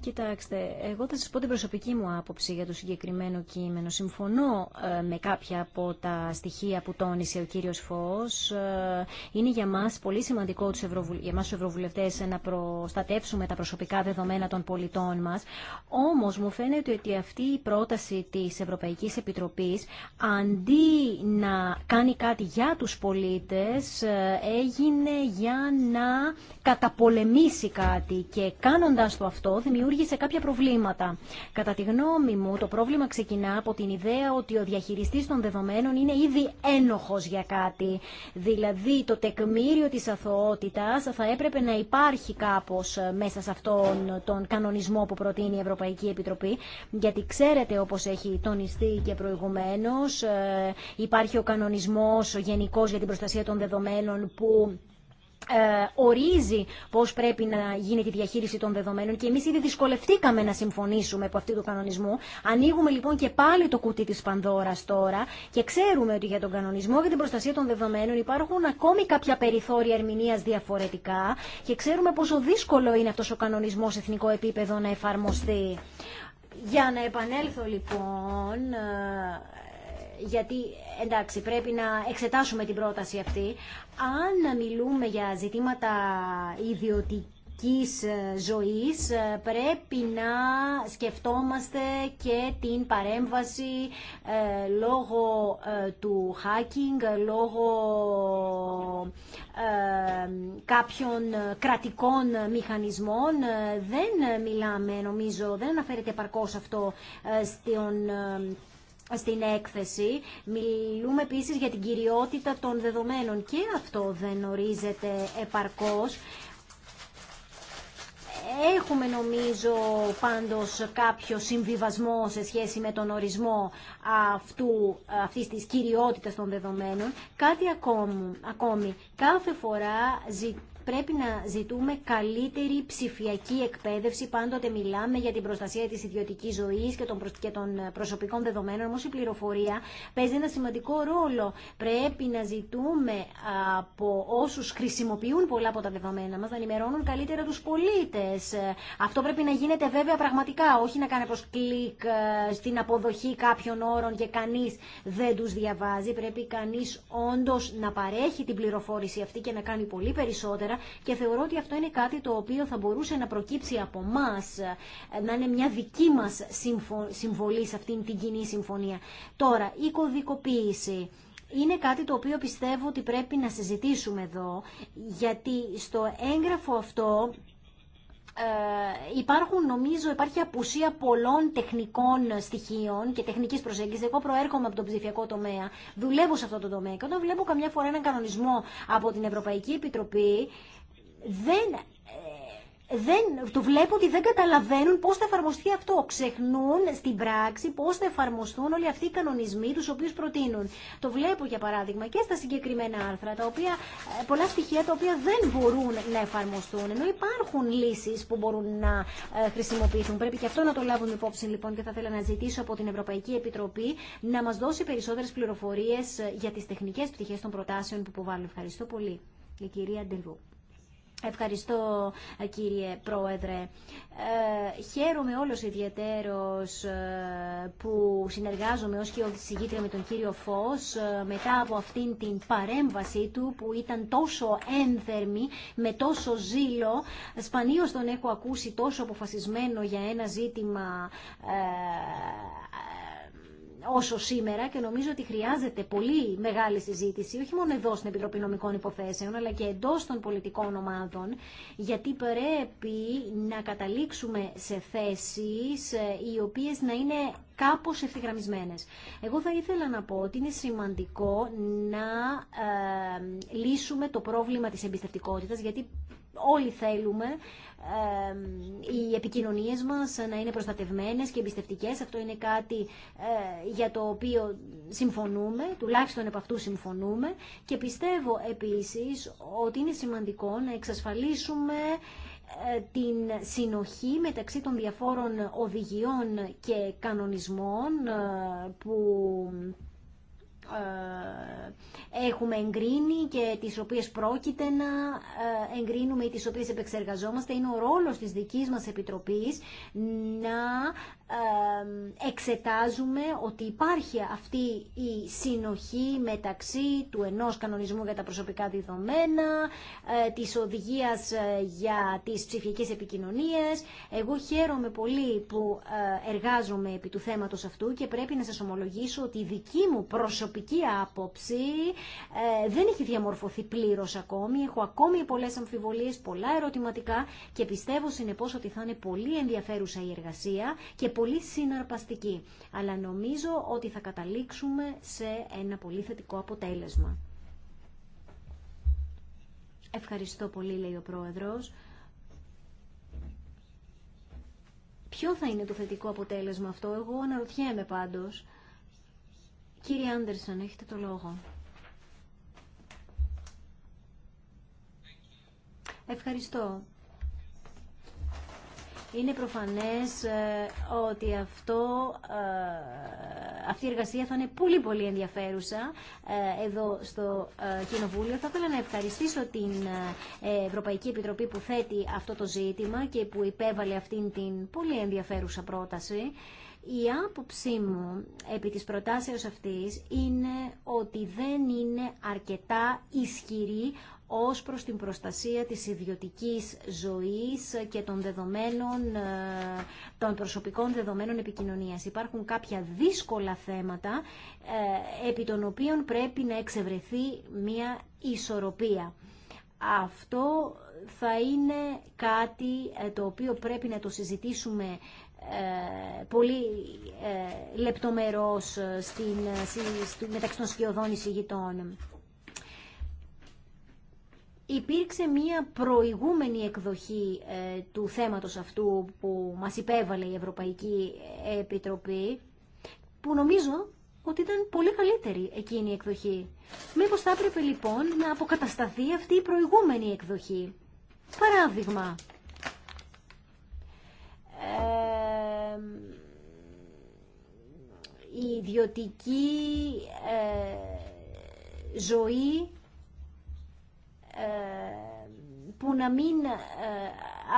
Κοιτάξτε, εγώ θα σας πω την προσωπική μου άποψη για το συγκεκριμένο κείμενο. Συμφωνώ ε, με κάποια από τα στοιχεία που τόνισε ο κύριος Φως. Ε, είναι για μας πολύ σημαντικό τους για μας τους Ευρωβουλευτές να προστατεύσουμε τα προσωπικά δεδομένα των πολιτών μας. Όμως μου φαίνεται ότι αυτή η πρόταση της Ευρωπαϊκής Επιτροπής αντί να κάνει κάτι για τους πολίτες ε, έγινε για να καταπολεμήσει κάτι και κάνοντας το αυτό δημιούργησε κάποια προβλήματα. Κατά τη γνώμη μου, το πρόβλημα ξεκινά από την ιδέα ότι ο διαχειριστή των δεδομένων είναι ήδη ένοχο για κάτι. Δηλαδή, το τεκμήριο τη αθωότητας θα έπρεπε να υπάρχει κάπω μέσα σε αυτόν τον κανονισμό που προτείνει η Ευρωπαϊκή Επιτροπή, γιατί ξέρετε, όπω έχει τονιστεί και προηγουμένω. Ε, υπάρχει ο κανονισμό γενικό για την προστασία των δεδομένων που ε, ορίζει πώς πρέπει να γίνει η διαχείριση των δεδομένων και εμείς ήδη δυσκολευτήκαμε να συμφωνήσουμε από αυτού του κανονισμού. Ανοίγουμε λοιπόν και πάλι το κουτί της Πανδώρας τώρα και ξέρουμε ότι για τον κανονισμό για την προστασία των δεδομένων υπάρχουν ακόμη κάποια περιθώρια ερμηνεία διαφορετικά και ξέρουμε πόσο δύσκολο είναι αυτό ο κανονισμό σε εθνικό επίπεδο να εφαρμοστεί. Για να επανέλθω λοιπόν, ε, γιατί εντάξει, πρέπει να εξετάσουμε την πρόταση αυτή. Αν μιλούμε για ζητήματα ιδιωτικής ε, ζωής ε, πρέπει να σκεφτόμαστε και την παρέμβαση ε, λόγω του hacking, λόγω ε, κάποιων κρατικών μηχανισμών. Δεν μιλάμε, νομίζω, δεν αναφέρεται παρκώς αυτό στον στην έκθεση. Μιλούμε επίσης για την κυριότητα των δεδομένων και αυτό δεν ορίζεται επαρκώς. Έχουμε νομίζω πάντως κάποιο συμβιβασμό σε σχέση με τον ορισμό αυτού, αυτής της κυριότητας των δεδομένων. Κάτι ακόμη, ακόμη. κάθε φορά πρέπει να ζητούμε καλύτερη ψηφιακή εκπαίδευση. Πάντοτε μιλάμε για την προστασία τη ιδιωτική ζωή και των ε, προσωπικών δεδομένων, όμω η πληροφορία παίζει ένα σημαντικό ρόλο. Πρέπει να ζητούμε από όσου χρησιμοποιούν πολλά από τα δεδομένα μα, να ενημερώνουν καλύτερα του πολίτε. Ε, αυτό πρέπει να γίνεται βέβαια πραγματικά, όχι να κάνει προς κλικ ε, στην αποδοχή κάποιων όρων και κανεί δεν του διαβάζει. Πρέπει κανεί όντω να παρέχει την πληροφόρηση αυτή και να κάνει πολύ περισσότερα και θεωρώ ότι αυτό είναι κάτι το οποίο θα μπορούσε να προκύψει από εμά, να είναι μια δική μας συμβολή σε αυτήν την κοινή συμφωνία. Τώρα, η κωδικοποίηση. Είναι κάτι το οποίο πιστεύω ότι πρέπει να συζητήσουμε εδώ, γιατί στο έγγραφο αυτό ε, υπάρχουν, νομίζω, υπάρχει απουσία πολλών τεχνικών στοιχείων και τεχνική προσέγγιση. Εγώ προέρχομαι από τον ψηφιακό τομέα, δουλεύω σε αυτό το τομέα και όταν βλέπω καμιά φορά έναν κανονισμό από την Ευρωπαϊκή Επιτροπή, δεν δεν, το βλέπω ότι δεν καταλαβαίνουν πώς θα εφαρμοστεί αυτό. Ξεχνούν στην πράξη πώς θα εφαρμοστούν όλοι αυτοί οι κανονισμοί τους οποίους προτείνουν. Το βλέπω για παράδειγμα και στα συγκεκριμένα άρθρα, τα οποία, ε, πολλά στοιχεία τα οποία δεν μπορούν να εφαρμοστούν, ενώ υπάρχουν λύσεις που μπορούν να ε, χρησιμοποιηθούν. Πρέπει και αυτό να το λάβουν υπόψη λοιπόν και θα ήθελα να ζητήσω από την Ευρωπαϊκή Επιτροπή να μας δώσει περισσότερες πληροφορίες ε, για τις τεχνικές πτυχές των προτάσεων που υποβάλλουν. Ευχαριστώ πολύ. Η κυρία Ντελβού. Ευχαριστώ κύριε Πρόεδρε. Ε, χαίρομαι όλος ιδιαίτερος ε, που συνεργάζομαι ως και συγγήτρια με τον κύριο Φως ε, μετά από αυτήν την παρέμβασή του που ήταν τόσο ένθερμη, με τόσο ζήλο. Σπανίως τον έχω ακούσει τόσο αποφασισμένο για ένα ζήτημα ε, όσο σήμερα και νομίζω ότι χρειάζεται πολύ μεγάλη συζήτηση, όχι μόνο εδώ στην Επιτροπή Νομικών Υποθέσεων, αλλά και εντό των πολιτικών ομάδων, γιατί πρέπει να καταλήξουμε σε θέσεις ε, οι οποίες να είναι κάπως ευθυγραμμισμένες. Εγώ θα ήθελα να πω ότι είναι σημαντικό να ε, λύσουμε το πρόβλημα της εμπιστευτικότητας, γιατί όλοι θέλουμε ε, οι επικοινωνίες μας να είναι προστατευμένες και εμπιστευτικές. Αυτό είναι κάτι ε, για το οποίο συμφωνούμε, τουλάχιστον επ' αυτού συμφωνούμε. Και πιστεύω επίσης ότι είναι σημαντικό να εξασφαλίσουμε ε, την συνοχή μεταξύ των διαφόρων οδηγιών και κανονισμών ε, που ε, έχουμε εγκρίνει και τις οποίες πρόκειται να εγκρίνουμε ή τις οποίες επεξεργαζόμαστε. Είναι ο ρόλος της δικής μας Επιτροπής να εξετάζουμε ότι υπάρχει αυτή η συνοχή μεταξύ του ενός κανονισμού για τα προσωπικά δεδομένα, ε, της οδηγίας ε, για τις ψηφιακές επικοινωνίες. Εγώ χαίρομαι πολύ που ε, εργάζομαι επί του θέματος αυτού και πρέπει να σας ομολογήσω ότι η δική μου προσωπική άποψη δεν έχει διαμορφωθεί πλήρως ακόμη. Έχω ακόμη πολλές αμφιβολίες, πολλά ερωτηματικά και πιστεύω συνεπώς ότι θα είναι πολύ ενδιαφέρουσα η εργασία και πολύ συναρπαστική. Αλλά νομίζω ότι θα καταλήξουμε σε ένα πολύ θετικό αποτέλεσμα. Ευχαριστώ πολύ, λέει ο Πρόεδρος. Ποιο θα είναι το θετικό αποτέλεσμα αυτό, εγώ αναρωτιέμαι πάντως. Κύριε Άντερσον, έχετε το λόγο. Ευχαριστώ. Είναι προφανές ε, ότι αυτό, ε, αυτή η εργασία θα είναι πολύ πολύ ενδιαφέρουσα ε, εδώ στο Κοινοβούλιο. Θα ήθελα να ευχαριστήσω την Ευρωπαϊκή Επιτροπή που θέτει αυτό το ζήτημα και που υπέβαλε αυτήν την πολύ ενδιαφέρουσα πρόταση. Η άποψή μου επί της προτάσεως αυτής είναι ότι δεν είναι αρκετά ισχυρή ως προς την προστασία της ιδιωτικής ζωής και των, δεδομένων, ε, των προσωπικών δεδομένων επικοινωνίας. Υπάρχουν κάποια δύσκολα θέματα ε, επί των οποίων πρέπει να εξευρεθεί μια ισορροπία. Αυτό θα είναι κάτι ε, το οποίο πρέπει να το συζητήσουμε πολύ λεπτομερώς στην, μεταξύ των σκιωδών εισηγητών. Υπήρξε μία προηγούμενη εκδοχή ε, του θέματος αυτού που μας υπέβαλε η Ευρωπαϊκή Επιτροπή που νομίζω ότι ήταν πολύ καλύτερη εκείνη η εκδοχή. Μήπως θα έπρεπε λοιπόν να αποκατασταθεί αυτή η προηγούμενη εκδοχή. Παράδειγμα, η ιδιωτική ε, ζωή ε, που να μην ε,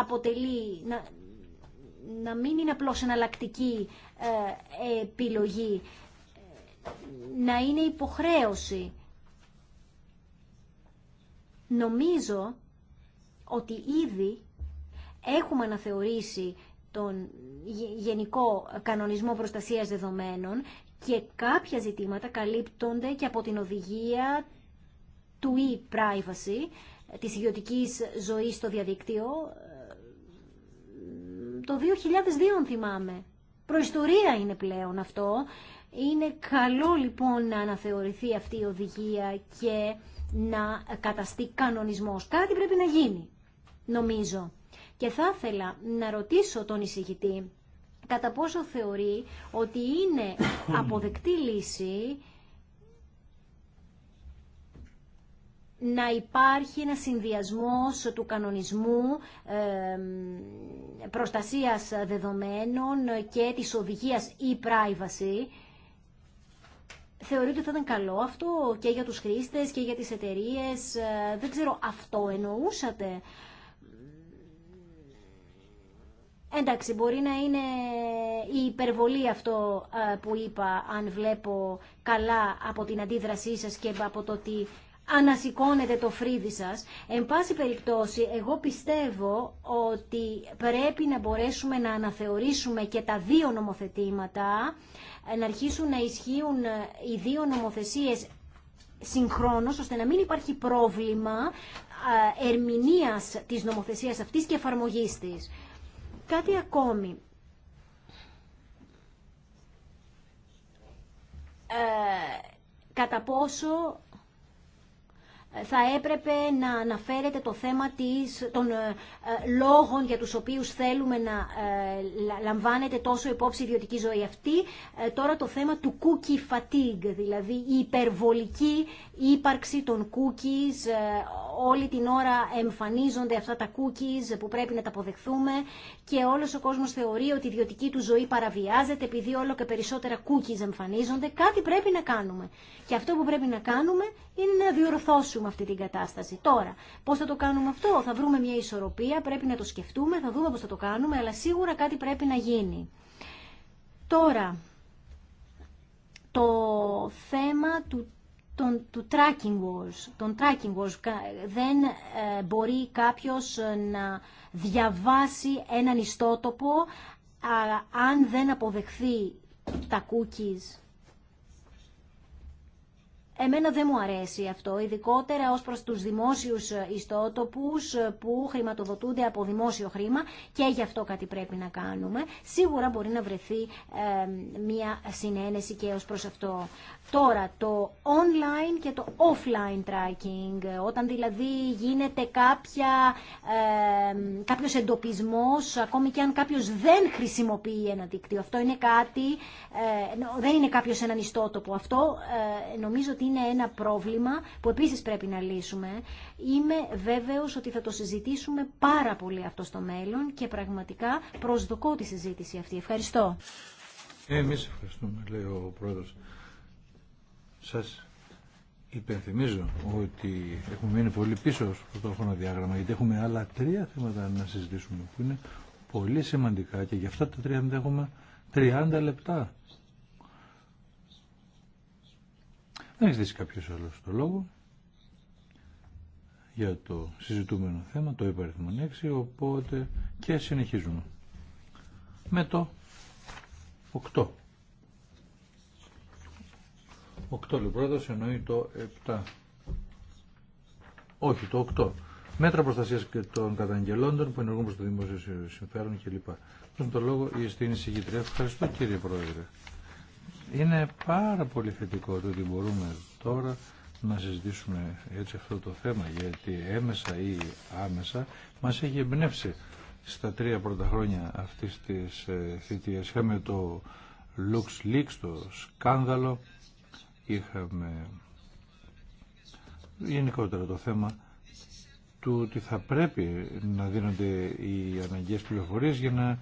αποτελεί, να, να μην είναι απλώς εναλλακτική ε, επιλογή, να είναι υποχρέωση. Νομίζω ότι ήδη έχουμε αναθεωρήσει τον Γενικό Κανονισμό Προστασίας Δεδομένων και κάποια ζητήματα καλύπτονται και από την οδηγία του e-privacy, της ιδιωτικής ζωής στο διαδίκτυο, ε, το 2002 θυμάμαι. Προϊστορία είναι πλέον αυτό. Είναι καλό λοιπόν να αναθεωρηθεί αυτή η οδηγία και να καταστεί κανονισμός. Κάτι πρέπει να γίνει, νομίζω. Και θα ήθελα να ρωτήσω τον εισηγητή κατά πόσο θεωρεί ότι είναι αποδεκτή λύση να υπάρχει ένα συνδυασμός του κανονισμού προστασίας δεδομένων και της οδηγίας e-privacy. Θεωρείτε ότι θα ήταν καλό αυτό και για τους χρήστες και για τις εταιρείες. Ε, δεν ξέρω, αυτό εννοούσατε. Εντάξει, μπορεί να είναι η υπερβολή αυτό ε, που είπα, αν βλέπω καλά από την αντίδρασή σας και από το ότι ανασηκώνετε το φρύδι σας. Εν πάση περιπτώσει, εγώ πιστεύω ότι πρέπει να μπορέσουμε να αναθεωρήσουμε και τα δύο νομοθετήματα, να αρχίσουν να ισχύουν ε, οι δύο νομοθεσίες συγχρόνως, ώστε να μην υπάρχει πρόβλημα ε, ερμηνείας της νομοθεσίας αυτής και εφαρμογής της. Κάτι ακόμη. Ε, κατά πόσο θα έπρεπε να αναφέρεται το θέμα της, των ε, ε, λόγων για τους οποίους θέλουμε να ε, λαμβάνεται τόσο υπόψη η ιδιωτική ζωή αυτή. Τώρα το θέμα του cookie fatigue, δηλαδή η υπερβολική ύπαρξη των cookies, όλη την ώρα εμφανίζονται αυτά τα cookies που πρέπει να τα αποδεχθούμε και όλος ο κόσμος θεωρεί ότι η ιδιωτική του ζωή παραβιάζεται επειδή όλο και περισσότερα cookies εμφανίζονται. Κάτι πρέπει να κάνουμε. Και αυτό που πρέπει να κάνουμε είναι να διορθώσουμε αυτή την κατάσταση. Τώρα, πώ θα το κάνουμε αυτό, θα βρούμε μια ισορροπία, πρέπει να το σκεφτούμε, θα δούμε πώ θα το κάνουμε, αλλά σίγουρα κάτι πρέπει να γίνει. Τώρα, το θέμα του του tracking wars, Τον tracking wars. Δεν ε, μπορεί κάποιος ε, να διαβάσει έναν ιστότοπο αν δεν αποδεχθεί τα cookies Εμένα δεν μου αρέσει αυτό, ειδικότερα ως προς τους δημόσιους ιστότοπους που χρηματοδοτούνται από δημόσιο χρήμα και γι' αυτό κάτι πρέπει να κάνουμε. Σίγουρα μπορεί να βρεθεί μια συνένεση και ως προς αυτό. Τώρα, το online και το offline tracking, όταν δηλαδή γίνεται κάποια, κάποιος εντοπισμός, ακόμη και αν κάποιος δεν χρησιμοποιεί ένα δίκτυο, αυτό είναι κάτι, ε, δεν είναι κάποιος έναν ιστότοπο, αυτό ε, νομίζω ότι είναι ένα πρόβλημα που επίσης πρέπει να λύσουμε. Είμαι βέβαιος ότι θα το συζητήσουμε πάρα πολύ αυτό στο μέλλον και πραγματικά προσδοκώ τη συζήτηση αυτή. Ευχαριστώ. Ε, εμείς ευχαριστούμε, λέει ο πρόεδρος. Σας υπενθυμίζω ότι έχουμε μείνει πολύ πίσω στο το χρονοδιάγραμμα γιατί έχουμε άλλα τρία θέματα να συζητήσουμε που είναι πολύ σημαντικά και για αυτά τα τρία έχουμε 30 λεπτά. Δεν έχει δει κάποιο άλλο το λόγο για το συζητούμενο θέμα, το υπαριθμό 6, οπότε και συνεχίζουμε με το 8. 8 λοιπόν εννοεί το 7. Όχι, το 8. Μέτρα προστασία των καταγγελόντων που ενεργούν προ το δημόσιο συμφέρον κλπ. Δώσουμε το λόγο η στην εισηγητρία. Ευχαριστώ κύριε Πρόεδρε. Είναι πάρα πολύ θετικό το ότι μπορούμε τώρα να συζητήσουμε έτσι αυτό το θέμα γιατί έμεσα ή άμεσα μας έχει εμπνεύσει στα τρία πρώτα χρόνια αυτής της ε, θητείας. Είχαμε το Lux Leaks, το σκάνδαλο, είχαμε γενικότερα το θέμα του ότι θα πρέπει να δίνονται οι αναγκαίες πληροφορίες για να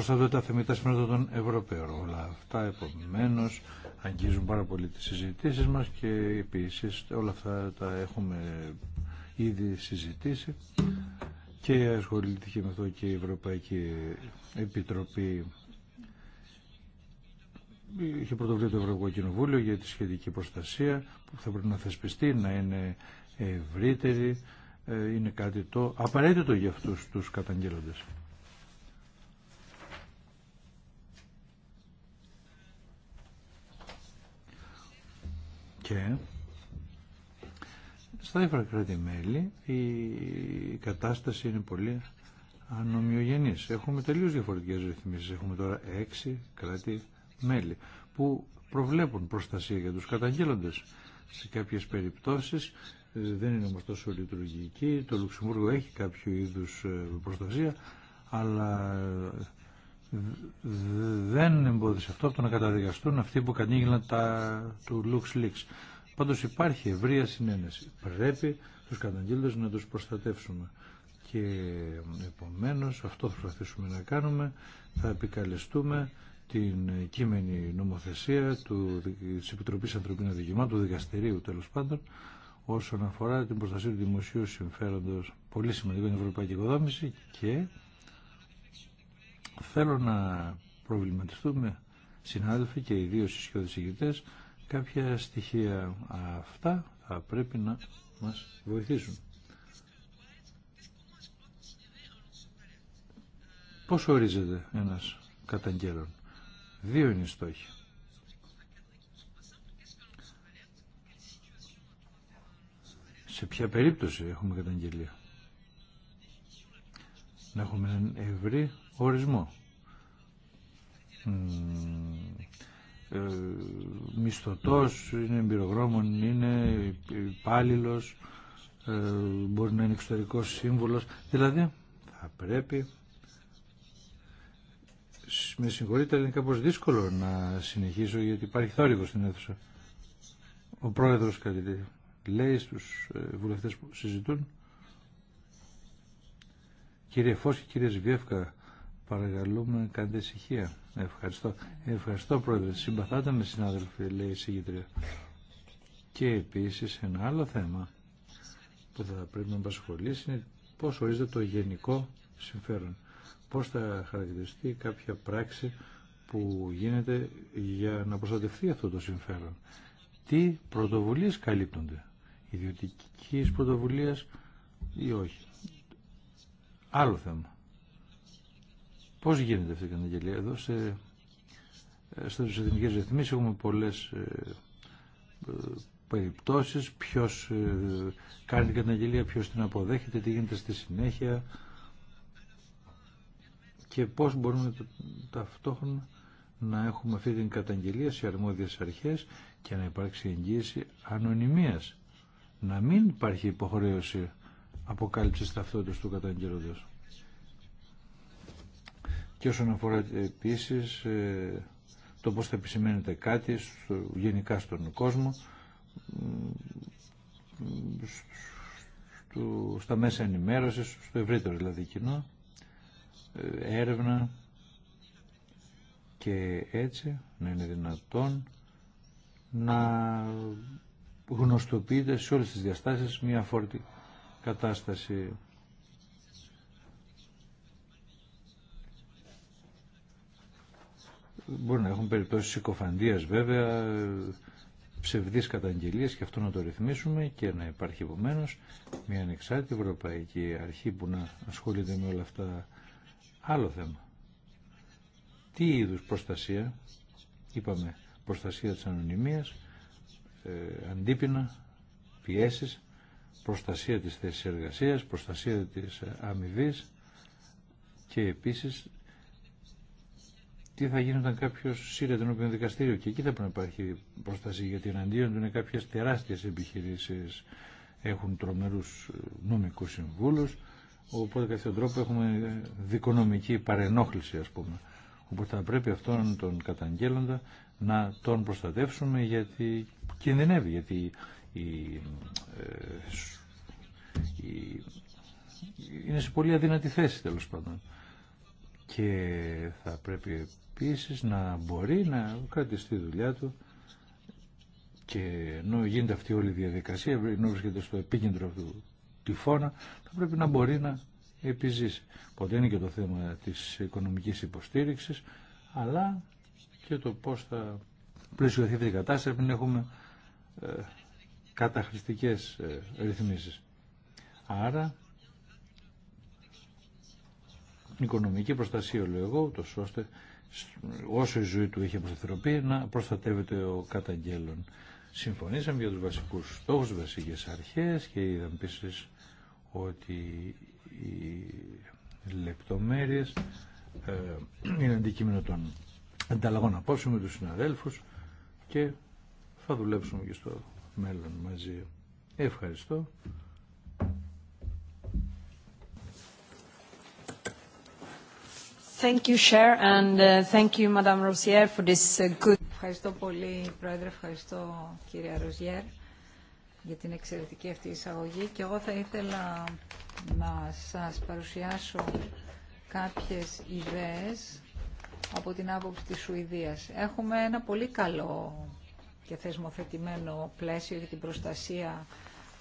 προστατεύονται τα θεμητά συμφέροντα των Ευρωπαίων. Όλα αυτά επομένω αγγίζουν πάρα πολύ τι συζητήσει μα και επίση όλα αυτά τα έχουμε ήδη συζητήσει και ασχολήθηκε με αυτό και η Ευρωπαϊκή Επιτροπή είχε πρωτοβουλία το Ευρωπαϊκό Κοινοβούλιο για τη σχετική προστασία που θα πρέπει να θεσπιστεί, να είναι ευρύτερη, ε, είναι κάτι το απαραίτητο για αυτού τους καταγγέλλοντες. Και στα διάφορα κράτη-μέλη η κατάσταση είναι πολύ ανομοιογενής. Έχουμε τελείως διαφορετικές ρυθμίσεις. Έχουμε τώρα έξι κράτη-μέλη που προβλέπουν προστασία για τους καταγγέλλοντες. Σε κάποιες περιπτώσεις δεν είναι όμως τόσο λειτουργική. Το Λουξεμβούργο έχει κάποιο είδους ε, προστασία, αλλά δεν εμπόδισε αυτό από το να καταδικαστούν αυτοί που κατήγγυλαν τα του Λιξ. Πάντως υπάρχει ευρεία συνένεση. Πρέπει του καταγγείλτες να του προστατεύσουμε. Και επομένω αυτό θα προσπαθήσουμε να κάνουμε. Θα επικαλεστούμε την κείμενη νομοθεσία του, Επιτροπή Ανθρωπίνων Δικαιωμάτων, του Δικαστηρίου τέλος πάντων, όσον αφορά την προστασία του δημοσίου συμφέροντο. Πολύ σημαντικό είναι η Ευρωπαϊκή Οικοδόμηση και Θέλω να προβληματιστούμε, συνάδελφοι και ιδίω οι σιωδησηγητές, κάποια στοιχεία αυτά θα πρέπει να μας βοηθήσουν. Πώς ορίζεται ένας καταγγέλων. Δύο είναι οι στόχοι. Σε ποια περίπτωση έχουμε καταγγελία. Να έχουμε έναν ευρύ ορισμό. Ε, μισθωτός, είναι εμπειρογρόμων, είναι υπάλληλο, ε, μπορεί να είναι εξωτερικός σύμβολος. Δηλαδή θα πρέπει, με συγχωρείτε, είναι κάπως δύσκολο να συνεχίσω γιατί υπάρχει θόρυβο στην αίθουσα. Ο πρόεδρος κάτι λέει στους ε, βουλευτές που συζητούν. Κύριε Φώση, κύριε Σβιεύκα, Παρακαλούμε, κάντε ησυχία. Ευχαριστώ. Ευχαριστώ, Πρόεδρε. Συμπαθάτε με, συνάδελφοι, λέει η συγκεντρία. Και επίσης ένα άλλο θέμα που θα πρέπει να απασχολήσει είναι πώς ορίζεται το γενικό συμφέρον. Πώς θα χαρακτηριστεί κάποια πράξη που γίνεται για να προστατευτεί αυτό το συμφέρον. Τι πρωτοβουλίε καλύπτονται. Ιδιωτική πρωτοβουλία, ή όχι. Άλλο θέμα. Πώς γίνεται αυτή η καταγγελία. Εδώ σε, ε, στις εθνικές ρυθμίσεις έχουμε πολλές ε, ε, περιπτώσεις, ποιος κάνει την καταγγελία, ποιο την αποδέχεται, τι γίνεται στη συνέχεια και πώ μπορούμε ταυτόχρονα να έχουμε αυτή την καταγγελία σε αρμόδιες αρχές και να υπάρξει εγγύηση ανωνυμίας. Να μην υπάρχει υποχρέωση αποκάλυψης ταυτότητας του καταγγελόντος και όσον αφορά ε, επίση ε, το πώς θα επισημαίνεται κάτι γενικά στον κόσμο, στα μέσα ενημέρωσης, στο ευρύτερο δηλαδή κοινό, ε, έρευνα και έτσι να είναι δυνατόν να γνωστοποιείται σε όλες τις διαστάσεις μια φόρτη κατάσταση Μπορεί να έχουν περιπτώσει συκοφαντία βέβαια, ψευδείς καταγγελίες και αυτό να το ρυθμίσουμε και να υπάρχει επομένω μια ανεξάρτητη ευρωπαϊκή αρχή που να ασχολείται με όλα αυτά άλλο θέμα. Τι είδους προστασία, είπαμε προστασία της ανωνυμία, ε, αντίπεινα, πιέσεις, προστασία της θέση εργασία, προστασία της ε, αμοιβή και επίση τι θα γίνει όταν κάποιο σύρεται ενώπιον δικαστήριο και εκεί θα πρέπει να υπάρχει προστασία γιατί εναντίον του είναι κάποιε τεράστιε επιχειρήσει, έχουν τρομερού ε, νομικού συμβούλου. Οπότε κάποιον τρόπο έχουμε ε, δικονομική παρενόχληση ας πούμε. Οπότε θα πρέπει αυτόν τον καταγγέλλοντα να τον προστατεύσουμε γιατί κινδυνεύει, γιατί η, ε, η, είναι σε πολύ αδύνατη θέση τέλος πάντων. Και θα πρέπει Επίση να μπορεί να κρατήσει τη δουλειά του και ενώ γίνεται αυτή όλη η διαδικασία, ενώ βρίσκεται στο επίκεντρο του τυφώνα, θα πρέπει να μπορεί να επιζήσει. Ποτέ είναι και το θέμα της οικονομικής υποστήριξης, αλλά και το πώς θα πλαισιωθεί αυτή η κατάσταση, πριν έχουμε ε, καταχρηστικές ε, ρυθμίσεις. Άρα, οικονομική προστασία λέω εγώ, ώστε όσο η ζωή του είχε προστατευτεί να προστατεύεται ο καταγγέλων. Συμφωνήσαμε για τους βασικούς στόχους, βασικέ βασικές αρχές και είδαμε επίση ότι οι λεπτομέρειες ε, είναι αντικείμενο των ανταλλαγών απόψεων με τους συναδέλφους και θα δουλέψουμε και στο μέλλον μαζί. Ευχαριστώ. Thank you, and uh, thank uh, Ευχαριστώ πολύ, Πρόεδρε, ευχαριστώ, κυρία Ροζιέρ, για την εξαιρετική αυτή εισαγωγή. Και εγώ θα ήθελα να σας παρουσιάσω κάποιες ιδέες από την άποψη της Σουηδίας. Έχουμε ένα πολύ καλό και θεσμοθετημένο πλαίσιο για την προστασία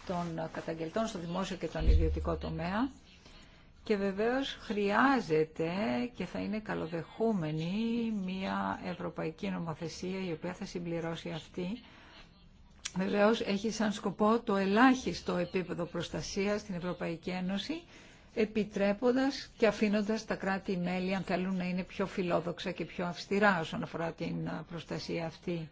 των καταγγελτών στο δημόσιο και τον ιδιωτικό τομέα και βεβαίως χρειάζεται και θα είναι καλοδεχούμενη μια ευρωπαϊκή νομοθεσία η οποία θα συμπληρώσει αυτή. Βεβαίως έχει σαν σκοπό το ελάχιστο επίπεδο προστασίας στην Ευρωπαϊκή Ένωση επιτρέποντας και αφήνοντας τα κράτη-μέλη αν θέλουν να είναι πιο φιλόδοξα και πιο αυστηρά όσον αφορά την προστασία αυτή.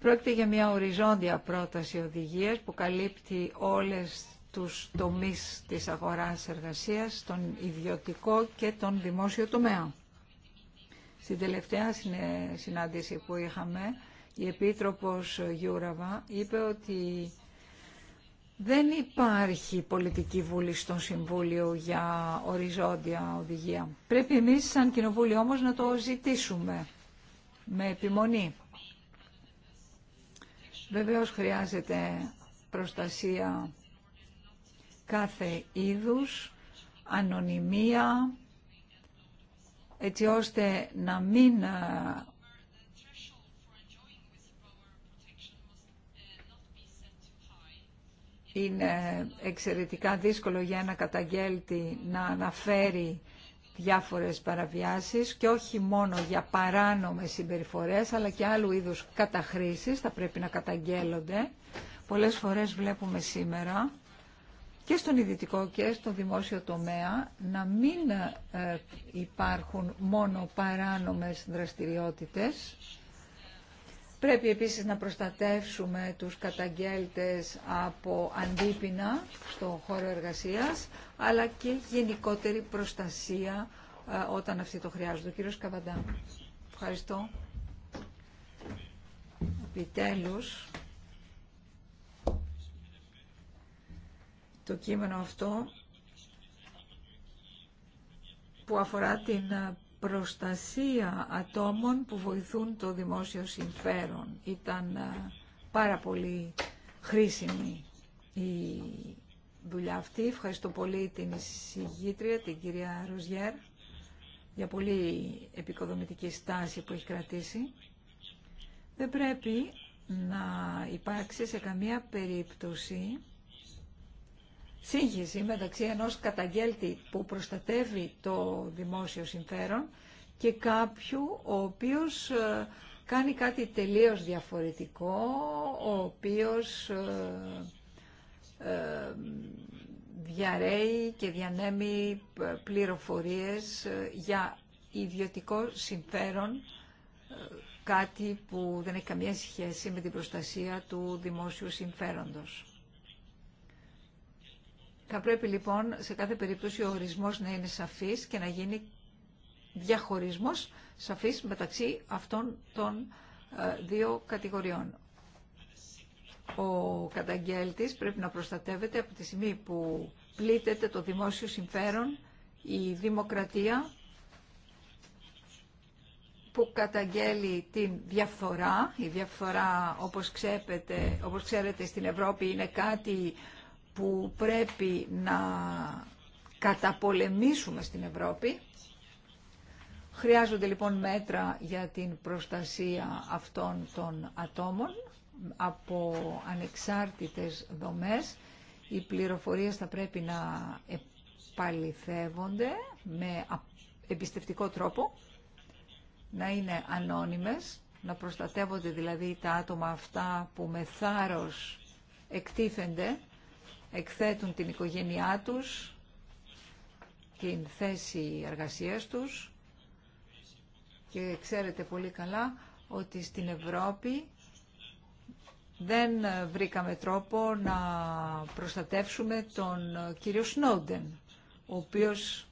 Πρόκειται για μια οριζόντια πρόταση οδηγίας που καλύπτει όλες τους τομείς της αγοράς εργασίας, τον ιδιωτικό και τον δημόσιο τομέα. Στην τελευταία συνάντηση που είχαμε, η Επίτροπος Γιούραβα είπε ότι δεν υπάρχει πολιτική βούλη στο Συμβούλιο για οριζόντια οδηγία. Πρέπει εμείς σαν Κοινοβούλιο όμως να το ζητήσουμε με επιμονή. Βεβαίως χρειάζεται προστασία κάθε είδους, ανωνυμία, έτσι ώστε να μην ε, είναι εξαιρετικά δύσκολο για ένα καταγγέλτη να αναφέρει διάφορες παραβιάσεις και όχι μόνο για παράνομες συμπεριφορές αλλά και άλλου είδους καταχρήσεις θα πρέπει να καταγγέλλονται. Πολλές φορές βλέπουμε σήμερα και στον ιδιωτικό και στο δημόσιο τομέα να μην ε, υπάρχουν μόνο παράνομες δραστηριότητες. Πρέπει επίσης να προστατεύσουμε τους καταγγέλτες από αντίπεινα στο χώρο εργασίας, αλλά και γενικότερη προστασία ε, όταν αυτοί το χρειάζονται. Ο κύριος Καβαντά. Ευχαριστώ. Επιτέλους, το κείμενο αυτό που αφορά την προστασία ατόμων που βοηθούν το δημόσιο συμφέρον. Ήταν ε, πάρα πολύ χρήσιμη η δουλειά αυτή. Ευχαριστώ πολύ την εισηγήτρια, την κυρία Ροζιέρ, για πολύ επικοδομητική στάση που έχει κρατήσει. Δεν πρέπει να υπάρξει σε καμία περίπτωση σύγχυση μεταξύ ενός καταγγέλτη που προστατεύει το δημόσιο συμφέρον και κάποιου ο οποίος ε, κάνει κάτι τελείως διαφορετικό, ο οποίος ε, ε, διαρρέει και διανέμει πληροφορίες για ιδιωτικό συμφέρον, κάτι που δεν έχει καμία σχέση με την προστασία του δημόσιου συμφέροντος. Θα πρέπει λοιπόν σε κάθε περίπτωση ο ορισμός να είναι σαφής και να γίνει διαχωρισμός σαφής μεταξύ αυτών των ε, δύο κατηγοριών. Ο καταγγέλτης πρέπει να προστατεύεται από τη στιγμή που πλήττεται το δημόσιο συμφέρον, η δημοκρατία που καταγγέλει την διαφθορά. Η διαφθορά, όπως, ξέπετε, όπως ξέρετε, στην Ευρώπη είναι κάτι που πρέπει να καταπολεμήσουμε στην Ευρώπη. Χρειάζονται λοιπόν μέτρα για την προστασία αυτών των ατόμων από ανεξάρτητες δομές. Οι πληροφορίες θα πρέπει να επαληθεύονται με εμπιστευτικό τρόπο, να είναι ανώνυμες, να προστατεύονται δηλαδή τα άτομα αυτά που με θάρρος εκτίθενται εκθέτουν την οικογένειά τους, την θέση εργασίας τους και ξέρετε πολύ καλά ότι στην Ευρώπη δεν βρήκαμε τρόπο να προστατεύσουμε τον κύριο Σνόντεν, ο οποίος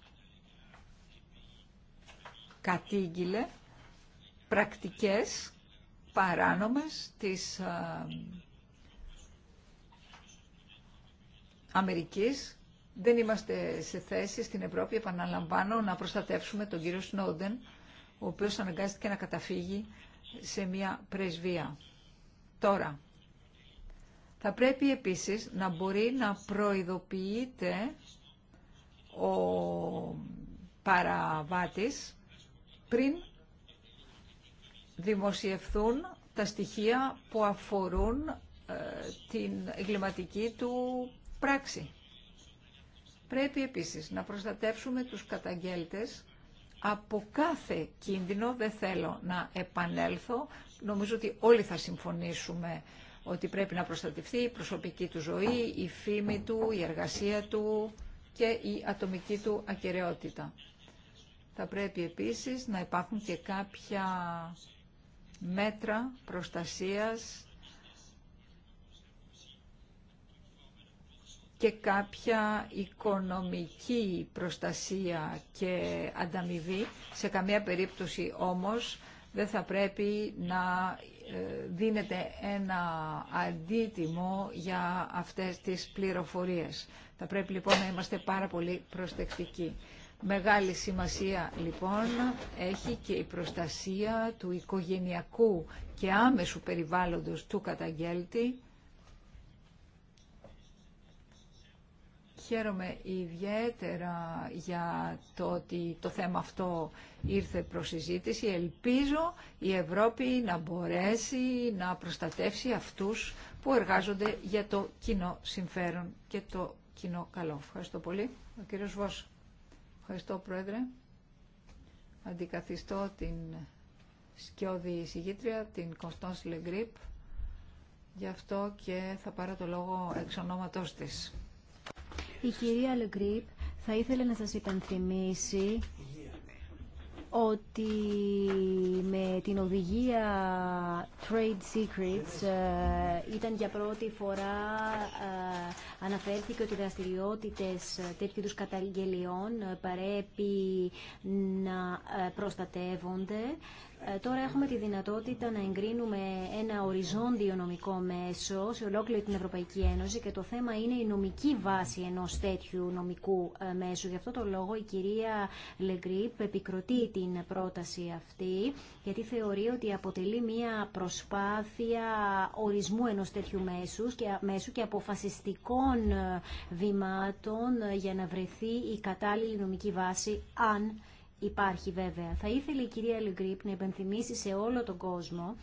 κατήγγειλε πρακτικές παράνομες της ε, Αμερικής δεν είμαστε σε θέση στην Ευρώπη, επαναλαμβάνω, να προστατεύσουμε τον κύριο Σνόντεν, ο οποίος αναγκάστηκε να καταφύγει σε μια πρεσβεία. Τώρα, θα πρέπει επίσης να μπορεί να προειδοποιείται ο παραβάτης πριν δημοσιευθούν τα στοιχεία που αφορούν ε, την εγκληματική του πράξη. Πρέπει επίσης να προστατεύσουμε τους καταγγέλτες από κάθε κίνδυνο. Δεν θέλω να επανέλθω. Νομίζω ότι όλοι θα συμφωνήσουμε ότι πρέπει να προστατευτεί η προσωπική του ζωή, η φήμη του, η εργασία του και η ατομική του ακαιρεότητα. Θα πρέπει επίσης να υπάρχουν και κάποια μέτρα προστασίας και κάποια οικονομική προστασία και ανταμοιβή. Σε καμία περίπτωση όμως δεν θα πρέπει να ε, δίνεται ένα αντίτιμο για αυτές τις πληροφορίες. Θα πρέπει λοιπόν να είμαστε πάρα πολύ προσεκτικοί. Μεγάλη σημασία λοιπόν έχει και η προστασία του οικογενειακού και άμεσου περιβάλλοντος του καταγγέλτη Χαίρομαι ιδιαίτερα για το ότι το θέμα αυτό ήρθε προ συζήτηση. Ελπίζω η Ευρώπη να μπορέσει να προστατεύσει αυτούς που εργάζονται για το κοινό συμφέρον και το κοινό καλό. Ευχαριστώ πολύ. Ο κύριος Βος. Ευχαριστώ, Πρόεδρε. Αντικαθιστώ την σκιώδη συγγήτρια, την Κωνστόνς Λεγκρίπ. Γι' αυτό και θα πάρω το λόγο εξ ονόματός της. Η κυρία Λεγκρίπ θα ήθελε να σας υπενθυμίσει ότι με την οδηγία Trade Secrets ε, ήταν για πρώτη φορά ε, αναφέρθηκε ότι οι δραστηριότητες ε, τέτοιου είδους καταγγελιών παρέπει να προστατεύονται ε, τώρα έχουμε τη δυνατότητα να εγκρίνουμε ένα οριζόντιο νομικό μέσο σε ολόκληρη την Ευρωπαϊκή Ένωση και το θέμα είναι η νομική βάση ενός τέτοιου νομικού ε, μέσου. Γι' αυτό το λόγο η κυρία Λεγκρίπ επικροτεί την πρόταση αυτή γιατί θεωρεί ότι αποτελεί μια προσπάθεια ορισμού ενός τέτοιου μέσου και, μέσου και αποφασιστικών ε, βημάτων για να βρεθεί η κατάλληλη νομική βάση αν υπάρχει βέβαια. Θα ήθελε η κυρία Λιγκρίπ να υπενθυμίσει σε όλο τον κόσμο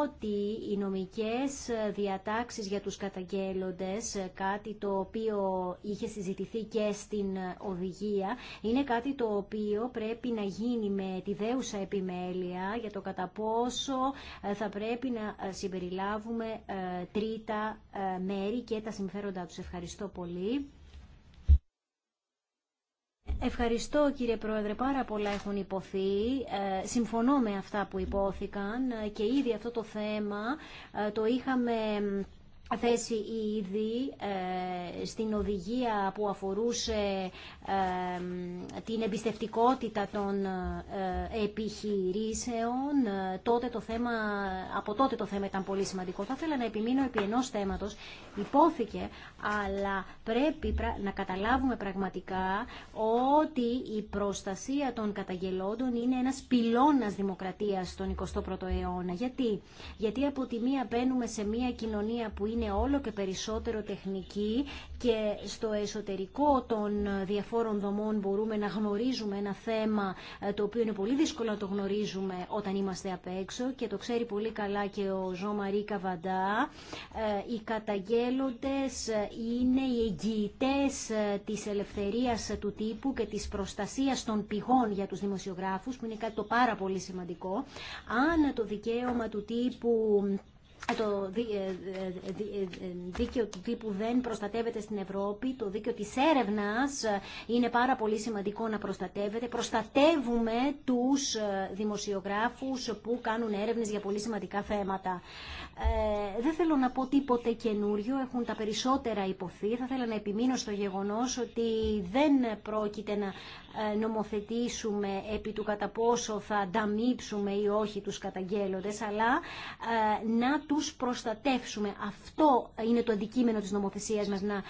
ότι οι νομικές διατάξεις για τους καταγγέλλοντες, κάτι το οποίο είχε συζητηθεί και στην οδηγία, είναι κάτι το οποίο πρέπει να γίνει με τη δέουσα επιμέλεια για το κατά πόσο ε, θα πρέπει να ε, συμπεριλάβουμε ε, τρίτα μέρη και τα συμφέροντά τους. Ευχαριστώ πολύ. Ευχαριστώ κύριε Πρόεδρε, πάρα πολλά έχουν υποθεί. Ε, συμφωνώ με αυτά που υπόθηκαν ε, και ήδη αυτό το θέμα ε, το είχαμε θέση ήδη ε, στην οδηγία που αφορούσε την εμπιστευτικότητα των ε, επιχειρήσεων. Ε, τότε το θέμα, από τότε το θέμα ήταν πολύ σημαντικό. Θα ήθελα να επιμείνω επί ενός θέματος. Υπόθηκε, αλλά πρέπει να καταλάβουμε πραγματικά ότι η προστασία των καταγγελόντων είναι ένας πυλώνας δημοκρατίας στον 21ο αιώνα. Γιατί, Γιατί από τη μία μπαίνουμε σε μια κοινωνία που είναι όλο και περισσότερο τεχνική και στο εσωτερικό των διαφόρων δομών μπορούμε να γνωρίζουμε ένα θέμα ε, το οποίο είναι πολύ δύσκολο να το γνωρίζουμε όταν είμαστε απ' έξω και το ξέρει πολύ καλά και ο Ζω Μαρί Καβαντά. Οι καταγγέλλοντες ε, είναι οι εγγυητές ε, της ελευθερίας του τύπου και της προστασίας των πηγών για τους δημοσιογράφους που είναι κάτι το πάρα πολύ σημαντικό. Αν το δικαίωμα του τύπου το ε, ε, ε, δίκαιο του τύπου δεν προστατεύεται στην Ευρώπη, το δίκαιο της έρευνας είναι πάρα πολύ σημαντικό να προστατεύεται. Προστατεύουμε τους δημοσιογράφους που κάνουν έρευνες για πολύ σημαντικά θέματα. Ε, δεν θέλω να πω τίποτε καινούριο, έχουν τα περισσότερα υποθεί. Θα ήθελα να επιμείνω στο γεγονός ότι δεν πρόκειται να νομοθετήσουμε επί του κατά πόσο θα ανταμείψουμε ή όχι τους καταγγέλλοντες, αλλά να του τους προστατεύσουμε. Αυτό είναι το αντικείμενο της νομοθεσίας μας, να ε,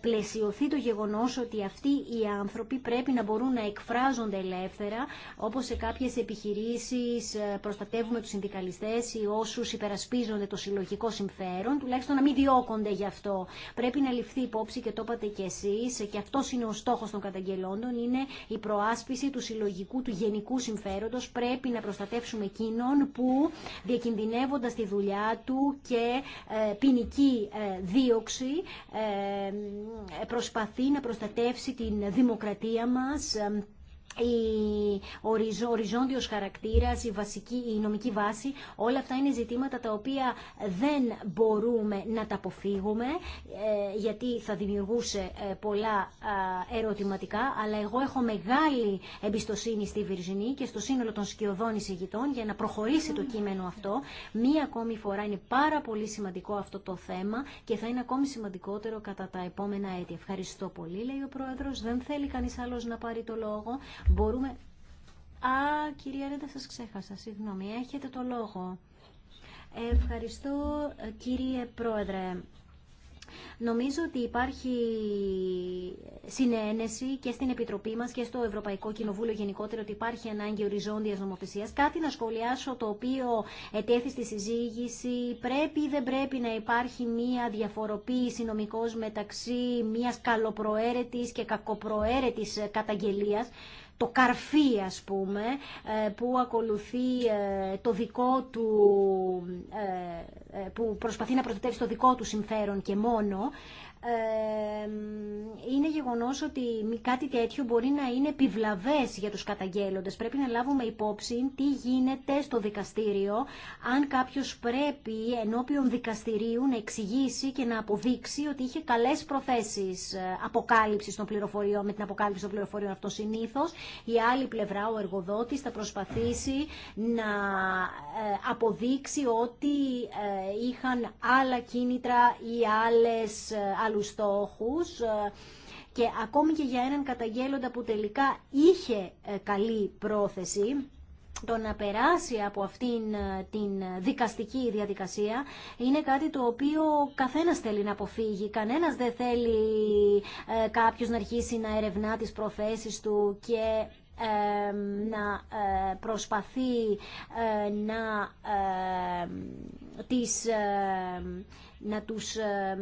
πλαισιωθεί το γεγονός ότι αυτοί οι άνθρωποι πρέπει να μπορούν να εκφράζονται ελεύθερα, όπως σε κάποιες επιχειρήσεις ε, προστατεύουμε τους συνδικαλιστές ή όσους υπερασπίζονται το συλλογικό συμφέρον, τουλάχιστον να μην διώκονται γι' αυτό. Πρέπει να ληφθεί υπόψη και το είπατε κι εσείς, ε, και αυτό είναι ο στόχος των καταγγελόντων, είναι η προάσπιση του συλλογικού, του γενικού συμφέροντος. Πρέπει να προστατεύσουμε εκείνον που διακινδυνεύοντας τη δουλειά του και ε, ποινική ε, δίωξη ε, προσπαθεί να προστατεύσει την δημοκρατία μας η οριζόντιος χαρακτήρας, η, βασική, η νομική βάση, όλα αυτά είναι ζητήματα τα οποία δεν μπορούμε να τα αποφύγουμε ε, γιατί θα δημιουργούσε ε, πολλά ερωτηματικά αλλά εγώ έχω μεγάλη εμπιστοσύνη στη Βυρζινή και στο σύνολο των σκιωδών εισηγητών για να προχωρήσει το κείμενο αυτό. Μία ακόμη φορά είναι πάρα πολύ σημαντικό αυτό το θέμα και θα είναι ακόμη σημαντικότερο κατά τα επόμενα έτη. Ευχαριστώ πολύ, λέει ο Πρόεδρος. Δεν θέλει κανείς άλλος να πάρει το λόγο. Μπορούμε... Α, κυρία Ρέντα, σας ξέχασα, συγγνώμη. Έχετε το λόγο. Ευχαριστώ, κύριε Πρόεδρε. Νομίζω ότι υπάρχει συνένεση και στην Επιτροπή μας και στο Ευρωπαϊκό Κοινοβούλιο γενικότερα ότι υπάρχει ανάγκη οριζόντιας νομοθεσίας. Κάτι να σχολιάσω το οποίο ετέθη στη συζήγηση. Πρέπει ή δεν πρέπει να υπάρχει μία διαφοροποίηση νομικώς μεταξύ μίας καλοπροαίρετης και κακοπροαίρετης καταγγελίας το καρφί ας πούμε ε, που ακολουθεί ε, το δικό του ε, που προσπαθεί να προστατεύσει το δικό του συμφέρον και μόνο ε, είναι γεγονός ότι κάτι τέτοιο μπορεί να είναι επιβλαβές για τους καταγγέλλοντες. Πρέπει να λάβουμε υπόψη τι γίνεται στο δικαστήριο, αν κάποιος πρέπει ενώπιον δικαστηρίου να εξηγήσει και να αποδείξει ότι είχε καλές προθέσεις ε, αποκάλυψης των πληροφοριών, με την αποκάλυψη των πληροφοριών αυτό συνήθω. Η άλλη πλευρά, ο εργοδότης, θα προσπαθήσει να ε, αποδείξει ότι είχαν άλλα κίνητρα ή άλλες άλλους στόχους ε, και ακόμη και για έναν καταγγέλλοντα που τελικά είχε ε, καλή πρόθεση, το να περάσει από αυτήν ε, την δικαστική διαδικασία είναι κάτι το οποίο καθένας θέλει να αποφύγει. Κανένας δεν θέλει κάποιος να αρχίσει να ερευνά τις προθέσεις του και να προσπαθεί να τις να τους, ε,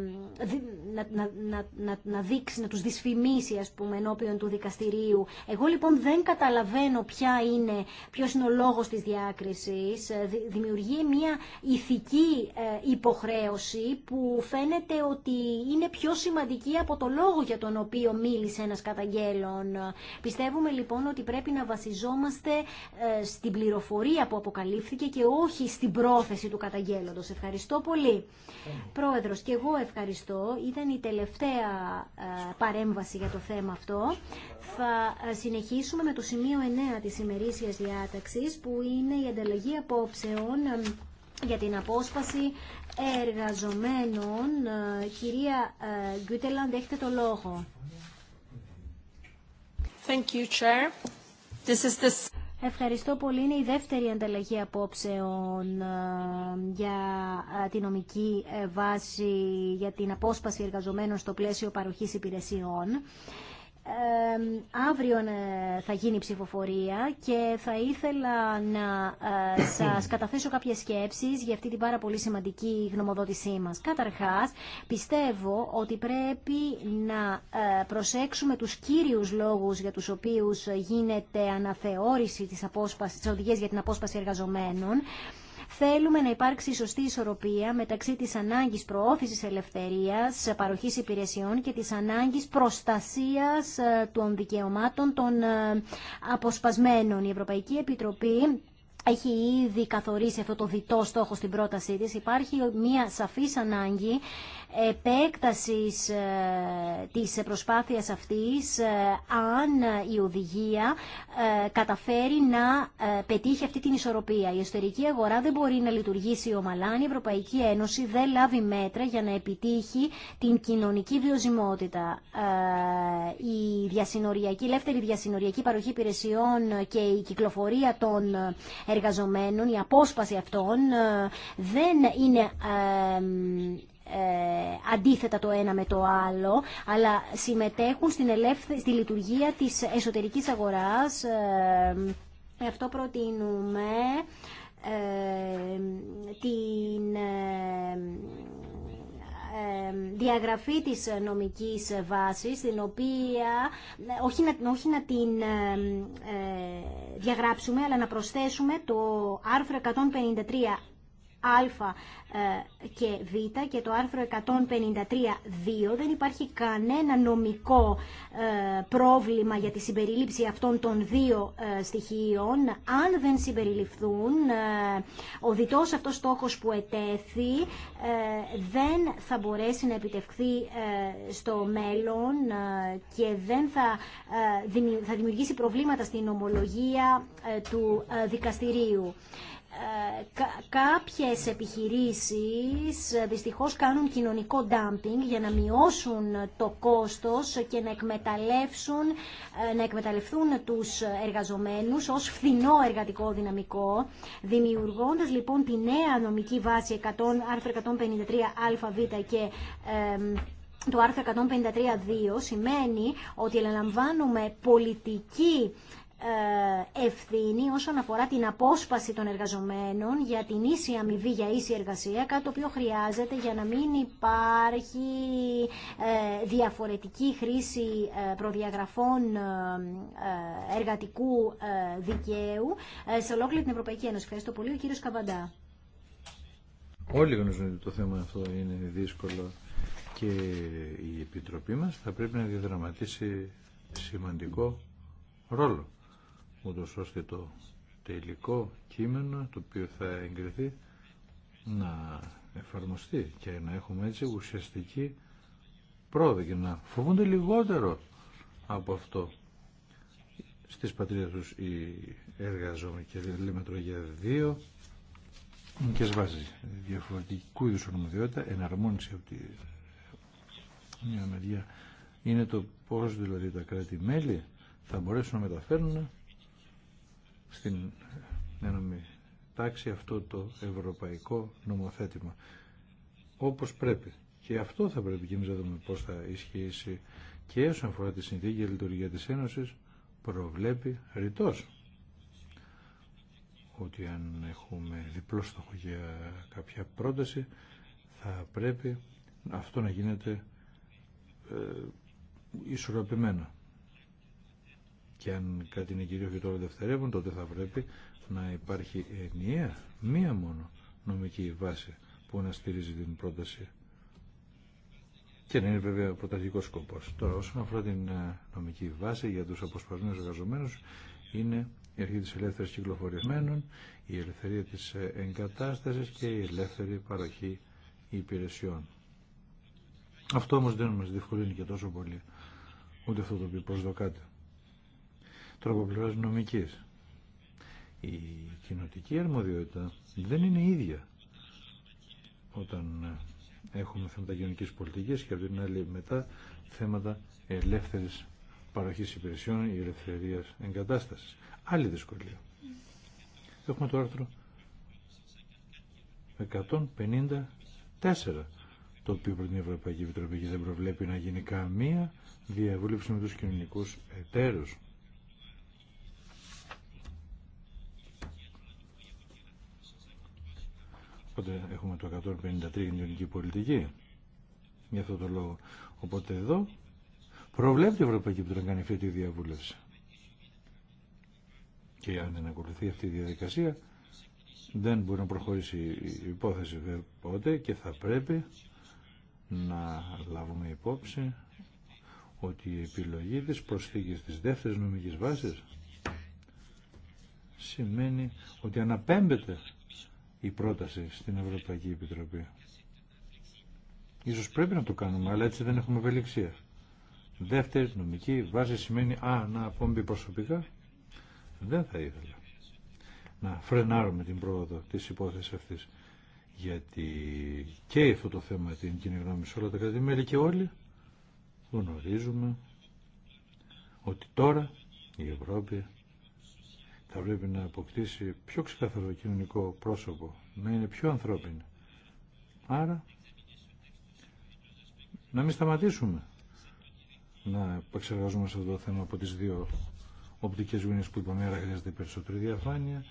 να, να, να, δείξει, να τους δυσφημίσει ας πούμε ενώπιον του δικαστηρίου. Εγώ λοιπόν δεν καταλαβαίνω ποια είναι, ποιος είναι ο λόγος της διάκρισης. Ε, δημιουργεί μια ηθική ε, υποχρέωση που φαίνεται ότι είναι πιο σημαντική από το λόγο για τον οποίο μίλησε ένας καταγγέλων. Πιστεύουμε λοιπόν ότι πρέπει να βασιζόμαστε στην πληροφορία που αποκαλύφθηκε και όχι στην πρόθεση του καταγγέλλοντος. Ευχαριστώ πολύ. Πρόεδρος, και εγώ ευχαριστώ. Ήταν η τελευταία ε, παρέμβαση για το θέμα αυτό. Θα ε, συνεχίσουμε με το σημείο 9 της ημερήσιας διάταξης, που είναι η ανταλλαγή απόψεων ε, για την απόσπαση εργαζομένων. Κυρία Γκούτελαντ, έχετε το λόγο. Thank you, Chair. This is the... Ευχαριστώ πολύ. Είναι η δεύτερη ανταλλαγή απόψεων ε, για ε, την νομική ε, βάση για την απόσπαση εργαζομένων στο πλαίσιο παροχής υπηρεσιών αύριο ε, θα γίνει ψηφοφορία και θα ήθελα να ε, σας καταθέσω κάποιες σκέψεις για αυτή την πάρα πολύ σημαντική γνωμοδότησή μας. Καταρχάς, πιστεύω ότι πρέπει να ε, προσέξουμε τους κύριους λόγους για τους οποίους γίνεται αναθεώρηση της, απόσπασης, της οδηγίας για την απόσπαση εργαζομένων Θέλουμε να υπάρξει σωστή ισορροπία μεταξύ της ανάγκης προώθησης ελευθερίας, παροχής υπηρεσιών και της ανάγκης προστασίας ε, των δικαιωμάτων των ε, αποσπασμένων. Η Ευρωπαϊκή Επιτροπή έχει ήδη καθορίσει αυτό το διτό στόχο στην πρότασή της. Υπάρχει μια σαφής ανάγκη επέκτασης ε, της προσπάθειας αυτής ε, αν η οδηγία ε, καταφέρει να πετύχει αυτή την ισορροπία. Η εσωτερική αγορά δεν μπορεί να λειτουργήσει ομαλά αν η Ευρωπαϊκή Ένωση δεν λάβει μέτρα για να επιτύχει την κοινωνική βιωσιμότητα. Η διασυνοριακή, η ελεύθερη διασυνοριακή παροχή υπηρεσιών και η κυκλοφορία των εργαζομένων, η απόσπαση αυτών δεν είναι ε, αντίθετα το ένα με το άλλο, αλλά συμμετέχουν στην ελεύθε, στη λειτουργία της εσωτερικής αγοράς. Ε, αυτό προτείνουμε ε, την διαγραφή της νομικής βάσης, την οποία όχι να, όχι να την διαγράψουμε, αλλά να προσθέσουμε το άρθρο 153 α ε, και β και το άρθρο 153.2 δεν υπάρχει κανένα νομικό ε, πρόβλημα για τη συμπερίληψη αυτών των δύο ε, στοιχείων αν δεν συμπεριληφθούν ο διτός αυτός στόχος που ετέθη δεν θα μπορέσει να επιτευχθεί στο μέλλον και δεν θα, θα δημιουργήσει προβλήματα στην ομολογία του δικαστηρίου. Ε, κάποιες επιχειρήσεις ε, δυστυχώς κάνουν κοινωνικό dumping για να μειώσουν το κόστος και να εκμεταλλεύσουν ε, να εκμεταλλευτούν τους εργαζομένους ως φθηνό εργατικό δυναμικό δημιουργώντας λοιπόν τη νέα νομική βάση 100, άρθρο 153 αβ και ε, το άρθρο 153.2 σημαίνει ότι ελαμβάνουμε πολιτική ε, ευθύνη όσον αφορά την απόσπαση των εργαζομένων για την ίση αμοιβή για ίση εργασία, κάτι το οποίο χρειάζεται για να μην υπάρχει ε, διαφορετική χρήση ε, προδιαγραφών εργατικού δικαίου σε ολόκληρη την Ευρωπαϊκή Ένωση. Ευχαριστώ πολύ. Ο κύριος Καβαντά. Όλοι γνωρίζουν ότι το θέμα αυτό είναι δύσκολο και η Επιτροπή μας θα πρέπει να διαδραματίσει σημαντικό ρόλο ούτως ώστε το τελικό κείμενο το οποίο θα εγκριθεί να εφαρμοστεί και να έχουμε έτσι ουσιαστική πρόοδο και να φοβούνται λιγότερο από αυτό στις πατρίδες τους οι εργαζόμενοι και λέμε για δύο και σβάζει διαφορετικού είδους ονομοδιότητα εναρμόνιση από τη μια μεριά είναι το πώς δηλαδή τα κράτη-μέλη θα μπορέσουν να μεταφέρουν στην ένωμη τάξη αυτό το ευρωπαϊκό νομοθέτημα. Όπως πρέπει. Και αυτό θα πρέπει και εμείς να δούμε πώς θα ισχύσει και όσον αφορά τη συνθήκη για λειτουργία της Ένωσης προβλέπει ρητός ότι αν έχουμε διπλό στόχο για κάποια πρόταση θα πρέπει αυτό να γίνεται ε, ισορροπημένο. Και αν κάτι είναι κυρίως τώρα δευτερεύουν, τότε θα πρέπει να υπάρχει ενιαία, μία μόνο νομική βάση που να στηρίζει την πρόταση. Και να είναι βέβαια πρωταρχικό σκοπός. Τώρα, όσον αφορά την ε, νομική βάση για τους αποσπασμένους εργαζομένους, είναι η αρχή τη ελεύθερη κυκλοφοριασμένων, η ελευθερία της ε, εγκατάστασης και η ελεύθερη παροχή υπηρεσιών. Αυτό όμω δεν μα διευκολύνει και τόσο πολύ, ούτε αυτό το οποίο προσδοκάται τροποπληρώσει νομικής, νομική. Η κοινοτική αρμοδιότητα δεν είναι ίδια όταν έχουμε θέματα κοινωνική πολιτική και από την άλλη μετά θέματα ελεύθερη παροχή υπηρεσιών ή ελευθερία εγκατάσταση. Άλλη δυσκολία. Έχουμε το άρθρο 154 το οποίο πριν η Ευρωπαϊκή Επιτροπή δεν προβλέπει να γίνει καμία διαβούλευση με τους κοινωνικούς εταίρους. Οπότε έχουμε το 153 ελληνική πολιτική για αυτό το λόγο. Οπότε εδώ προβλέπει η Ευρωπαϊκή Επιτροπή να κάνει αυτή τη διαβούλευση. Και αν δεν ακολουθεί αυτή η διαδικασία, δεν μπορεί να προχωρήσει η υπόθεση οπότε και θα πρέπει να λάβουμε υπόψη ότι η επιλογή της προσθήκης της δεύτερης νομικής βάσης σημαίνει ότι αναπέμπεται η πρόταση στην Ευρωπαϊκή Επιτροπή. Ίσως πρέπει να το κάνουμε, αλλά έτσι δεν έχουμε ευελιξία. Δεύτερη νομική βάση σημαίνει «Α, να απόμπει προσωπικά». Δεν θα ήθελα να φρενάρουμε την πρόοδο της υπόθεσης αυτής. Γιατί και αυτό το θέμα την κοινή γνώμη σε όλα τα κρατημέλη και όλοι γνωρίζουμε ότι τώρα η Ευρώπη θα πρέπει να αποκτήσει πιο ξεκαθαρό κοινωνικό πρόσωπο, να είναι πιο ανθρώπινο. Άρα, να μην σταματήσουμε να επεξεργαζόμαστε αυτό το θέμα από τις δύο οπτικές γωνίες που είπαμε. Άρα χρειάζεται περισσότερη διαφάνεια,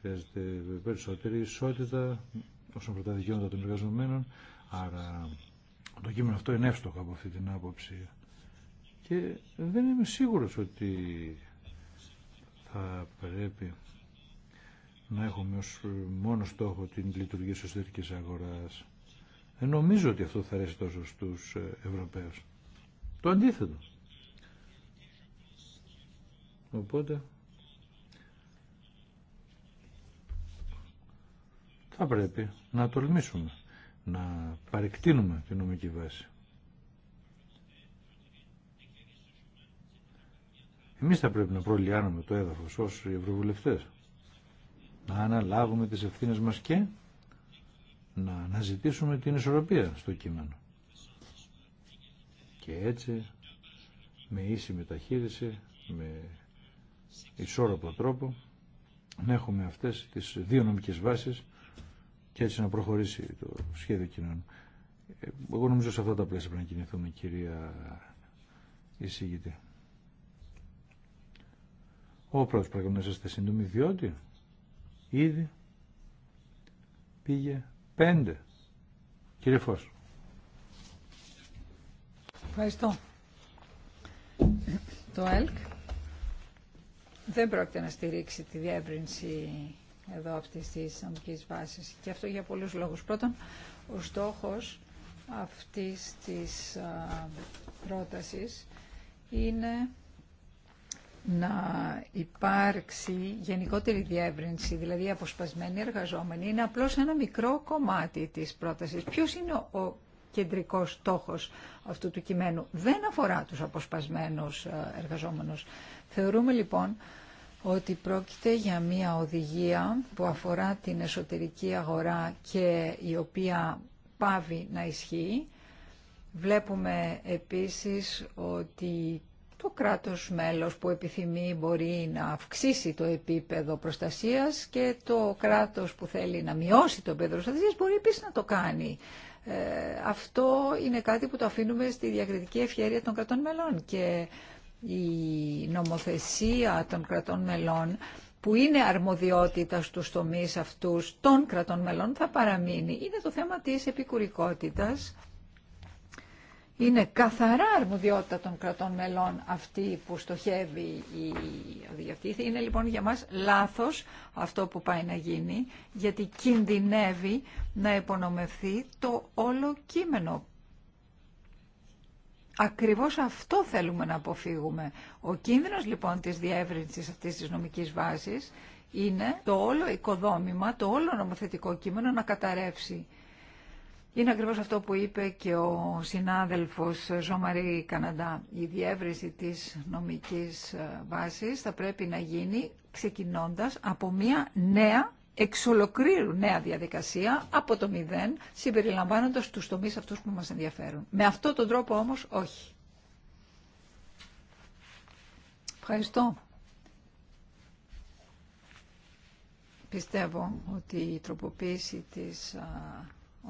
χρειάζεται περισσότερη ισότητα όσον αφορά τα δικαιώματα των εργαζομένων. Άρα το κείμενο αυτό είναι εύστοχο από αυτή την άποψη. Και δεν είμαι σίγουρος ότι θα πρέπει να έχουμε ως μόνο στόχο την λειτουργία της εσωτερικής αγοράς. Δεν νομίζω ότι αυτό θα αρέσει τόσο στους ε, Ευρωπαίους. Το αντίθετο. Οπότε θα πρέπει να τολμήσουμε να παρεκτείνουμε την νομική βάση. Εμείς θα πρέπει να προλιάνουμε το έδαφος ως οι ευρωβουλευτές. Να αναλάβουμε τις ευθύνες μας και να αναζητήσουμε την ισορροπία στο κείμενο. Και έτσι, με ίση μεταχείριση, με ισόρροπο τρόπο, να έχουμε αυτές τις δύο νομικές βάσεις και έτσι να προχωρήσει το σχέδιο κοινών. Ε, εγώ νομίζω σε αυτά τα πλαίσια πρέπει να κινηθούμε, κυρία εισηγητή. Ο πρώτος πρέπει να είστε σύντομοι διότι ήδη πήγε πέντε. Κύριε Φως. Ευχαριστώ. Το ΕΛΚ δεν πρόκειται να στηρίξει τη διεύρυνση εδώ αυτή τη νομική βάση. Και αυτό για πολλού λόγου. Πρώτον, ο στόχο αυτή τη πρόταση είναι να υπάρξει γενικότερη διεύρυνση, δηλαδή αποσπασμένοι εργαζόμενοι, είναι απλώς ένα μικρό κομμάτι της πρότασης. Ποιος είναι ο κεντρικός στόχος αυτού του κειμένου. Δεν αφορά τους αποσπασμένους ε, εργαζόμενους. Θεωρούμε λοιπόν ότι πρόκειται για μια οδηγία που αφορά την εσωτερική αγορά και η οποία πάβει να ισχύει. Βλέπουμε επίσης ότι το κράτος μέλος που επιθυμεί μπορεί να αυξήσει το επίπεδο προστασίας και το κράτος που θέλει να μειώσει το επίπεδο προστασίας μπορεί επίσης να το κάνει. Ε, αυτό είναι κάτι που το αφήνουμε στη διακριτική ευχαίρεια των κρατών μελών και η νομοθεσία των κρατών μελών που είναι αρμοδιότητα στους τομείς αυτούς των κρατών μελών θα παραμείνει. Είναι το θέμα της επικουρικότητας είναι καθαρά αρμοδιότητα των κρατών μελών αυτή που στοχεύει η οδηγία Είναι λοιπόν για μας λάθος αυτό που πάει να γίνει, γιατί κινδυνεύει να υπονομευθεί το όλο κείμενο. Ακριβώς αυτό θέλουμε να αποφύγουμε. Ο κίνδυνος λοιπόν της διεύρυνσης αυτής της νομικής βάσης είναι το όλο οικοδόμημα, το όλο νομοθετικό κείμενο να καταρρεύσει. Είναι ακριβώς αυτό που είπε και ο συνάδελφος Ζωμαρή Καναντά. Η διεύρυνση της νομικής ε, βάσης θα πρέπει να γίνει ξεκινώντας από μια νέα εξ ολοκλήρου νέα διαδικασία από το μηδέν, συμπεριλαμβάνοντας τους τομείς αυτούς που μας ενδιαφέρουν. Με αυτό τον τρόπο όμως όχι. Ευχαριστώ. Πιστεύω ότι η τροποποίηση της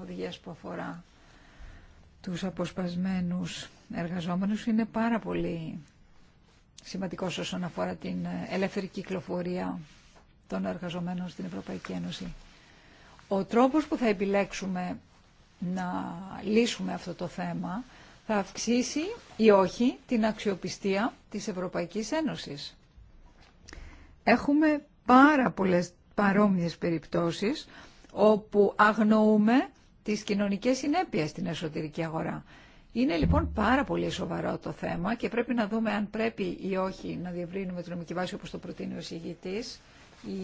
οδηγίας που αφορά τους αποσπασμένους εργαζόμενους είναι πάρα πολύ σημαντικός όσον αφορά την ελεύθερη κυκλοφορία των εργαζομένων στην Ευρωπαϊκή Ένωση. Ο τρόπος που θα επιλέξουμε να λύσουμε αυτό το θέμα θα αυξήσει ή όχι την αξιοπιστία της Ευρωπαϊκής Ένωσης. Έχουμε πάρα πολλές παρόμοιες περιπτώσεις όπου αγνοούμε τις κοινωνικές συνέπειες στην εσωτερική αγορά. Είναι λοιπόν πάρα πολύ σοβαρό το θέμα και πρέπει να δούμε αν πρέπει ή όχι να διευρύνουμε την νομική βάση όπως το προτείνει ο συγητής. Η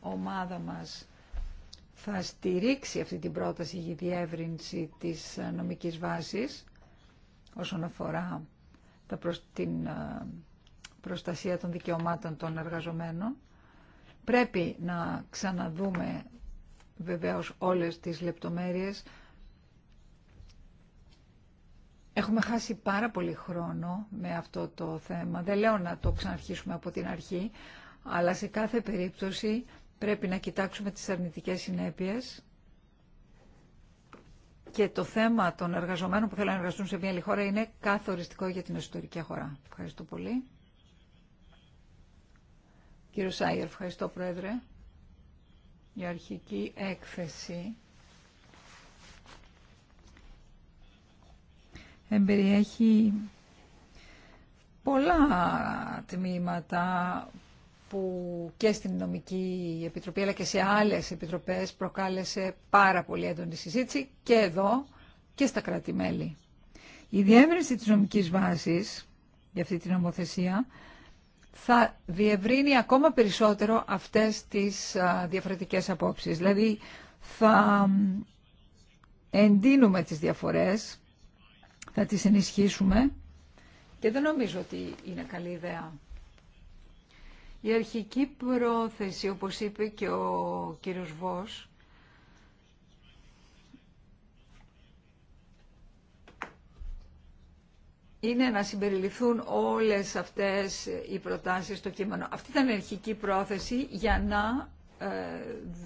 ομάδα μας θα στηρίξει αυτή την πρόταση για διεύρυνση της νομικής βάσης όσον αφορά τα προς, την ε, προστασία των δικαιωμάτων των εργαζομένων. Πρέπει να ξαναδούμε βεβαίως όλες τις λεπτομέρειες. Έχουμε χάσει πάρα πολύ χρόνο με αυτό το θέμα. Δεν λέω να το ξαναρχίσουμε από την αρχή, αλλά σε κάθε περίπτωση πρέπει να κοιτάξουμε τις αρνητικές συνέπειες και το θέμα των εργαζομένων που θέλουν να εργαστούν σε μια άλλη χώρα είναι καθοριστικό για την εσωτερική αγορά. Ευχαριστώ πολύ. Κύριο Σάιερ, ευχαριστώ Πρόεδρε. Η αρχική έκθεση εμπεριέχει πολλά τμήματα που και στην Νομική Επιτροπή αλλά και σε άλλες επιτροπές προκάλεσε πάρα πολύ έντονη συζήτηση και εδώ και στα κράτη-μέλη. Η διεύρυνση της νομικής βάσης για αυτή την νομοθεσία θα διευρύνει ακόμα περισσότερο αυτές τις διαφορετικές απόψεις. Δηλαδή θα εντείνουμε τις διαφορές, θα τις ενισχύσουμε και δεν νομίζω ότι είναι καλή ιδέα. Η αρχική πρόθεση, όπως είπε και ο κύριος Βος, είναι να συμπεριληφθούν όλες αυτές οι προτάσεις στο κείμενο. Αυτή ήταν η αρχική πρόθεση για να ε,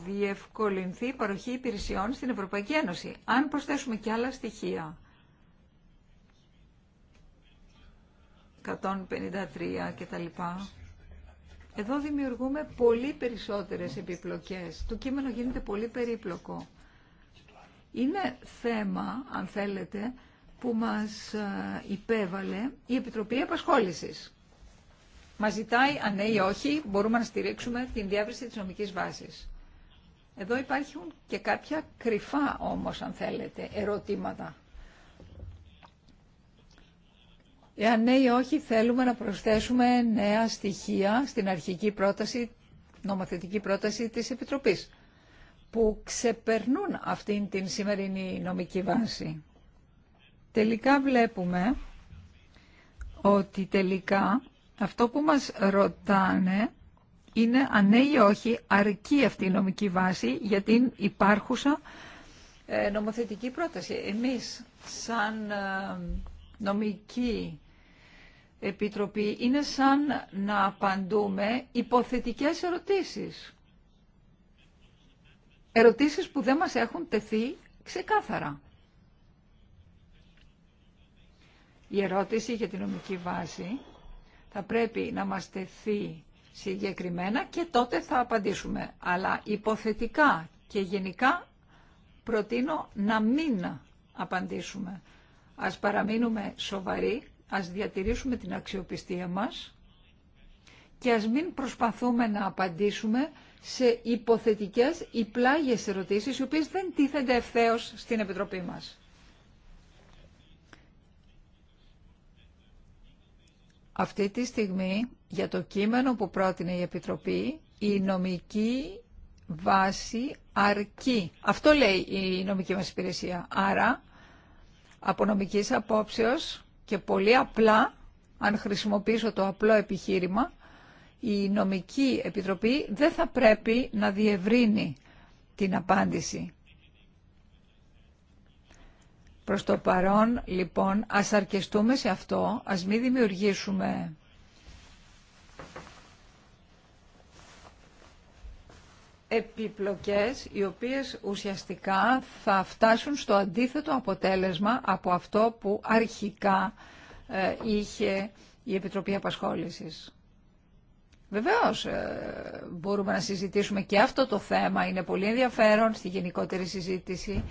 διευκολυνθεί η παροχή υπηρεσιών στην Ευρωπαϊκή Ένωση. Αν προσθέσουμε και άλλα στοιχεία, 153 κτλ. Εδώ δημιουργούμε πολύ περισσότερες επιπλοκές. Το κείμενο γίνεται πολύ περίπλοκο. Είναι θέμα, αν θέλετε, που μας ε, υπέβαλε η Επιτροπή Απασχόλησης. Μας ζητάει αν ναι ή όχι μπορούμε να στηρίξουμε την διάβριση της νομικής βάσης. Εδώ υπάρχουν και κάποια κρυφά όμως αν θέλετε ερωτήματα. Εάν ναι ή όχι θέλουμε να προσθέσουμε νέα στοιχεία στην αρχική πρόταση, νομοθετική πρόταση της Επιτροπής που ξεπερνούν αυτήν την σημερινή νομική βάση. Τελικά βλέπουμε ότι τελικά αυτό που μας ρωτάνε είναι αν ναι ή όχι αρκεί αυτή η νομική βάση για την υπάρχουσα ε, νομοθετική πρόταση. Εμείς σαν ε, νομική επιτροπή είναι σαν να απαντούμε υποθετικές ερωτήσεις. Ερωτήσεις που δεν μας έχουν τεθεί ξεκάθαρα. Η ερώτηση για την νομική βάση θα πρέπει να μας τεθεί συγκεκριμένα και τότε θα απαντήσουμε. Αλλά υποθετικά και γενικά προτείνω να μην απαντήσουμε. Ας παραμείνουμε σοβαροί, ας διατηρήσουμε την αξιοπιστία μας και ας μην προσπαθούμε να απαντήσουμε σε υποθετικές ή πλάγιες ερωτήσεις, οι οποίες δεν τίθενται ευθέως στην Επιτροπή μας. Αυτή τη στιγμή για το κείμενο που πρότεινε η Επιτροπή η νομική βάση αρκεί. Αυτό λέει η νομική μας υπηρεσία. Άρα, από νομική απόψεως και πολύ απλά, αν χρησιμοποιήσω το απλό επιχείρημα, η νομική επιτροπή δεν θα πρέπει να διευρύνει την απάντηση. Προς το παρόν, λοιπόν, ας αρκεστούμε σε αυτό, ας μην δημιουργήσουμε επιπλοκές οι οποίες ουσιαστικά θα φτάσουν στο αντίθετο αποτέλεσμα από αυτό που αρχικά ε, είχε η Επιτροπή Απασχόλησης. Βεβαίως ε, μπορούμε να συζητήσουμε και αυτό το θέμα, είναι πολύ ενδιαφέρον στη γενικότερη συζήτηση,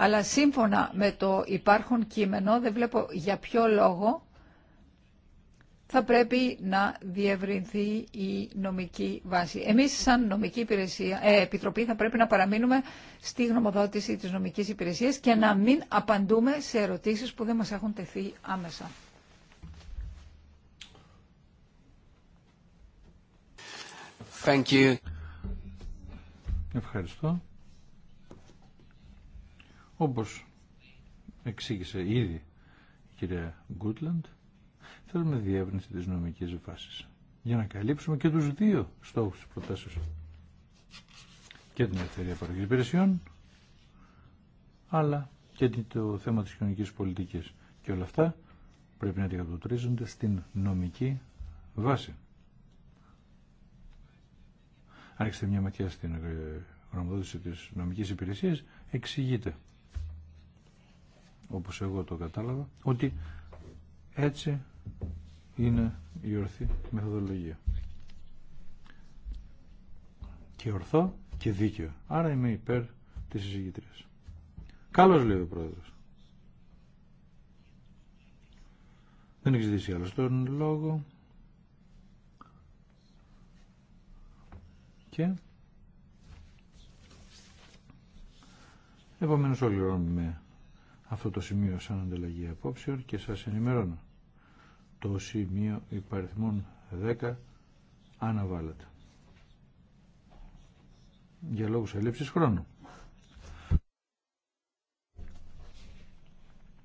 αλλά σύμφωνα με το υπάρχον κείμενο δεν βλέπω για ποιο λόγο θα πρέπει να διευρυνθεί η νομική βάση. Εμείς σαν νομική υπηρεσία, ε, επιτροπή θα πρέπει να παραμείνουμε στη γνωμοδότηση της νομικής υπηρεσίας και να μην απαντούμε σε ερωτήσεις που δεν μας έχουν τεθεί άμεσα. Thank you. Ευχαριστώ. Όπως εξήγησε ήδη η κυρία Γκούτλαντ, θέλουμε διεύρυνση της νομικής βάσης για να καλύψουμε και τους δύο στόχους της προτάσεως και την ελευθερία παροχής υπηρεσιών αλλά και το θέμα της κοινωνικής πολιτικής και όλα αυτά πρέπει να αντικατοπτρίζονται στην νομική βάση. Άρχισε μια ματιά στην ε, γραμματοδότηση της νομικής υπηρεσίας, εξηγείται όπως εγώ το κατάλαβα, ότι έτσι είναι η ορθή μεθοδολογία. Και ορθό και δίκαιο. Άρα είμαι υπέρ της συζητήτριας. Καλώς λέει ο πρόεδρος. Δεν έχει ζητήσει άλλο τον λόγο. Και... Επομένως με αυτό το σημείο σαν ανταλλαγή απόψεων και σας ενημερώνω. Το σημείο υπαριθμών 10 αναβάλλεται. Για λόγους ελλείψης χρόνου.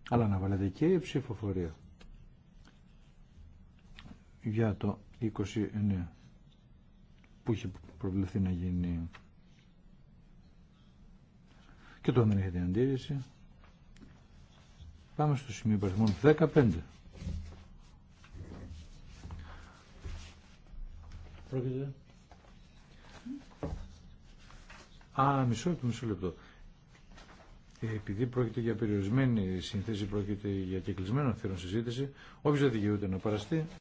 Αλλά αναβάλλεται και η ψηφοφορία για το 29 που είχε προβληθεί να γίνει και το αν δεν έχετε αντίρρηση Πάμε στο σημείο παριθμών 15. Πρόκειται. Α, μισό λεπτό, μισό λεπτό. Ε, επειδή πρόκειται για περιορισμένη σύνθεση, πρόκειται για κεκλεισμένο θέλω συζήτηση, όποιος δεν δικαιούται να παραστεί,